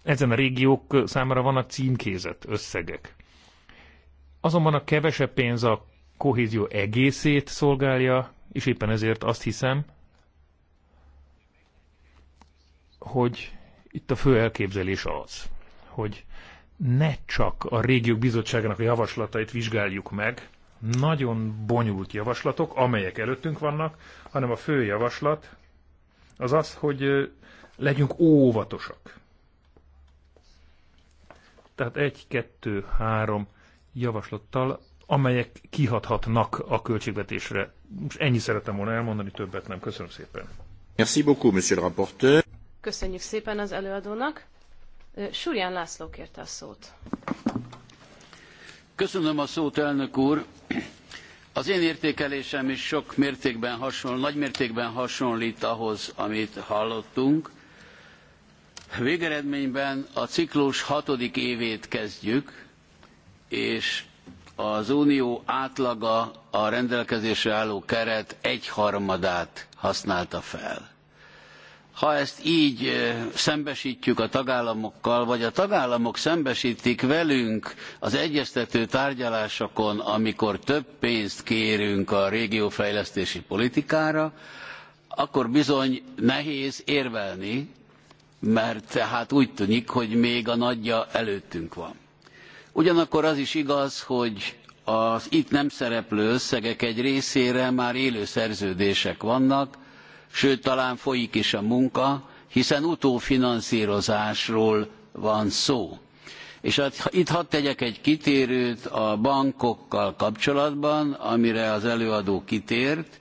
ezen a régiók számára vannak címkézett összegek. Azonban a kevesebb pénz a kohézió egészét szolgálja, és éppen ezért azt hiszem, hogy itt a fő elképzelés az, hogy ne csak a régiók bizottságának a javaslatait vizsgáljuk meg, nagyon bonyolult javaslatok, amelyek előttünk vannak, hanem a fő javaslat az az, hogy legyünk óvatosak. Tehát egy, kettő, három javaslattal, amelyek kihathatnak a költségvetésre. Most ennyi szeretem volna elmondani, többet nem. Köszönöm szépen. Merci beaucoup, monsieur le rapporteur. Köszönjük szépen az előadónak. Súrján László kérte a szót. Köszönöm a szót, elnök úr. Az én értékelésem is sok mértékben hasonl, nagy mértékben hasonlít ahhoz, amit hallottunk. Végeredményben a ciklus hatodik évét kezdjük, és az unió átlaga a rendelkezésre álló keret egyharmadát használta fel ha ezt így szembesítjük a tagállamokkal, vagy a tagállamok szembesítik velünk az egyeztető tárgyalásokon, amikor több pénzt kérünk a régiófejlesztési politikára, akkor bizony nehéz érvelni, mert hát úgy tűnik, hogy még a nagyja előttünk van. Ugyanakkor az is igaz, hogy az itt nem szereplő összegek egy részére már élő szerződések vannak, sőt talán folyik is a munka, hiszen utófinanszírozásról van szó. És hát, itt hadd tegyek egy kitérőt a bankokkal kapcsolatban, amire az előadó kitért.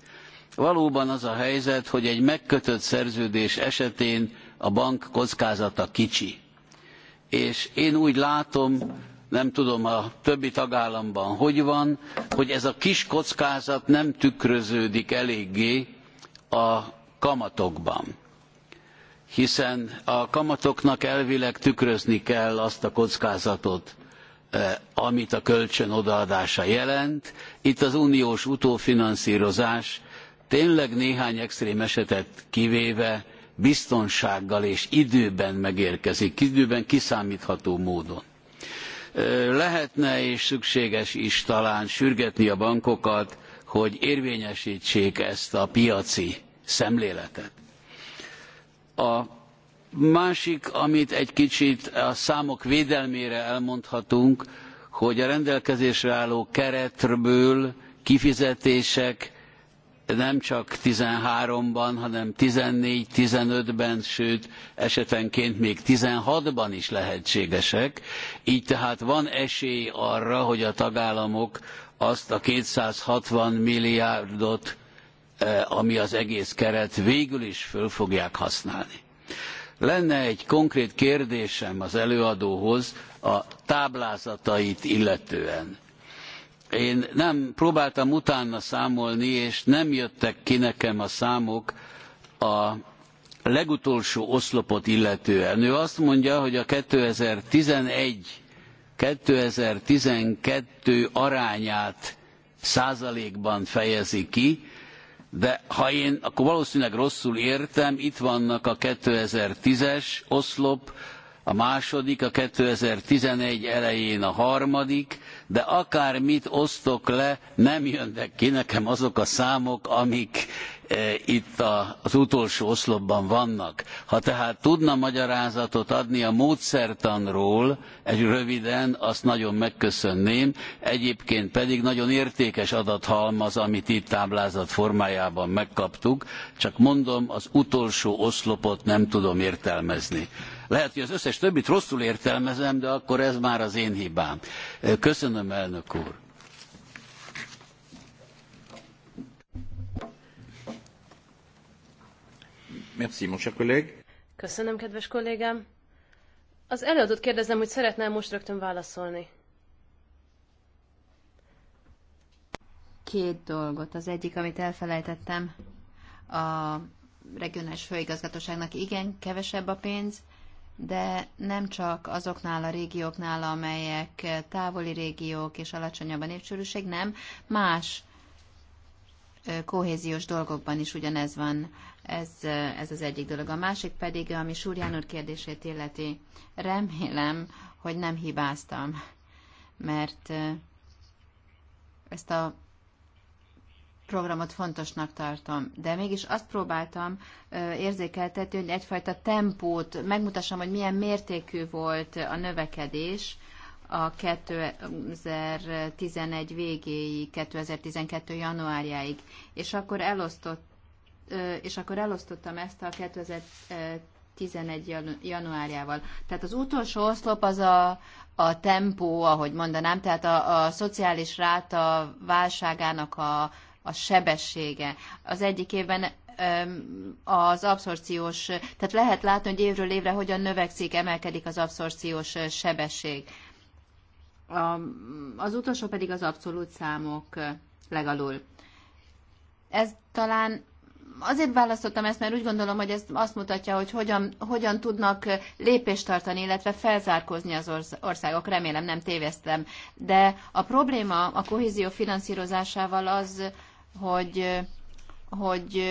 Valóban az a helyzet, hogy egy megkötött szerződés esetén a bank kockázata kicsi. És én úgy látom, nem tudom a többi tagállamban hogy van, hogy ez a kis kockázat nem tükröződik eléggé a kamatokban. Hiszen a kamatoknak elvileg tükrözni kell azt a kockázatot, eh, amit a kölcsön odaadása jelent. Itt az uniós utófinanszírozás tényleg néhány extrém esetet kivéve biztonsággal és időben megérkezik, időben kiszámítható módon. Eh, lehetne és szükséges is talán sürgetni a bankokat, hogy érvényesítsék ezt a piaci szemléletet. A másik, amit egy kicsit a számok védelmére elmondhatunk, hogy a rendelkezésre álló keretből kifizetések nem csak 13-ban, hanem 14-15-ben, sőt esetenként még 16-ban is lehetségesek. Így tehát van esély arra, hogy a tagállamok azt a 260 milliárdot ami az egész keret, végül is föl fogják használni. Lenne egy konkrét kérdésem az előadóhoz a táblázatait illetően. Én nem próbáltam utána számolni, és nem jöttek ki nekem a számok a legutolsó oszlopot illetően. Ő azt mondja, hogy a 2011 2012 arányát százalékban fejezi ki, de ha én akkor valószínűleg rosszul értem, itt vannak a 2010-es oszlop, a második, a 2011 elején a harmadik, de akármit osztok le, nem jönnek ki nekem azok a számok, amik E, itt a, az utolsó oszlopban vannak. Ha tehát tudna magyarázatot adni a módszertanról, egy röviden, azt nagyon megköszönném, egyébként pedig nagyon értékes adathalmaz, amit itt táblázat formájában megkaptuk, csak mondom, az utolsó oszlopot nem tudom értelmezni. Lehet, hogy az összes többit rosszul értelmezem, de akkor ez már az én hibám. E, köszönöm, elnök úr! Merci, mon cher collègue. Köszönöm, kedves kollégám. Az előadót kérdezem, hogy szeretném most rögtön válaszolni. Két dolgot. Az egyik, amit elfelejtettem, a regionális főigazgatóságnak igen, kevesebb a pénz, de nem csak azoknál a régióknál, amelyek távoli régiók és alacsonyabb a nem, más kohéziós dolgokban is ugyanez van. Ez, ez az egyik dolog. A másik pedig, ami Súrján úr kérdését illeti, remélem, hogy nem hibáztam, mert ezt a programot fontosnak tartom, de mégis azt próbáltam érzékeltetni, hogy egyfajta tempót megmutassam, hogy milyen mértékű volt a növekedés a 2011 végéig, 2012 januárjáig, és akkor elosztott és akkor elosztottam ezt a 2011 januárjával. Tehát az utolsó oszlop az a, a tempó, ahogy mondanám, tehát a, a szociális ráta válságának a, a sebessége. Az egyik évben az abszorciós, tehát lehet látni, hogy évről évre hogyan növekszik, emelkedik az abszorciós sebesség. Az utolsó pedig az abszolút számok legalul. Ez talán azért választottam ezt, mert úgy gondolom, hogy ez azt mutatja, hogy hogyan, hogyan tudnak lépést tartani, illetve felzárkózni az országok. Remélem nem téveztem. De a probléma a kohézió finanszírozásával az, hogy hogy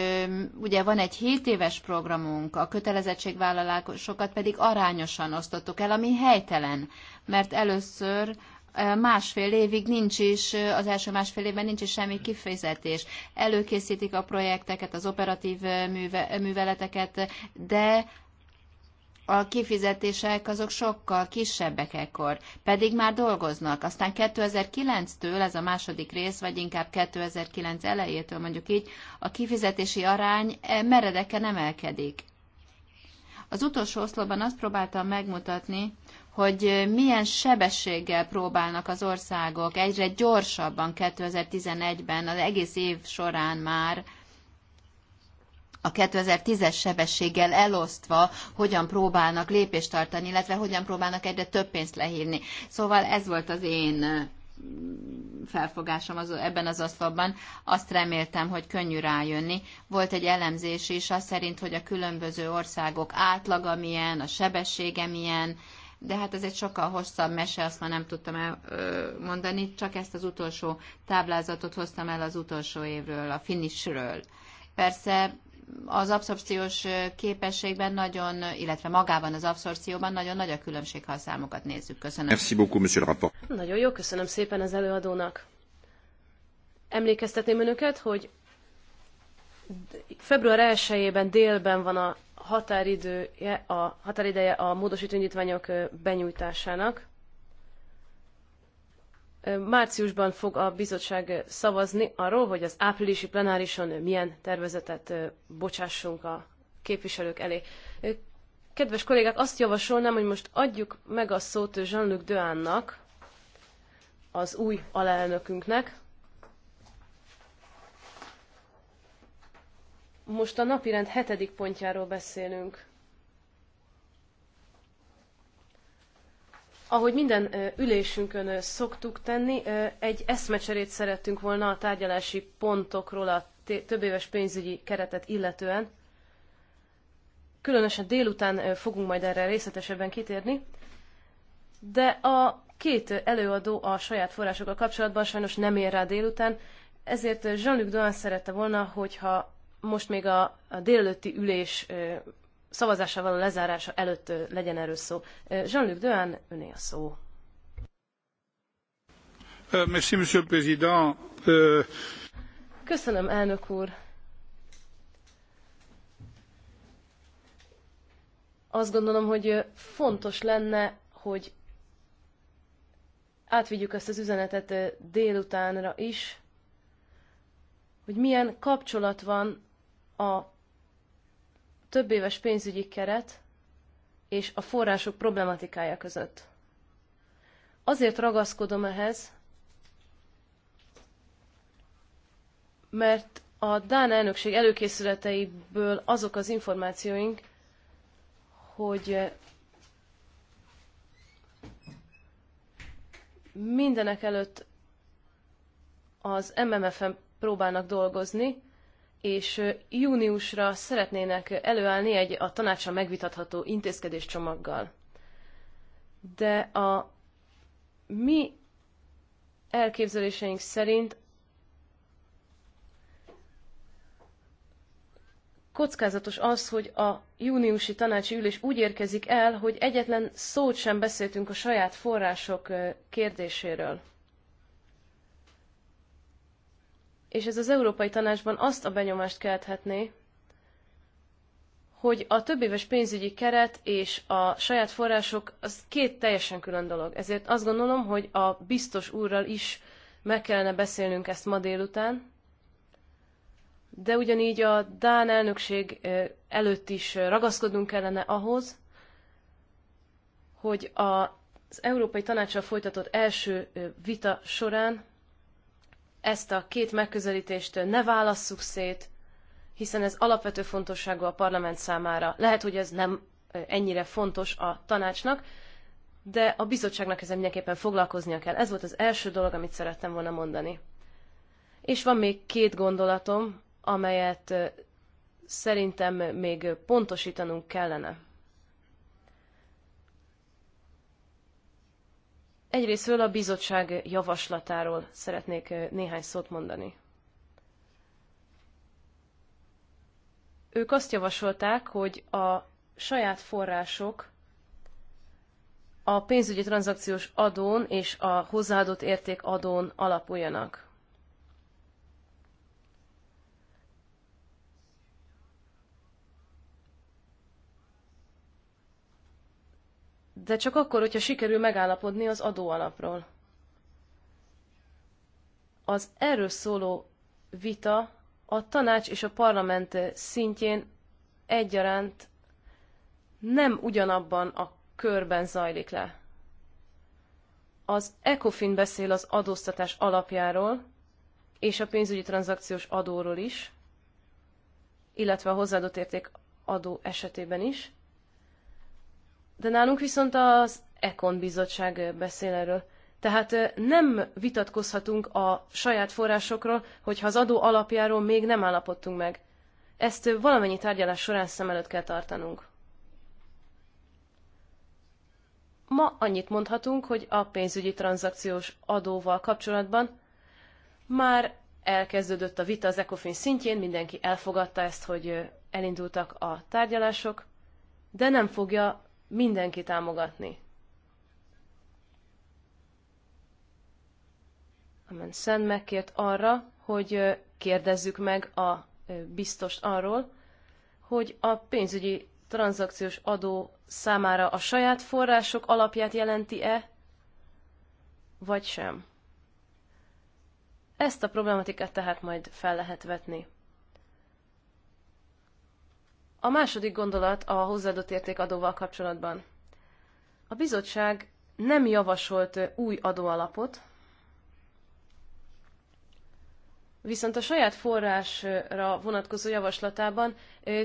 ugye van egy 7 éves programunk, a kötelezettségvállalásokat pedig arányosan osztottuk el, ami helytelen, mert először másfél évig nincs is, az első másfél évben nincs is semmi kifizetés. Előkészítik a projekteket, az operatív műve, műveleteket, de a kifizetések azok sokkal kisebbek ekkor, pedig már dolgoznak. Aztán 2009-től, ez a második rész, vagy inkább 2009 elejétől mondjuk így, a kifizetési arány e, meredeken emelkedik. Az utolsó oszlopban azt próbáltam megmutatni, hogy milyen sebességgel próbálnak az országok egyre gyorsabban 2011-ben, az egész év során már a 2010-es sebességgel elosztva hogyan próbálnak lépést tartani, illetve hogyan próbálnak egyre több pénzt lehívni. Szóval ez volt az én felfogásom az, ebben az oszlopban. Azt reméltem, hogy könnyű rájönni. Volt egy elemzés is, az szerint, hogy a különböző országok átlaga milyen, a sebessége milyen, de hát ez egy sokkal hosszabb mese, azt már nem tudtam elmondani, csak ezt az utolsó táblázatot hoztam el az utolsó évről, a finishről. Persze az abszorpciós képességben nagyon, illetve magában az abszorpcióban nagyon nagy a különbség, ha a számokat nézzük. Köszönöm. Merci beaucoup, monsieur le Nagyon jó, köszönöm szépen az előadónak. Emlékeztetném önöket, hogy február 1-ében délben van a határidője a, határideje a módosító indítványok benyújtásának. Márciusban fog a bizottság szavazni arról, hogy az áprilisi plenárison milyen tervezetet bocsássunk a képviselők elé. Kedves kollégák, azt javasolnám, hogy most adjuk meg a szót Jean-Luc az új alelnökünknek, Most a napirend hetedik pontjáról beszélünk. Ahogy minden ülésünkön szoktuk tenni, egy eszmecserét szerettünk volna a tárgyalási pontokról a többéves pénzügyi keretet illetően. Különösen délután fogunk majd erre részletesebben kitérni, de a két előadó a saját forrásokkal kapcsolatban sajnos nem ér rá délután, ezért Jean-Luc szerette volna, hogyha most még a, a délelőtti ülés szavazásával a lezárása előtt legyen erről szó. Jean-Luc Dehan, öné a szó. Merci, monsieur le président. Köszönöm, elnök úr. Azt gondolom, hogy fontos lenne, hogy átvigyük ezt az üzenetet délutánra is, hogy milyen kapcsolat van a több éves pénzügyi keret és a források problematikája között. Azért ragaszkodom ehhez, mert a Dán elnökség előkészületeiből azok az információink, hogy mindenek előtt az MMF-en próbálnak dolgozni, és júniusra szeretnének előállni egy a tanácsa megvitatható intézkedéscsomaggal. De a mi elképzeléseink szerint kockázatos az, hogy a júniusi tanácsi ülés úgy érkezik el, hogy egyetlen szót sem beszéltünk a saját források kérdéséről. és ez az Európai Tanácsban azt a benyomást kelthetné, hogy a többéves pénzügyi keret és a saját források az két teljesen külön dolog. Ezért azt gondolom, hogy a biztos úrral is meg kellene beszélnünk ezt ma délután, de ugyanígy a Dán elnökség előtt is ragaszkodnunk kellene ahhoz, hogy az Európai Tanácssal folytatott első vita során ezt a két megközelítést ne válasszuk szét, hiszen ez alapvető fontosságú a parlament számára. Lehet, hogy ez nem ennyire fontos a tanácsnak, de a bizottságnak ezzel mindenképpen foglalkoznia kell. Ez volt az első dolog, amit szerettem volna mondani. És van még két gondolatom, amelyet szerintem még pontosítanunk kellene. Egyrésztről a bizottság javaslatáról szeretnék néhány szót mondani. Ők azt javasolták, hogy a saját források a pénzügyi tranzakciós adón és a hozzáadott érték adón alapuljanak. de csak akkor, hogyha sikerül megállapodni az adóalapról. Az erről szóló vita a tanács és a parlament szintjén egyaránt nem ugyanabban a körben zajlik le. Az ECOFIN beszél az adóztatás alapjáról, és a pénzügyi tranzakciós adóról is, illetve a hozzáadott érték adó esetében is, de nálunk viszont az Ekon bizottság beszél erről. Tehát nem vitatkozhatunk a saját forrásokról, hogyha az adó alapjáról még nem állapodtunk meg. Ezt valamennyi tárgyalás során szem előtt kell tartanunk. Ma annyit mondhatunk, hogy a pénzügyi tranzakciós adóval kapcsolatban már elkezdődött a vita az ECOFIN szintjén, mindenki elfogadta ezt, hogy elindultak a tárgyalások, de nem fogja mindenki támogatni. Amen. Szent megkért arra, hogy kérdezzük meg a biztost arról, hogy a pénzügyi tranzakciós adó számára a saját források alapját jelenti-e, vagy sem. Ezt a problematikát tehát majd fel lehet vetni. A második gondolat a hozzáadott érték adóval kapcsolatban. A bizottság nem javasolt új adóalapot, viszont a saját forrásra vonatkozó javaslatában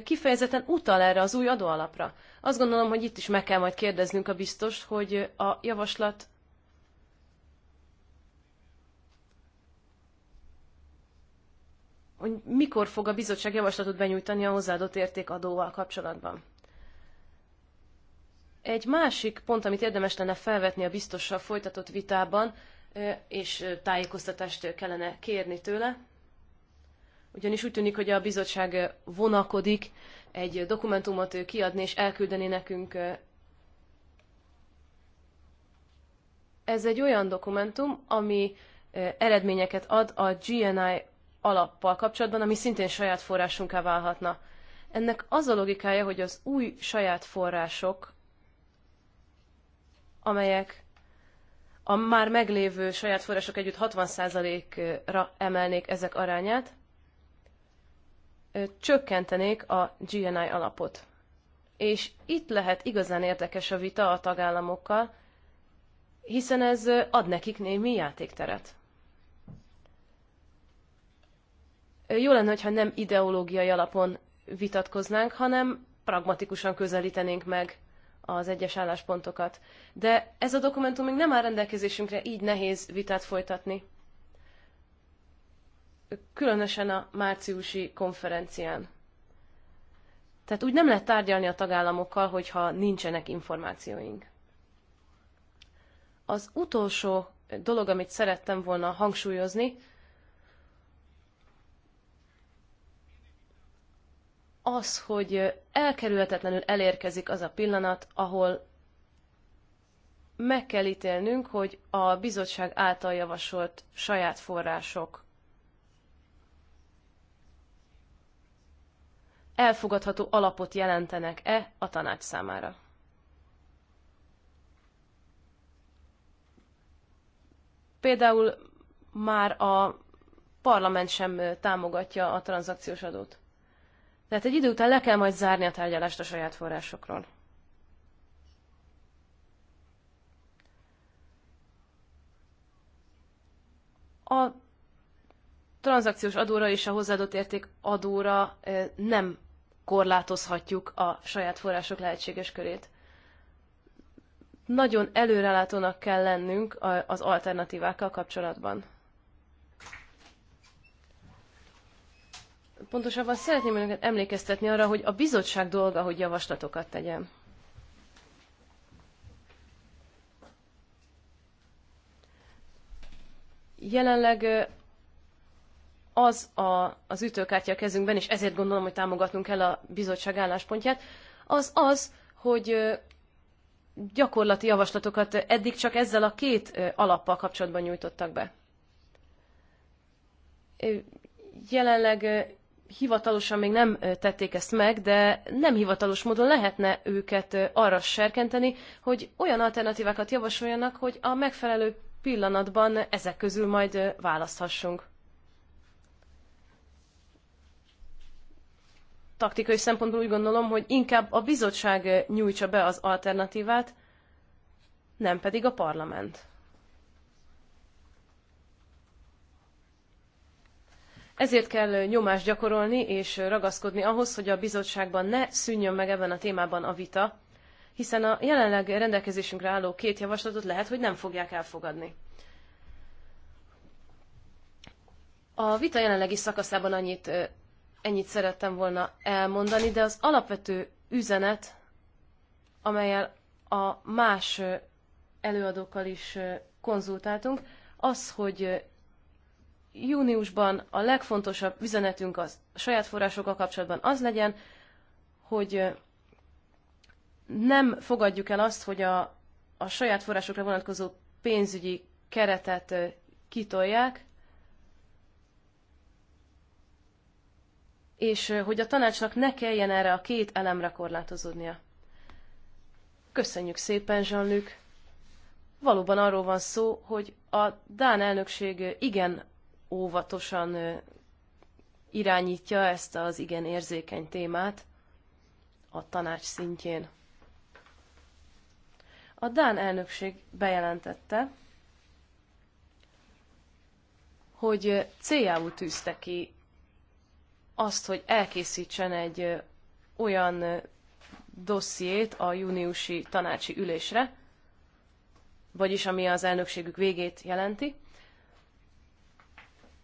kifejezetten utal erre az új adóalapra. Azt gondolom, hogy itt is meg kell majd kérdeznünk a biztos, hogy a javaslat hogy mikor fog a bizottság javaslatot benyújtani a hozzáadott értékadóval kapcsolatban. Egy másik pont, amit érdemes lenne felvetni a biztossal folytatott vitában, és tájékoztatást kellene kérni tőle, ugyanis úgy tűnik, hogy a bizottság vonakodik egy dokumentumot kiadni és elküldeni nekünk. Ez egy olyan dokumentum, ami eredményeket ad a GNI alappal kapcsolatban, ami szintén saját forrásunká válhatna. Ennek az a logikája, hogy az új saját források, amelyek a már meglévő saját források együtt 60%-ra emelnék ezek arányát, csökkentenék a GNI alapot. És itt lehet igazán érdekes a vita a tagállamokkal, hiszen ez ad nekik némi játékteret. Jó lenne, hogyha nem ideológiai alapon vitatkoznánk, hanem pragmatikusan közelítenénk meg az egyes álláspontokat. De ez a dokumentum még nem áll rendelkezésünkre, így nehéz vitát folytatni. Különösen a márciusi konferencián. Tehát úgy nem lehet tárgyalni a tagállamokkal, hogyha nincsenek információink. Az utolsó dolog, amit szerettem volna hangsúlyozni, az, hogy elkerülhetetlenül elérkezik az a pillanat, ahol meg kell ítélnünk, hogy a bizottság által javasolt saját források elfogadható alapot jelentenek-e a tanács számára. Például már a parlament sem támogatja a tranzakciós adót. Tehát egy idő után le kell majd zárni a tárgyalást a saját forrásokról. A tranzakciós adóra és a hozzáadott érték adóra nem korlátozhatjuk a saját források lehetséges körét. Nagyon előrelátónak kell lennünk az alternatívákkal kapcsolatban. pontosabban szeretném önöket emlékeztetni arra, hogy a bizottság dolga, hogy javaslatokat tegyen. Jelenleg az a, az ütőkártya a kezünkben, és ezért gondolom, hogy támogatnunk kell a bizottság álláspontját, az az, hogy gyakorlati javaslatokat eddig csak ezzel a két alappal kapcsolatban nyújtottak be. Jelenleg hivatalosan még nem tették ezt meg, de nem hivatalos módon lehetne őket arra serkenteni, hogy olyan alternatívákat javasoljanak, hogy a megfelelő pillanatban ezek közül majd választhassunk. Taktikai szempontból úgy gondolom, hogy inkább a bizottság nyújtsa be az alternatívát, nem pedig a parlament. Ezért kell nyomást gyakorolni és ragaszkodni ahhoz, hogy a bizottságban ne szűnjön meg ebben a témában a vita, hiszen a jelenleg rendelkezésünkre álló két javaslatot lehet, hogy nem fogják elfogadni. A vita jelenlegi szakaszában annyit, ennyit szerettem volna elmondani, de az alapvető üzenet, amelyel a más előadókkal is konzultáltunk, az, hogy júniusban a legfontosabb üzenetünk az a saját forrásokkal kapcsolatban az legyen, hogy nem fogadjuk el azt, hogy a, a saját forrásokra vonatkozó pénzügyi keretet kitolják, és hogy a tanácsnak ne kelljen erre a két elemre korlátozódnia. Köszönjük szépen, jean Valóban arról van szó, hogy a Dán elnökség igen óvatosan irányítja ezt az igen érzékeny témát a tanács szintjén. A Dán elnökség bejelentette, hogy céljául tűzte ki azt, hogy elkészítsen egy olyan dossziét a júniusi tanácsi ülésre, vagyis ami az elnökségük végét jelenti,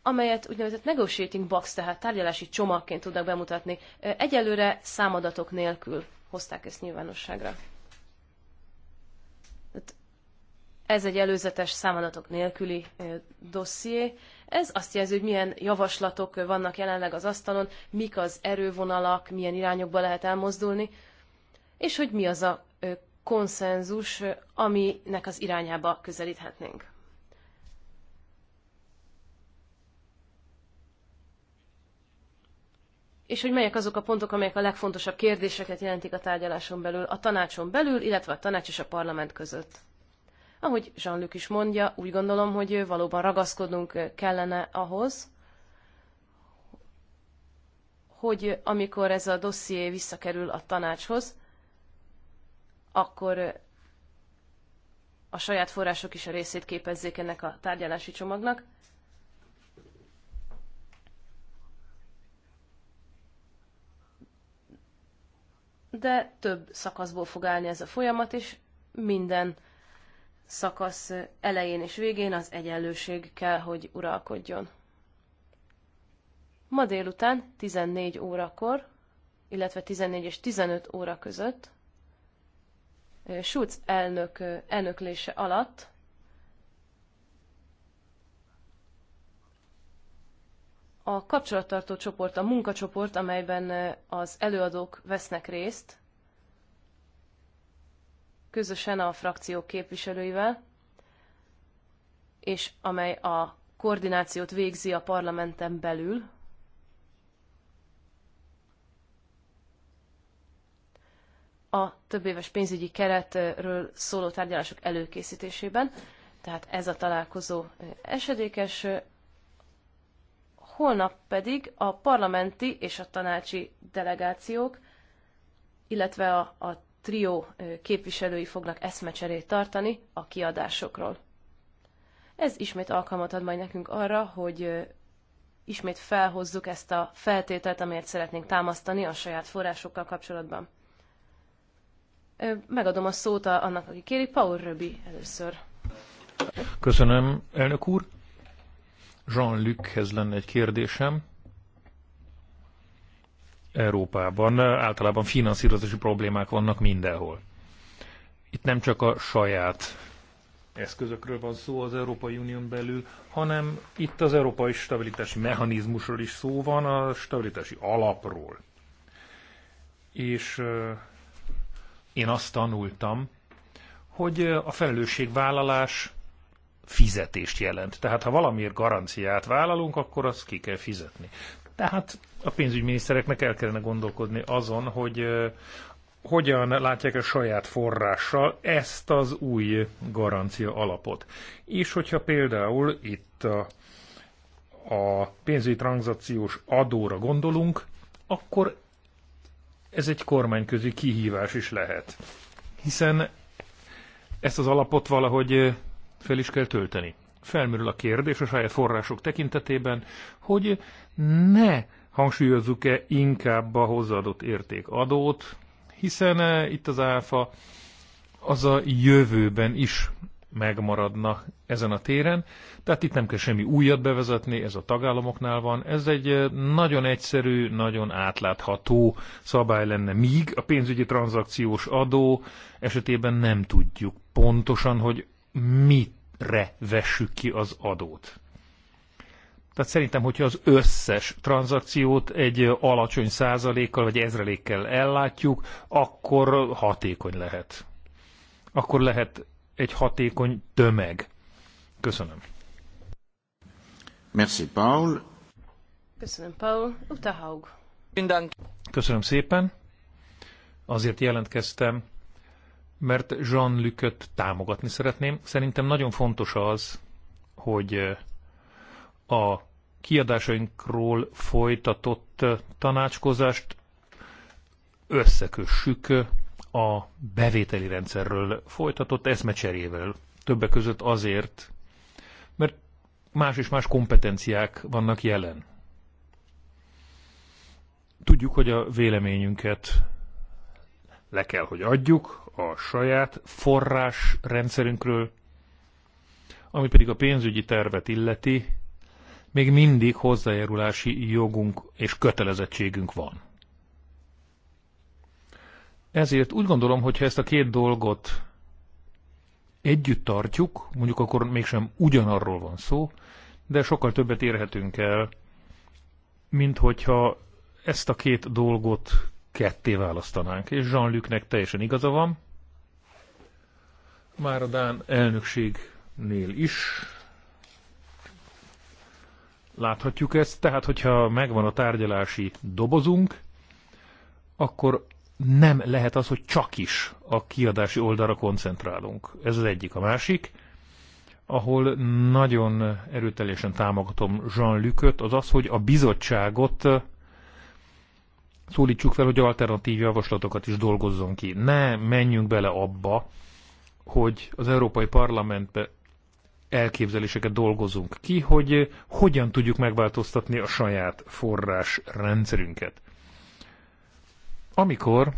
amelyet úgynevezett negotiating box, tehát tárgyalási csomagként tudnak bemutatni. Egyelőre számadatok nélkül hozták ezt nyilvánosságra. Ez egy előzetes számadatok nélküli dosszié. Ez azt jelzi, hogy milyen javaslatok vannak jelenleg az asztalon, mik az erővonalak, milyen irányokba lehet elmozdulni, és hogy mi az a konszenzus, aminek az irányába közelíthetnénk. és hogy melyek azok a pontok, amelyek a legfontosabb kérdéseket jelentik a tárgyaláson belül, a tanácson belül, illetve a tanács és a parlament között. Ahogy Jean-Luc is mondja, úgy gondolom, hogy valóban ragaszkodnunk kellene ahhoz, hogy amikor ez a dosszié visszakerül a tanácshoz, akkor a saját források is a részét képezzék ennek a tárgyalási csomagnak, de több szakaszból fog állni ez a folyamat, és minden szakasz elején és végén az egyenlőség kell, hogy uralkodjon. Ma délután 14 órakor, illetve 14 és 15 óra között Schulz elnök elnöklése alatt a kapcsolattartó csoport, a munkacsoport, amelyben az előadók vesznek részt, közösen a frakciók képviselőivel, és amely a koordinációt végzi a parlamenten belül. A több éves pénzügyi keretről szóló tárgyalások előkészítésében, tehát ez a találkozó esedékes holnap pedig a parlamenti és a tanácsi delegációk, illetve a, a trió képviselői fognak eszmecserét tartani a kiadásokról. Ez ismét alkalmat ad majd nekünk arra, hogy ismét felhozzuk ezt a feltételt, amelyet szeretnénk támasztani a saját forrásokkal kapcsolatban. Megadom a szót annak, aki kéri, Paul Röbi először. Köszönöm, elnök úr. Jean-Luchez lenne egy kérdésem. Európában általában finanszírozási problémák vannak mindenhol. Itt nem csak a saját eszközökről van szó az Európai Unión belül, hanem itt az európai stabilitási mechanizmusról is szó van, a stabilitási alapról. És euh, én azt tanultam, hogy a felelősségvállalás fizetést jelent. Tehát ha valamiért garanciát vállalunk, akkor azt ki kell fizetni. Tehát a pénzügyminisztereknek el kellene gondolkodni azon, hogy hogyan látják a saját forrással ezt az új garancia alapot. És hogyha például itt a, a pénzügyi tranzakciós adóra gondolunk, akkor ez egy kormányközi kihívás is lehet. Hiszen ezt az alapot valahogy fel is kell tölteni. Felmerül a kérdés a saját források tekintetében, hogy ne hangsúlyozzuk-e inkább a hozzáadott érték adót, hiszen eh, itt az áfa az a jövőben is megmaradna ezen a téren. Tehát itt nem kell semmi újat bevezetni, ez a tagállamoknál van. Ez egy eh, nagyon egyszerű, nagyon átlátható szabály lenne, míg a pénzügyi tranzakciós adó esetében nem tudjuk pontosan, hogy mire vessük ki az adót. Tehát szerintem, hogyha az összes tranzakciót egy alacsony százalékkal vagy ezrelékkel ellátjuk, akkor hatékony lehet. Akkor lehet egy hatékony tömeg. Köszönöm. Merci, Paul. Köszönöm, Paul. Utahaug. Köszönöm szépen. Azért jelentkeztem, mert Jean-Lucöt támogatni szeretném. Szerintem nagyon fontos az, hogy eh, a kiadásainkról folytatott eh, tanácskozást összekössük eh, a bevételi rendszerről folytatott eszmecserével. Többek között azért, mert más és más kompetenciák vannak jelen. Tudjuk, hogy a véleményünket le kell, hogy adjuk a saját forrás rendszerünkről, ami pedig a pénzügyi tervet illeti, még mindig hozzájárulási jogunk és kötelezettségünk van. Ezért úgy gondolom, hogy ha ezt a két dolgot együtt tartjuk, mondjuk akkor mégsem ugyanarról van szó, de sokkal többet érhetünk el, mint hogyha ezt a két dolgot ketté választanánk, és Jean-Lucnek teljesen igaza van. Már a Dán elnökségnél is láthatjuk ezt, tehát hogyha megvan a tárgyalási dobozunk, akkor nem lehet az, hogy csak is a kiadási oldalra koncentrálunk. Ez az egyik. A másik, ahol nagyon erőteljesen támogatom jean lucot az az, hogy a bizottságot szólítsuk fel, hogy alternatív javaslatokat is dolgozzon ki. Ne menjünk bele abba, hogy az Európai Parlamentbe elképzeléseket dolgozunk ki, hogy hogyan tudjuk megváltoztatni a saját forrás rendszerünket. Amikor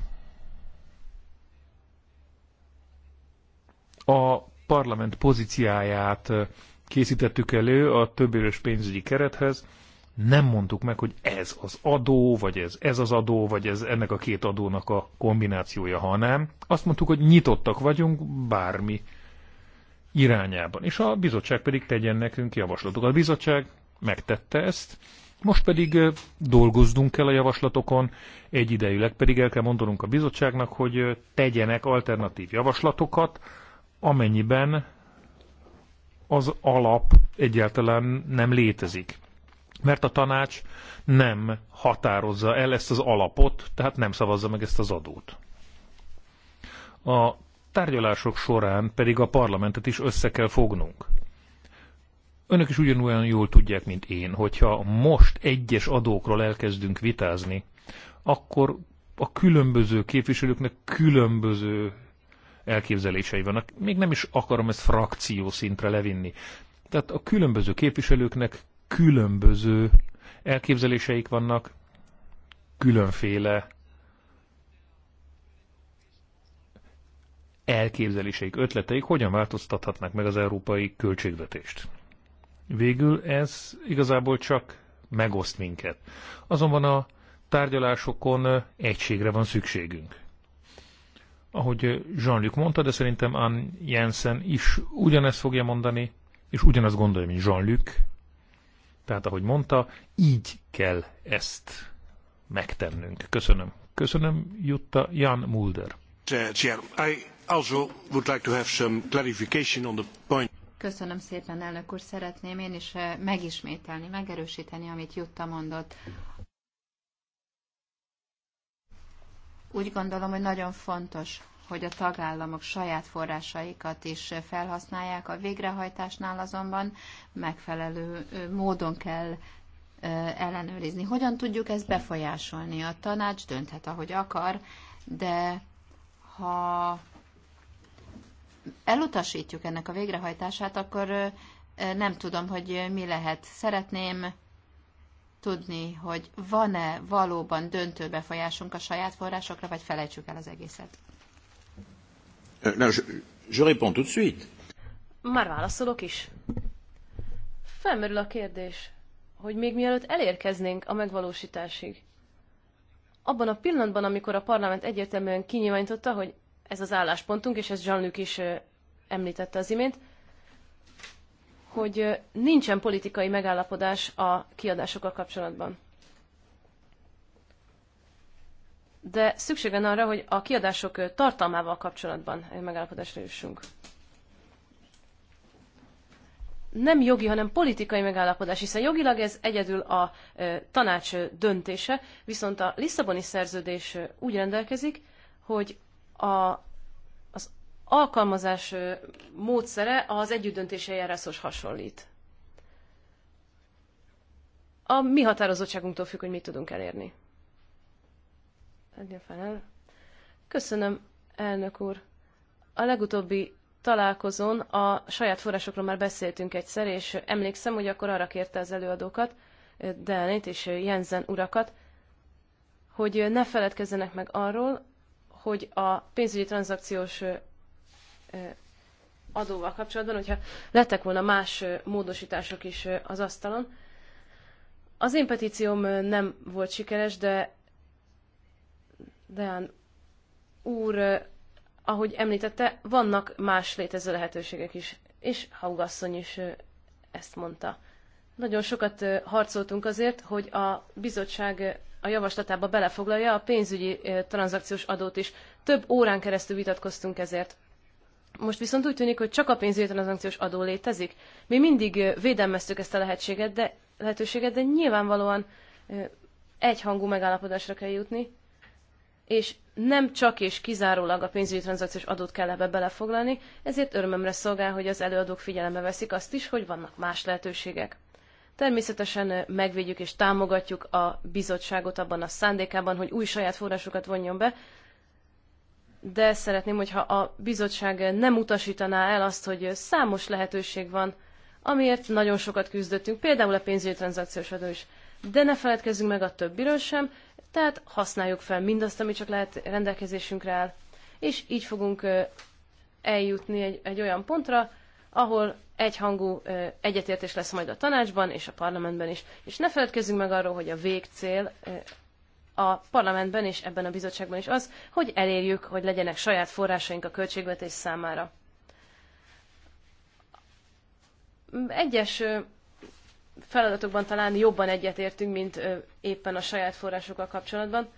a parlament pozíciáját készítettük elő a többéves pénzügyi kerethez, nem mondtuk meg, hogy ez az adó, vagy ez, ez az adó, vagy ez ennek a két adónak a kombinációja, hanem azt mondtuk, hogy nyitottak vagyunk bármi irányában. És a bizottság pedig tegyen nekünk javaslatokat. A bizottság megtette ezt, most pedig dolgozzunk kell a javaslatokon, egyidejűleg pedig el kell mondanunk a bizottságnak, hogy tegyenek alternatív javaslatokat, amennyiben az alap egyáltalán nem létezik mert a tanács nem határozza el ezt az alapot, tehát nem szavazza meg ezt az adót. A tárgyalások során pedig a parlamentet is össze kell fognunk. Önök is ugyanolyan jól tudják, mint én, hogyha most egyes adókról elkezdünk vitázni, akkor a különböző képviselőknek különböző elképzelései vannak. Még nem is akarom ezt frakció szintre levinni. Tehát a különböző képviselőknek különböző elképzeléseik vannak, különféle elképzeléseik, ötleteik hogyan változtathatnak meg az európai költségvetést. Végül ez igazából csak megoszt minket. Azonban a tárgyalásokon egységre van szükségünk. Ahogy Jean-Luc mondta, de szerintem Anne Jensen is ugyanezt fogja mondani, és ugyanazt gondolja, mint Jean-Luc, tehát, ahogy mondta, így kell ezt megtennünk. Köszönöm. Köszönöm, Jutta Jan Mulder. Köszönöm szépen, elnök úr. Szeretném én is eh, megismételni, megerősíteni, amit Jutta mondott. Úgy gondolom, hogy nagyon fontos, hogy a tagállamok saját forrásaikat is felhasználják. A végrehajtásnál azonban megfelelő módon kell ellenőrizni. Hogyan tudjuk ezt befolyásolni? A tanács dönthet, ahogy akar, de ha elutasítjuk ennek a végrehajtását, akkor nem tudom, hogy mi lehet. Szeretném tudni, hogy van-e valóban döntő befolyásunk a saját forrásokra, vagy felejtsük el az egészet. Euh, non, je, je réponds tout de suite. Már válaszolok is. Felmerül a kérdés, hogy még mielőtt elérkeznénk a megvalósításig, abban a pillanatban, amikor a parlament egyértelműen kinyilvánította, hogy ez az álláspontunk, és ez Jean-Luc is említette az imént, hogy nincsen politikai megállapodás a kiadásokkal kapcsolatban. de szükségen arra, hogy a kiadások tartalmával kapcsolatban megállapodásra jussunk. Nem jogi, hanem politikai megállapodás, hiszen jogilag ez egyedül a tanács döntése, viszont a Lisszaboni szerződés úgy rendelkezik, hogy a, az alkalmazás módszere az együttdöntési eljáráshoz hasonlít. A mi határozottságunktól függ, hogy mit tudunk elérni. Adja fel. Köszönöm, elnök úr. A legutóbbi találkozón a saját forrásokról már beszéltünk egyszer, és emlékszem, hogy akkor arra kérte az előadókat, Delnit és Jensen urakat, hogy ne feledkezzenek meg arról, hogy a pénzügyi tranzakciós adóval kapcsolatban, hogyha lettek volna más módosítások is az asztalon. Az én petícióm nem volt sikeres, de Deán úr, ahogy említette, vannak más létező lehetőségek is, és Haugasszony is ezt mondta. Nagyon sokat harcoltunk azért, hogy a bizottság a javaslatába belefoglalja a pénzügyi tranzakciós adót is. Több órán keresztül vitatkoztunk ezért. Most viszont úgy tűnik, hogy csak a pénzügyi tranzakciós adó létezik. Mi mindig védelmeztük ezt a lehetséget, de, lehetőséget, de nyilvánvalóan egyhangú megállapodásra kell jutni, és nem csak és kizárólag a pénzügyi tranzakciós adót kell ebbe belefoglalni, ezért örömömre szolgál, hogy az előadók figyelembe veszik azt is, hogy vannak más lehetőségek. Természetesen megvédjük és támogatjuk a bizottságot abban a szándékában, hogy új saját forrásokat vonjon be, de szeretném, hogyha a bizottság nem utasítaná el azt, hogy számos lehetőség van, amiért nagyon sokat küzdöttünk, például a pénzügyi tranzakciós adó is. De ne feledkezzünk meg a többiről sem, tehát használjuk fel mindazt, ami csak lehet rendelkezésünkre áll, és így fogunk eljutni egy, egy olyan pontra, ahol egyhangú egyetértés lesz majd a tanácsban és a parlamentben is. És ne feledkezzünk meg arról, hogy a végcél a parlamentben és ebben a bizottságban is az, hogy elérjük, hogy legyenek saját forrásaink a költségvetés számára. Egyes feladatokban talán jobban egyetértünk, mint éppen a saját forrásokkal kapcsolatban.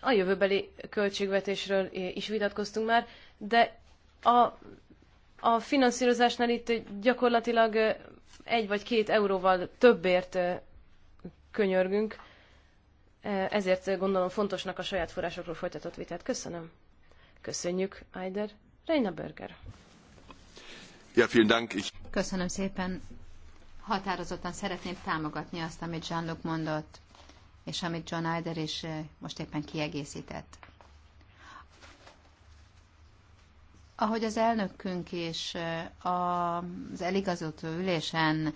A jövőbeli költségvetésről is vitatkoztunk már, de a, a finanszírozásnál itt gyakorlatilag egy vagy két euróval többért könyörgünk, ezért gondolom fontosnak a saját forrásokról folytatott vitát. Köszönöm. Köszönjük, Eider. Reina Berger. Ja, vielen Dank. Köszönöm szépen határozottan szeretném támogatni azt, amit Jean-Luc mondott, és amit John Eider is eh, most éppen kiegészített. Ahogy az elnökünk és eh, az eligazoltó ülésen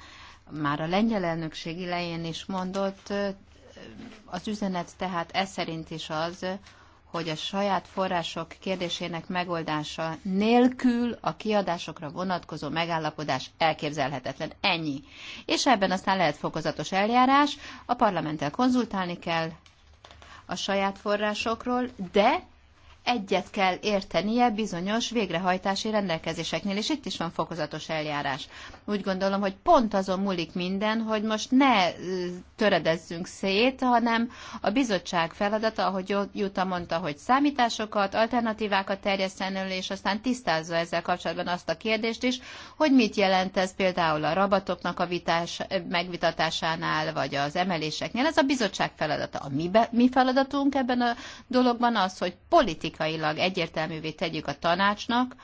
már a lengyel elnökség elején is mondott, eh, az üzenet tehát ez szerint is az, hogy a saját források kérdésének megoldása nélkül a kiadásokra vonatkozó megállapodás elképzelhetetlen. Ennyi. És ebben aztán lehet fokozatos eljárás, a parlamenttel konzultálni kell a saját forrásokról, de egyet kell értenie bizonyos végrehajtási rendelkezéseknél, és itt is van fokozatos eljárás úgy gondolom, hogy pont azon múlik minden, hogy most ne töredezzünk szét, hanem a bizottság feladata, ahogy Juta mondta, hogy számításokat, alternatívákat terjeszten elő, és aztán tisztázza ezzel kapcsolatban azt a kérdést is, hogy mit jelent ez például a rabatoknak a vitás, megvitatásánál, vagy az emeléseknél. Ez a bizottság feladata. A mi, be, mi feladatunk ebben a dologban az, hogy politikailag egyértelművé tegyük a tanácsnak,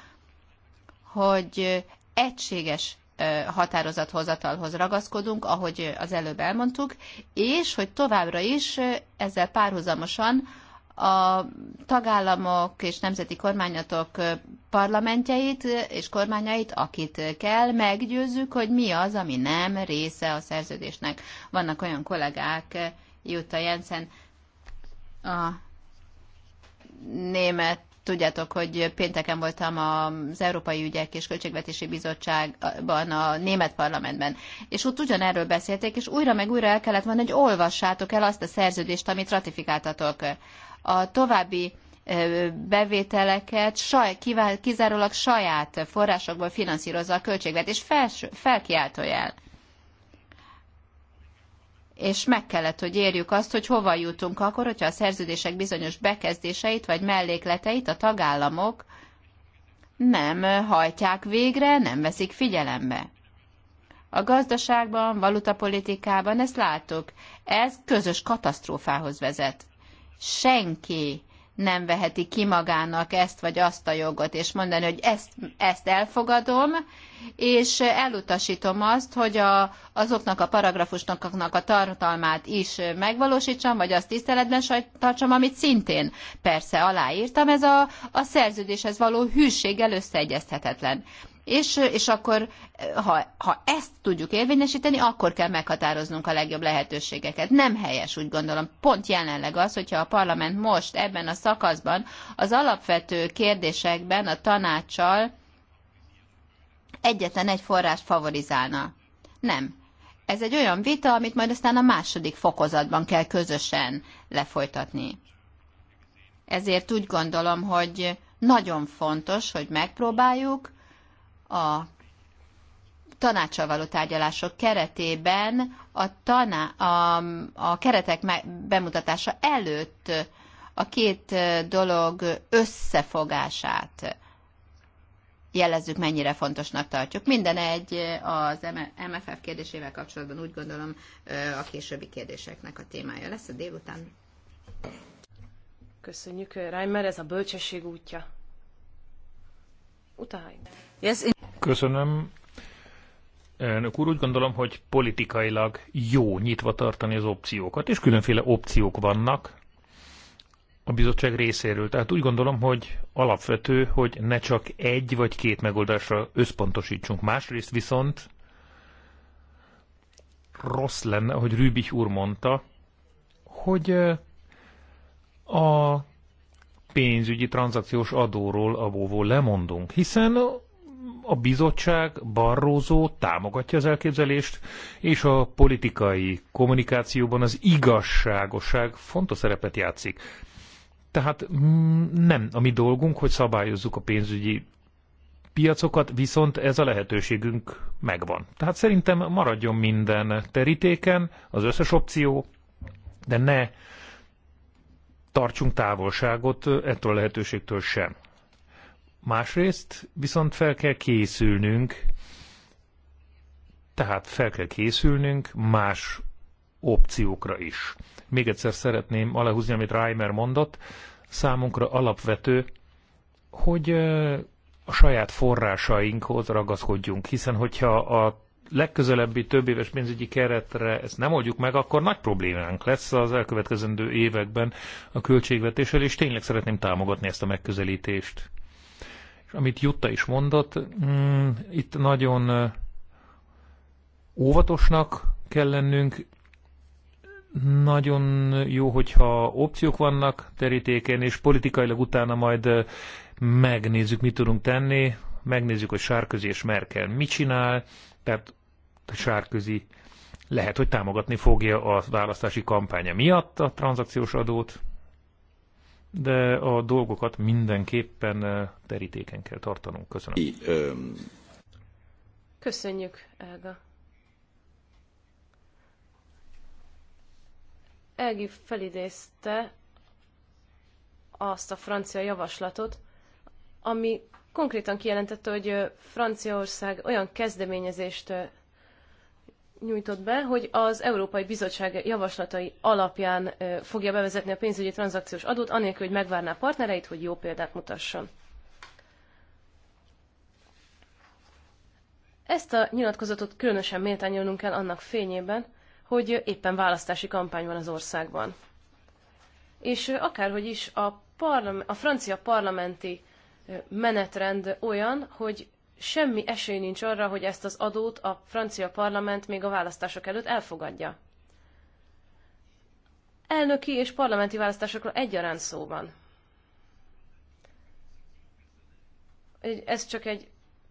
hogy egységes határozathozatalhoz ragaszkodunk, ahogy az előbb elmondtuk, és hogy továbbra is ezzel párhuzamosan a tagállamok és nemzeti kormányatok parlamentjeit és kormányait, akit kell, meggyőzzük, hogy mi az, ami nem része a szerződésnek. Vannak olyan kollégák, Jutta Jensen, a német Tudjátok, hogy pénteken voltam az Európai Ügyek és Költségvetési Bizottságban, a német parlamentben, és ott ugyanerről beszélték, és újra meg újra el kellett volna, hogy olvassátok el azt a szerződést, amit ratifikáltatok. A további bevételeket saj, kizárólag saját forrásokból finanszírozza a költségvetés felső, jel és meg kellett, hogy érjük azt, hogy hova jutunk akkor, hogyha a szerződések bizonyos bekezdéseit vagy mellékleteit a tagállamok nem hajtják végre, nem veszik figyelembe. A gazdaságban, valutapolitikában ezt láttuk. Ez közös katasztrófához vezet. Senki nem veheti ki magának ezt vagy azt a jogot, és mondani, hogy ezt, ezt elfogadom, és elutasítom azt, hogy a, azoknak a paragrafusnak a tartalmát is megvalósítsam, vagy azt tiszteletben tartsam, amit szintén persze aláírtam, ez a, a szerződéshez való hűséggel összeegyeztethetetlen és, és akkor ha, ha ezt tudjuk érvényesíteni, akkor kell meghatároznunk a legjobb lehetőségeket. Nem helyes, úgy gondolom. Pont jelenleg az, hogyha a parlament most ebben a szakaszban az alapvető kérdésekben a tanácsal egyetlen egy forrást favorizálna. Nem. Ez egy olyan vita, amit majd aztán a második fokozatban kell közösen lefolytatni. Ezért úgy gondolom, hogy nagyon fontos, hogy megpróbáljuk a tanácsal való tárgyalások keretében a, taná, a, a keretek bemutatása előtt a két dolog összefogását jelezzük, mennyire fontosnak tartjuk. Minden egy az MFF kérdésével kapcsolatban úgy gondolom a későbbi kérdéseknek a témája lesz a délután. Köszönjük, Reimer, ez a bölcsesség útja. Utány. Köszönöm. Elnök úr, úgy gondolom, hogy politikailag jó nyitva tartani az opciókat, és különféle opciók vannak a bizottság részéről. Tehát úgy gondolom, hogy alapvető, hogy ne csak egy vagy két megoldásra összpontosítsunk. Másrészt viszont rossz lenne, ahogy Rübich úr mondta, hogy eh, a pénzügyi tranzakciós adóról, abóvól lemondunk, hiszen a bizottság, Barrózó támogatja az elképzelést, és a politikai kommunikációban az igazságosság fontos szerepet játszik. Tehát mm, nem a mi dolgunk, hogy szabályozzuk a pénzügyi piacokat, viszont ez a lehetőségünk megvan. Tehát szerintem maradjon minden terítéken, az összes opció, de ne tartsunk távolságot ettől a lehetőségtől sem. Másrészt viszont fel kell készülnünk, tehát fel kell készülnünk más opciókra is. Még egyszer szeretném alehúzni, amit Reimer mondott, számunkra alapvető, hogy a saját forrásainkhoz ragaszkodjunk, hiszen hogyha a legközelebbi több éves pénzügyi keretre ezt nem oldjuk meg, akkor nagy problémánk lesz az elkövetkezendő években a költségvetéssel, és tényleg szeretném támogatni ezt a megközelítést. És amit Jutta is mondott, mm, itt nagyon óvatosnak kell lennünk, nagyon jó, hogyha opciók vannak terítéken, és politikailag utána majd megnézzük, mit tudunk tenni, megnézzük, hogy Sárközi és Merkel mit csinál, tehát Sárközi lehet, hogy támogatni fogja a választási kampánya miatt a tranzakciós adót, de a dolgokat mindenképpen eh, terítéken kell tartanunk. Köszönöm. Köszönjük, Elga. Elgi felidézte azt a francia javaslatot, ami konkrétan kijelentette, hogy Franciaország olyan kezdeményezést nyújtott be, hogy az Európai Bizottság javaslatai alapján fogja bevezetni a pénzügyi tranzakciós adót, anélkül, hogy megvárná partnereit, hogy jó példát mutasson. Ezt a nyilatkozatot különösen méltányolnunk kell annak fényében, hogy éppen választási kampány van az országban. És akárhogy is a, a francia parlamenti menetrend olyan, hogy semmi esély nincs arra, hogy ezt az adót a francia parlament még a választások előtt elfogadja. Elnöki és parlamenti választásokról egyaránt szó van. Ez csak egy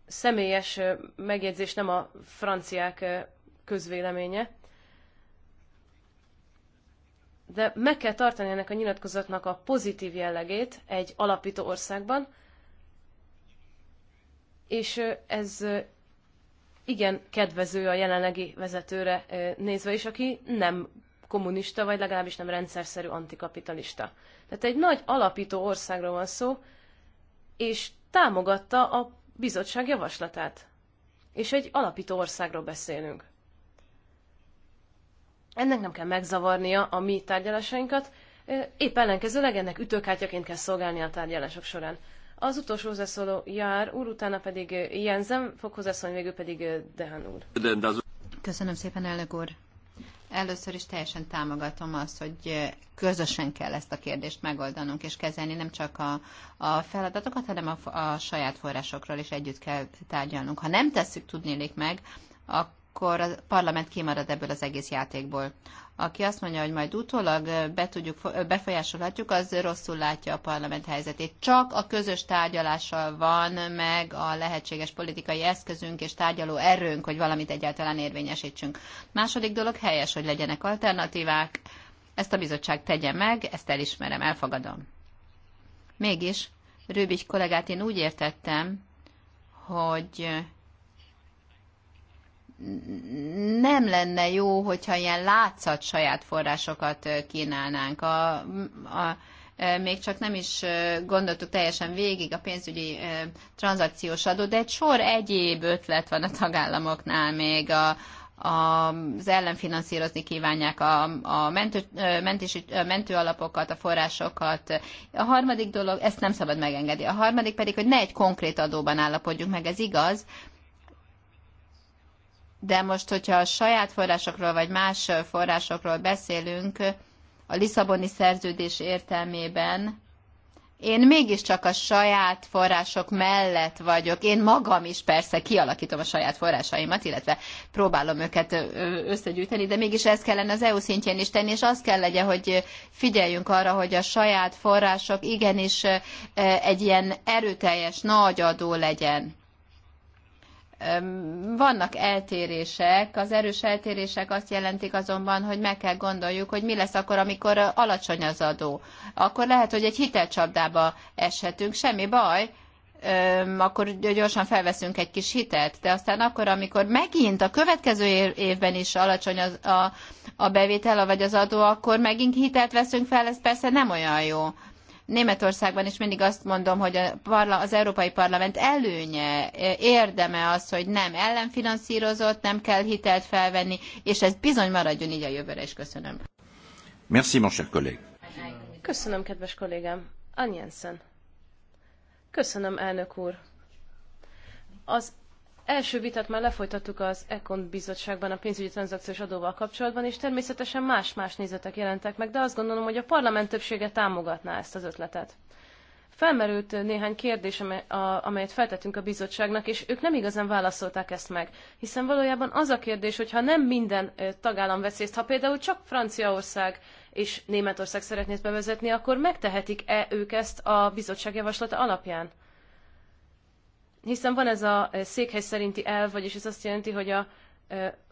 személyes megjegyzés, nem a franciák közvéleménye. De meg kell tartani ennek a nyilatkozatnak a pozitív jellegét egy alapító országban, és ez igen kedvező a jelenlegi vezetőre nézve is, aki nem kommunista, vagy legalábbis nem rendszerszerű antikapitalista. Tehát egy nagy alapító országról van szó, és támogatta a bizottság javaslatát. És egy alapító országról beszélünk. Ennek nem kell megzavarnia a mi tárgyalásainkat, épp ellenkezőleg ennek ütőkártyaként kell szolgálni a tárgyalások során. Az utolsó hozzászóló jár úr, utána pedig eh, Jensen fog hozzászólni, végül pedig eh, Dehan úr. Köszönöm szépen, elnök úr. Először is teljesen támogatom azt, hogy eh, közösen kell ezt a kérdést megoldanunk és kezelni, nem csak a, a feladatokat, hanem a, a saját forrásokról is együtt kell tárgyalnunk. Ha nem tesszük tudnélik meg, akkor akkor a parlament kimarad ebből az egész játékból. Aki azt mondja, hogy majd utólag be tudjuk, befolyásolhatjuk, az rosszul látja a parlament helyzetét. Csak a közös tárgyalással van meg a lehetséges politikai eszközünk és tárgyaló erőnk, hogy valamit egyáltalán érvényesítsünk. Második dolog helyes, hogy legyenek alternatívák. Ezt a bizottság tegye meg, ezt elismerem, elfogadom. Mégis, Rőbis kollégát én úgy értettem, hogy nem lenne jó, hogyha ilyen látszat saját forrásokat kínálnánk. A, a, még csak nem is gondoltuk teljesen végig a pénzügyi tranzakciós adó, de egy sor egyéb ötlet van a tagállamoknál még a, az ellenfinanszírozni kívánják a, a mentő, mentési, mentőalapokat, a forrásokat. A harmadik dolog, ezt nem szabad megengedni. A harmadik pedig, hogy ne egy konkrét adóban állapodjunk meg, ez igaz, de most, hogyha a saját forrásokról vagy más forrásokról beszélünk, a Lisszaboni szerződés értelmében, én mégiscsak a saját források mellett vagyok. Én magam is persze kialakítom a saját forrásaimat, illetve próbálom őket összegyűjteni, de mégis ezt kellene az EU szintjén is tenni, és azt kell legyen, hogy figyeljünk arra, hogy a saját források igenis egy ilyen erőteljes nagy adó legyen. Vannak eltérések, az erős eltérések azt jelentik azonban, hogy meg kell gondoljuk, hogy mi lesz akkor, amikor alacsony az adó. Akkor lehet, hogy egy hitelcsapdába eshetünk, semmi baj, akkor gyorsan felveszünk egy kis hitelt, de aztán akkor, amikor megint a következő évben is alacsony az, a, a bevétel, vagy az adó, akkor megint hitelt veszünk fel, ez persze nem olyan jó. Németországban is mindig azt mondom, hogy a parla, az Európai Parlament előnye, érdeme az, hogy nem ellenfinanszírozott, nem kell hitelt felvenni, és ez bizony maradjon így a jövőre is. Köszönöm. Merci, mon cher collègue. Köszönöm, kedves kollégám. Anjensen. Köszönöm, elnök úr. Az első vitát már lefolytattuk az Econ bizottságban a pénzügyi tranzakciós adóval kapcsolatban, és természetesen más-más nézetek jelentek meg, de azt gondolom, hogy a parlament többsége támogatná ezt az ötletet. Felmerült néhány kérdés, amelyet feltettünk a bizottságnak, és ők nem igazán válaszolták ezt meg. Hiszen valójában az a kérdés, hogyha nem minden tagállam vesz részt, ha például csak Franciaország és Németország szeretné bevezetni, akkor megtehetik-e ők ezt a bizottság javaslata alapján? hiszen van ez a székhely szerinti elv, vagyis ez azt jelenti, hogy a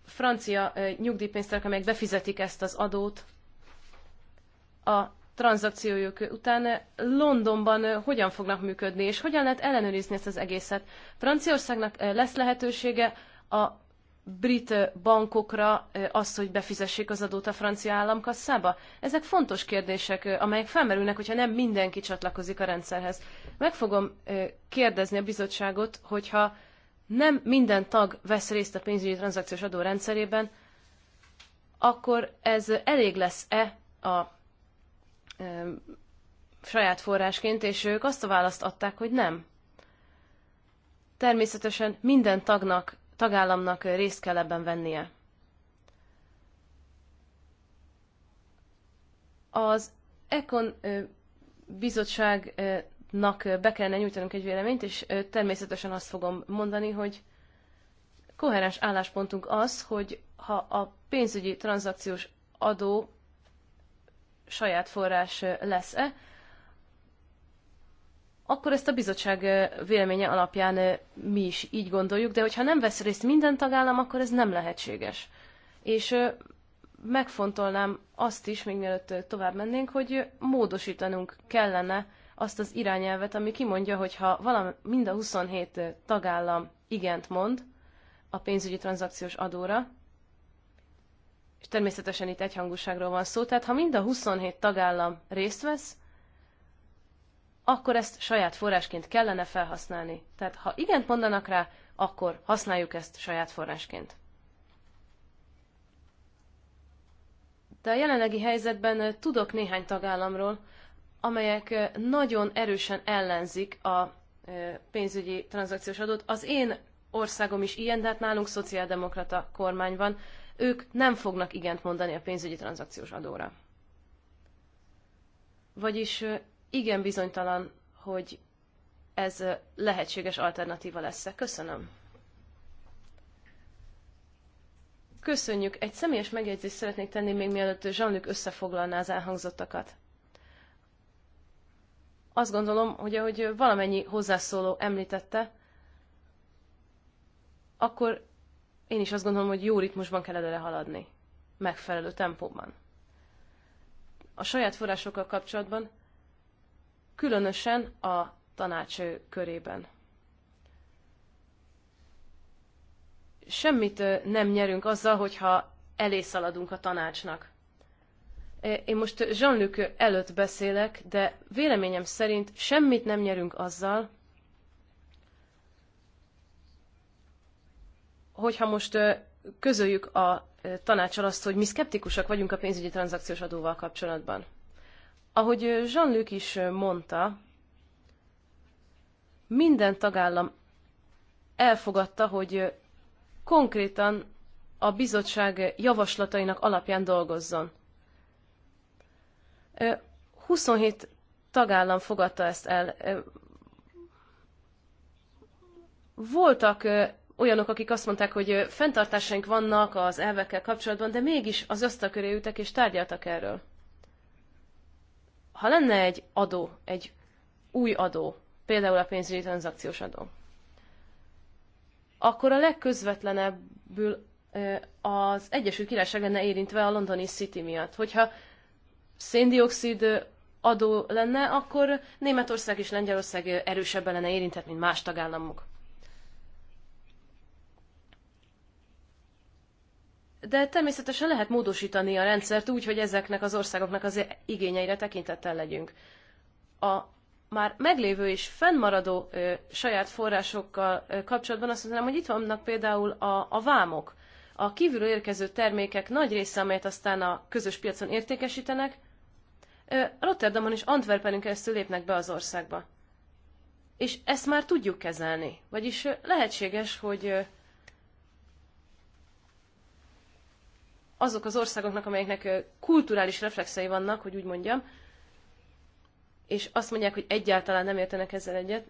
francia nyugdíjpénztárak, amelyek befizetik ezt az adót a tranzakciójuk után Londonban hogyan fognak működni, és hogyan lehet ellenőrizni ezt az egészet. Franciaországnak lesz lehetősége a brit bankokra azt, hogy befizessék az adót a francia államkasszába? Ezek fontos kérdések, amelyek felmerülnek, hogyha nem mindenki csatlakozik a rendszerhez. Meg fogom kérdezni a bizottságot, hogyha nem minden tag vesz részt a pénzügyi tranzakciós adó rendszerében, akkor ez elég lesz-e a e, saját forrásként, és ők azt a választ adták, hogy nem. Természetesen minden tagnak tagállamnak részt kell ebben vennie. Az Econ bizottságnak be kellene nyújtanunk egy véleményt, és természetesen azt fogom mondani, hogy koherens álláspontunk az, hogy ha a pénzügyi tranzakciós adó saját forrás lesz-e, akkor ezt a bizottság véleménye alapján mi is így gondoljuk, de hogyha nem vesz részt minden tagállam, akkor ez nem lehetséges. És megfontolnám azt is, még mielőtt tovább mennénk, hogy módosítanunk kellene azt az irányelvet, ami kimondja, hogy ha valami, mind a 27 tagállam igent mond a pénzügyi tranzakciós adóra, és természetesen itt egyhangúságról van szó, tehát ha mind a 27 tagállam részt vesz, akkor ezt saját forrásként kellene felhasználni. Tehát ha igent mondanak rá, akkor használjuk ezt saját forrásként. De a jelenlegi helyzetben tudok néhány tagállamról, amelyek nagyon erősen ellenzik a pénzügyi tranzakciós adót. Az én országom is ilyen, de hát nálunk szociáldemokrata kormány van. Ők nem fognak igent mondani a pénzügyi tranzakciós adóra. Vagyis igen bizonytalan, hogy ez lehetséges alternatíva lesz. e Köszönöm. Köszönjük. Egy személyes megjegyzést szeretnék tenni, még mielőtt Zsanlük összefoglalná az elhangzottakat. Azt gondolom, hogy ahogy valamennyi hozzászóló említette, akkor én is azt gondolom, hogy jó ritmusban kell előre haladni. Megfelelő tempóban. A saját forrásokkal kapcsolatban különösen a tanács körében. Semmit nem nyerünk azzal, hogyha elé szaladunk a tanácsnak. Én most Jean-Luc előtt beszélek, de véleményem szerint semmit nem nyerünk azzal, hogyha most közöljük a tanácsal azt, hogy mi szkeptikusak vagyunk a pénzügyi tranzakciós adóval kapcsolatban. Ahogy Jean-Luc is mondta, minden tagállam elfogadta, hogy konkrétan a bizottság javaslatainak alapján dolgozzon. 27 tagállam fogadta ezt el. Voltak olyanok, akik azt mondták, hogy fenntartásaink vannak az elvekkel kapcsolatban, de mégis az asztal köré ültek és tárgyaltak erről. Ha lenne egy adó, egy új adó, például a pénzügyi tranzakciós adó, akkor a legközvetlenebbül az Egyesült Királyság lenne érintve a londoni City miatt. Hogyha széndiokszid adó lenne, akkor Németország és Lengyelország erősebben lenne érintett, mint más tagállamok. de természetesen lehet módosítani a rendszert úgy, hogy ezeknek az országoknak az igényeire tekintettel legyünk. A már meglévő és fennmaradó ö, saját forrásokkal ö, kapcsolatban azt mondanám, hogy itt vannak például a, a vámok. A kívülről érkező termékek nagy része, amelyet aztán a közös piacon értékesítenek, ö, Rotterdamon és Antwerpenin keresztül lépnek be az országba. És ezt már tudjuk kezelni. Vagyis ö, lehetséges, hogy ö, azok az országoknak, amelyeknek kulturális reflexei vannak, hogy úgy mondjam, és azt mondják, hogy egyáltalán nem értenek ezzel egyet.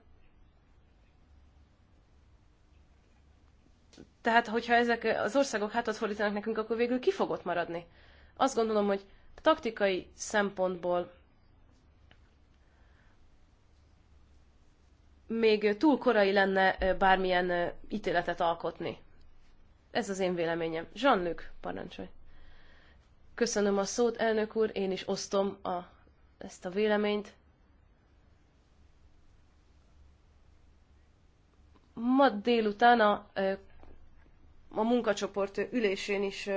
Tehát, hogyha ezek az országok hátat fordítanak nekünk, akkor végül ki ott maradni? Azt gondolom, hogy taktikai szempontból még túl korai lenne bármilyen ítéletet alkotni. Ez az én véleményem. Jean-Luc, parancsolj! Köszönöm a szót, elnök úr, én is osztom a, ezt a véleményt. Ma délután a, a munkacsoport ülésén is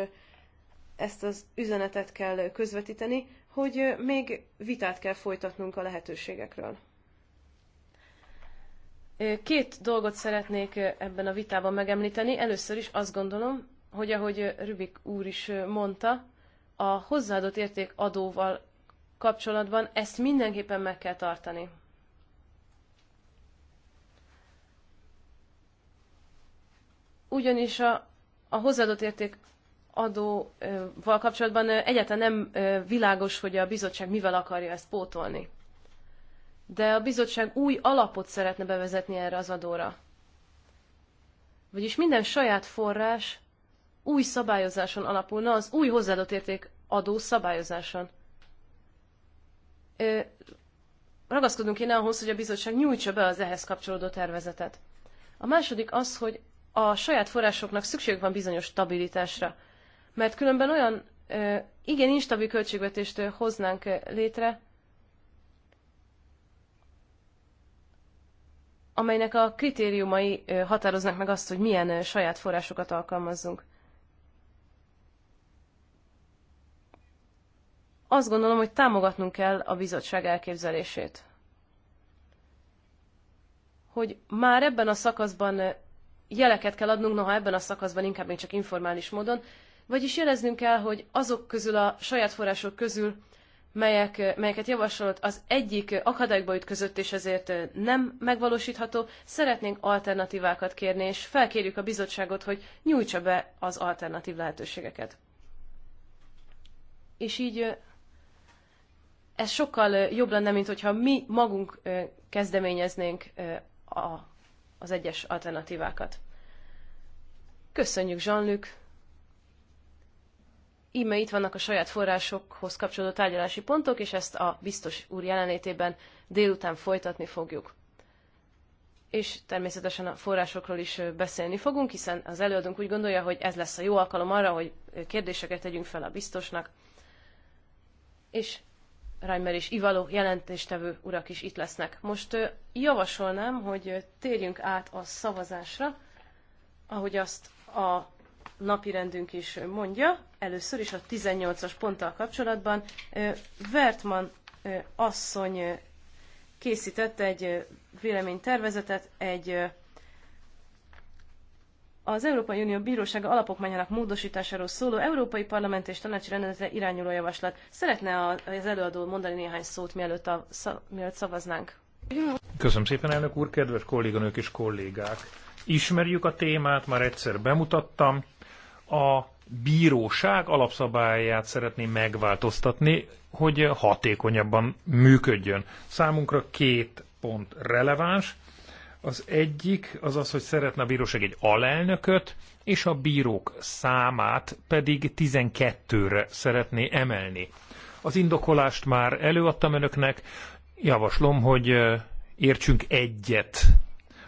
ezt az üzenetet kell közvetíteni, hogy még vitát kell folytatnunk a lehetőségekről. Két dolgot szeretnék ebben a vitában megemlíteni. Először is azt gondolom, hogy ahogy Rübik úr is mondta, a hozzáadott érték adóval kapcsolatban ezt mindenképpen meg kell tartani. Ugyanis a, a hozzáadott érték adóval kapcsolatban egyáltalán nem világos, hogy a bizottság mivel akarja ezt pótolni. De a bizottság új alapot szeretne bevezetni erre az adóra. Vagyis minden saját forrás új szabályozáson alapulna, az új hozzáadott érték adó szabályozáson. Ö, ragaszkodunk én ahhoz, hogy a bizottság nyújtsa be az ehhez kapcsolódó tervezetet. A második az, hogy a saját forrásoknak szükség van bizonyos stabilitásra, mert különben olyan ö, igen instabil költségvetést hoznánk létre, amelynek a kritériumai határoznak meg azt, hogy milyen saját forrásokat alkalmazzunk. azt gondolom, hogy támogatnunk kell a bizottság elképzelését. Hogy már ebben a szakaszban jeleket kell adnunk, noha ebben a szakaszban inkább még csak informális módon, vagyis jeleznünk kell, hogy azok közül a saját források közül, melyek, melyeket javasolt, az egyik akadályba ütközött, és ezért nem megvalósítható, szeretnénk alternatívákat kérni, és felkérjük a bizottságot, hogy nyújtsa be az alternatív lehetőségeket. És így ez sokkal jobb lenne, mint hogyha mi magunk kezdeményeznénk a, az egyes alternatívákat. Köszönjük, Jean-Luc! Íme itt vannak a saját forrásokhoz kapcsolódó tárgyalási pontok, és ezt a biztos úr jelenlétében délután folytatni fogjuk. És természetesen a forrásokról is beszélni fogunk, hiszen az előadónk úgy gondolja, hogy ez lesz a jó alkalom arra, hogy kérdéseket tegyünk fel a biztosnak, és Reimer és Ivalo jelentéstevő urak is itt lesznek. Most javasolnám, hogy térjünk át a szavazásra, ahogy azt a napirendünk is mondja, először is a 18-as ponttal kapcsolatban. Vertman asszony készített egy véleménytervezetet, egy az Európai Unió Bírósága alapokmányának módosításáról szóló Európai Parlament és Tanácsi Rendeletre irányuló javaslat. Szeretne az előadó mondani néhány szót, mielőtt, a, mielőtt szavaznánk? Köszönöm szépen, elnök úr, kedves kolléganők és kollégák! Ismerjük a témát, már egyszer bemutattam. A bíróság alapszabályát szeretném megváltoztatni, hogy hatékonyabban működjön. Számunkra két pont releváns. Az egyik az az, hogy szeretne a bíróság egy alelnököt, és a bírók számát pedig 12-re szeretné emelni. Az indokolást már előadtam önöknek, javaslom, hogy értsünk egyet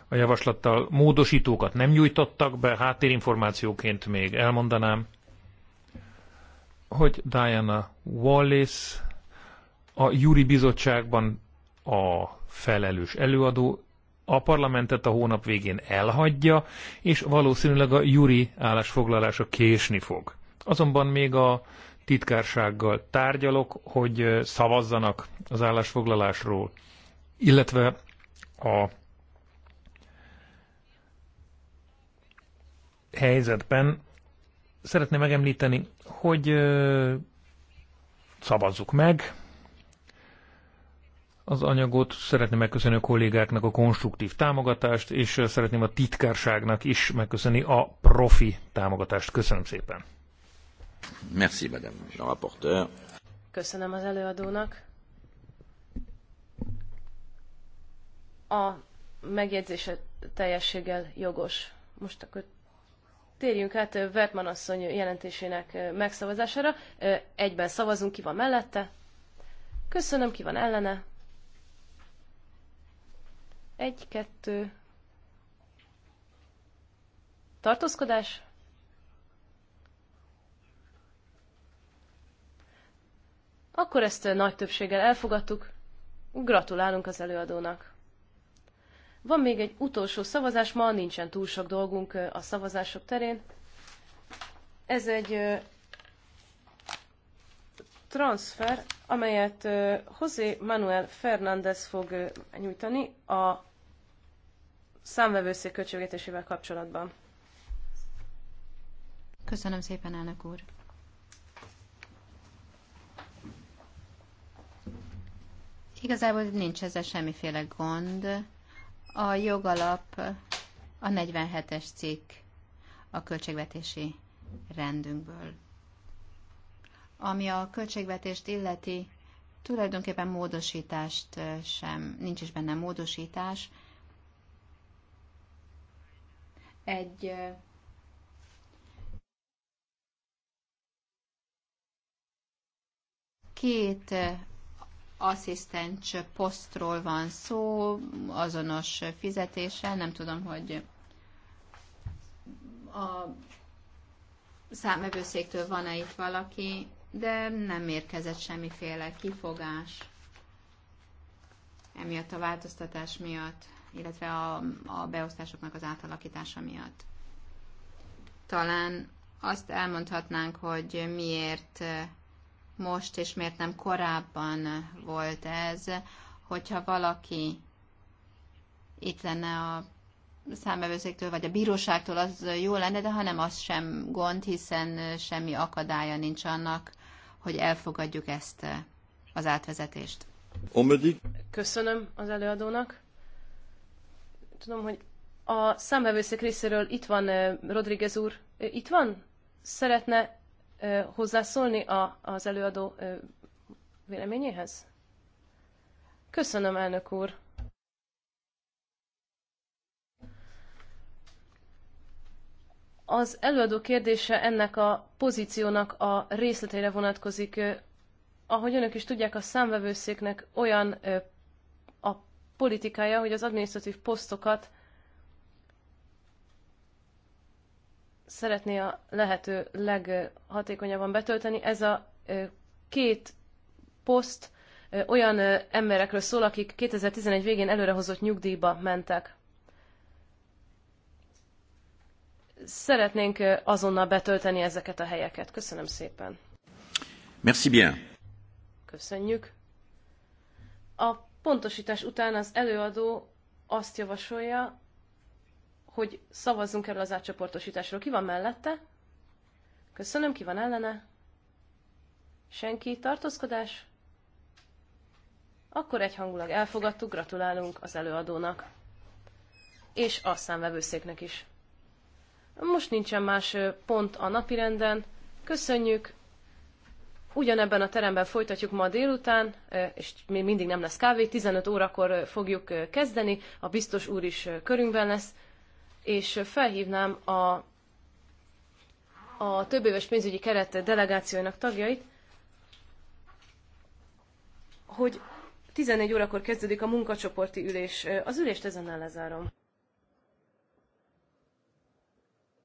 a javaslattal. Módosítókat nem nyújtottak be, háttérinformációként még elmondanám, hogy Diana Wallace a Júri Bizottságban a felelős előadó, a parlamentet a hónap végén elhagyja, és valószínűleg a Juri állásfoglalása késni fog. Azonban még a titkársággal tárgyalok, hogy szavazzanak az állásfoglalásról, illetve a helyzetben szeretném megemlíteni, hogy szavazzuk meg, az anyagot, szeretném megköszönni a kollégáknak a konstruktív támogatást, és szeretném a titkárságnak is megköszönni a profi támogatást. Köszönöm szépen. Merci, madame la rapporteur. Köszönöm az előadónak. A megjegyzése teljességgel jogos. Most akkor térjünk át Vertman asszony jelentésének megszavazására. Egyben szavazunk, ki van mellette. Köszönöm, ki van ellene. Egy, kettő. Tartózkodás? Akkor ezt nagy többséggel elfogadtuk. Gratulálunk az előadónak. Van még egy utolsó szavazás, ma nincsen túl sok dolgunk a szavazások terén. Ez egy transfer, amelyet José Manuel Fernández fog nyújtani a számvevőszék költségvetésével kapcsolatban. Köszönöm szépen, elnök úr. Igazából nincs ezzel semmiféle gond. A jogalap a 47-es cikk a költségvetési rendünkből. Ami a költségvetést illeti, tulajdonképpen módosítást sem, nincs is benne módosítás, egy két asszisztens posztról van szó, azonos fizetéssel, nem tudom, hogy a számövőszéktől van-e itt valaki, de nem érkezett semmiféle kifogás emiatt a változtatás miatt illetve a, a beosztásoknak az átalakítása miatt. Talán azt elmondhatnánk, hogy miért most és miért nem korábban volt ez, hogyha valaki itt lenne a számbevőszéktől vagy a bíróságtól, az jó lenne, de ha nem, az sem gond, hiszen semmi akadálya nincs annak, hogy elfogadjuk ezt az átvezetést. Köszönöm az előadónak tudom, hogy a számbevőszék részéről itt van Rodríguez úr. Itt van? Szeretne hozzászólni a, az előadó véleményéhez? Köszönöm, elnök úr. Az előadó kérdése ennek a pozíciónak a részleteire vonatkozik. Ahogy önök is tudják, a számvevőszéknek olyan politikája, hogy az adminisztratív posztokat szeretné a lehető leghatékonyabban betölteni. Ez a két poszt olyan emberekről szól, akik 2011 végén előrehozott nyugdíjba mentek. Szeretnénk azonnal betölteni ezeket a helyeket. Köszönöm szépen. Merci bien. Köszönjük. A pontosítás után az előadó azt javasolja, hogy szavazzunk erről az átcsoportosításról. Ki van mellette? Köszönöm, ki van ellene? Senki? Tartózkodás? Akkor egyhangulag elfogadtuk, gratulálunk az előadónak. És a számvevőszéknek is. Most nincsen más pont a napirenden. Köszönjük, Ugyanebben a teremben folytatjuk ma délután, és még mindig nem lesz kávé, 15 órakor fogjuk kezdeni, a biztos úr is körünkben lesz, és felhívnám a, a éves pénzügyi keret delegációinak tagjait, hogy 14 órakor kezdődik a munkacsoporti ülés. Az ülést ezen lezárom.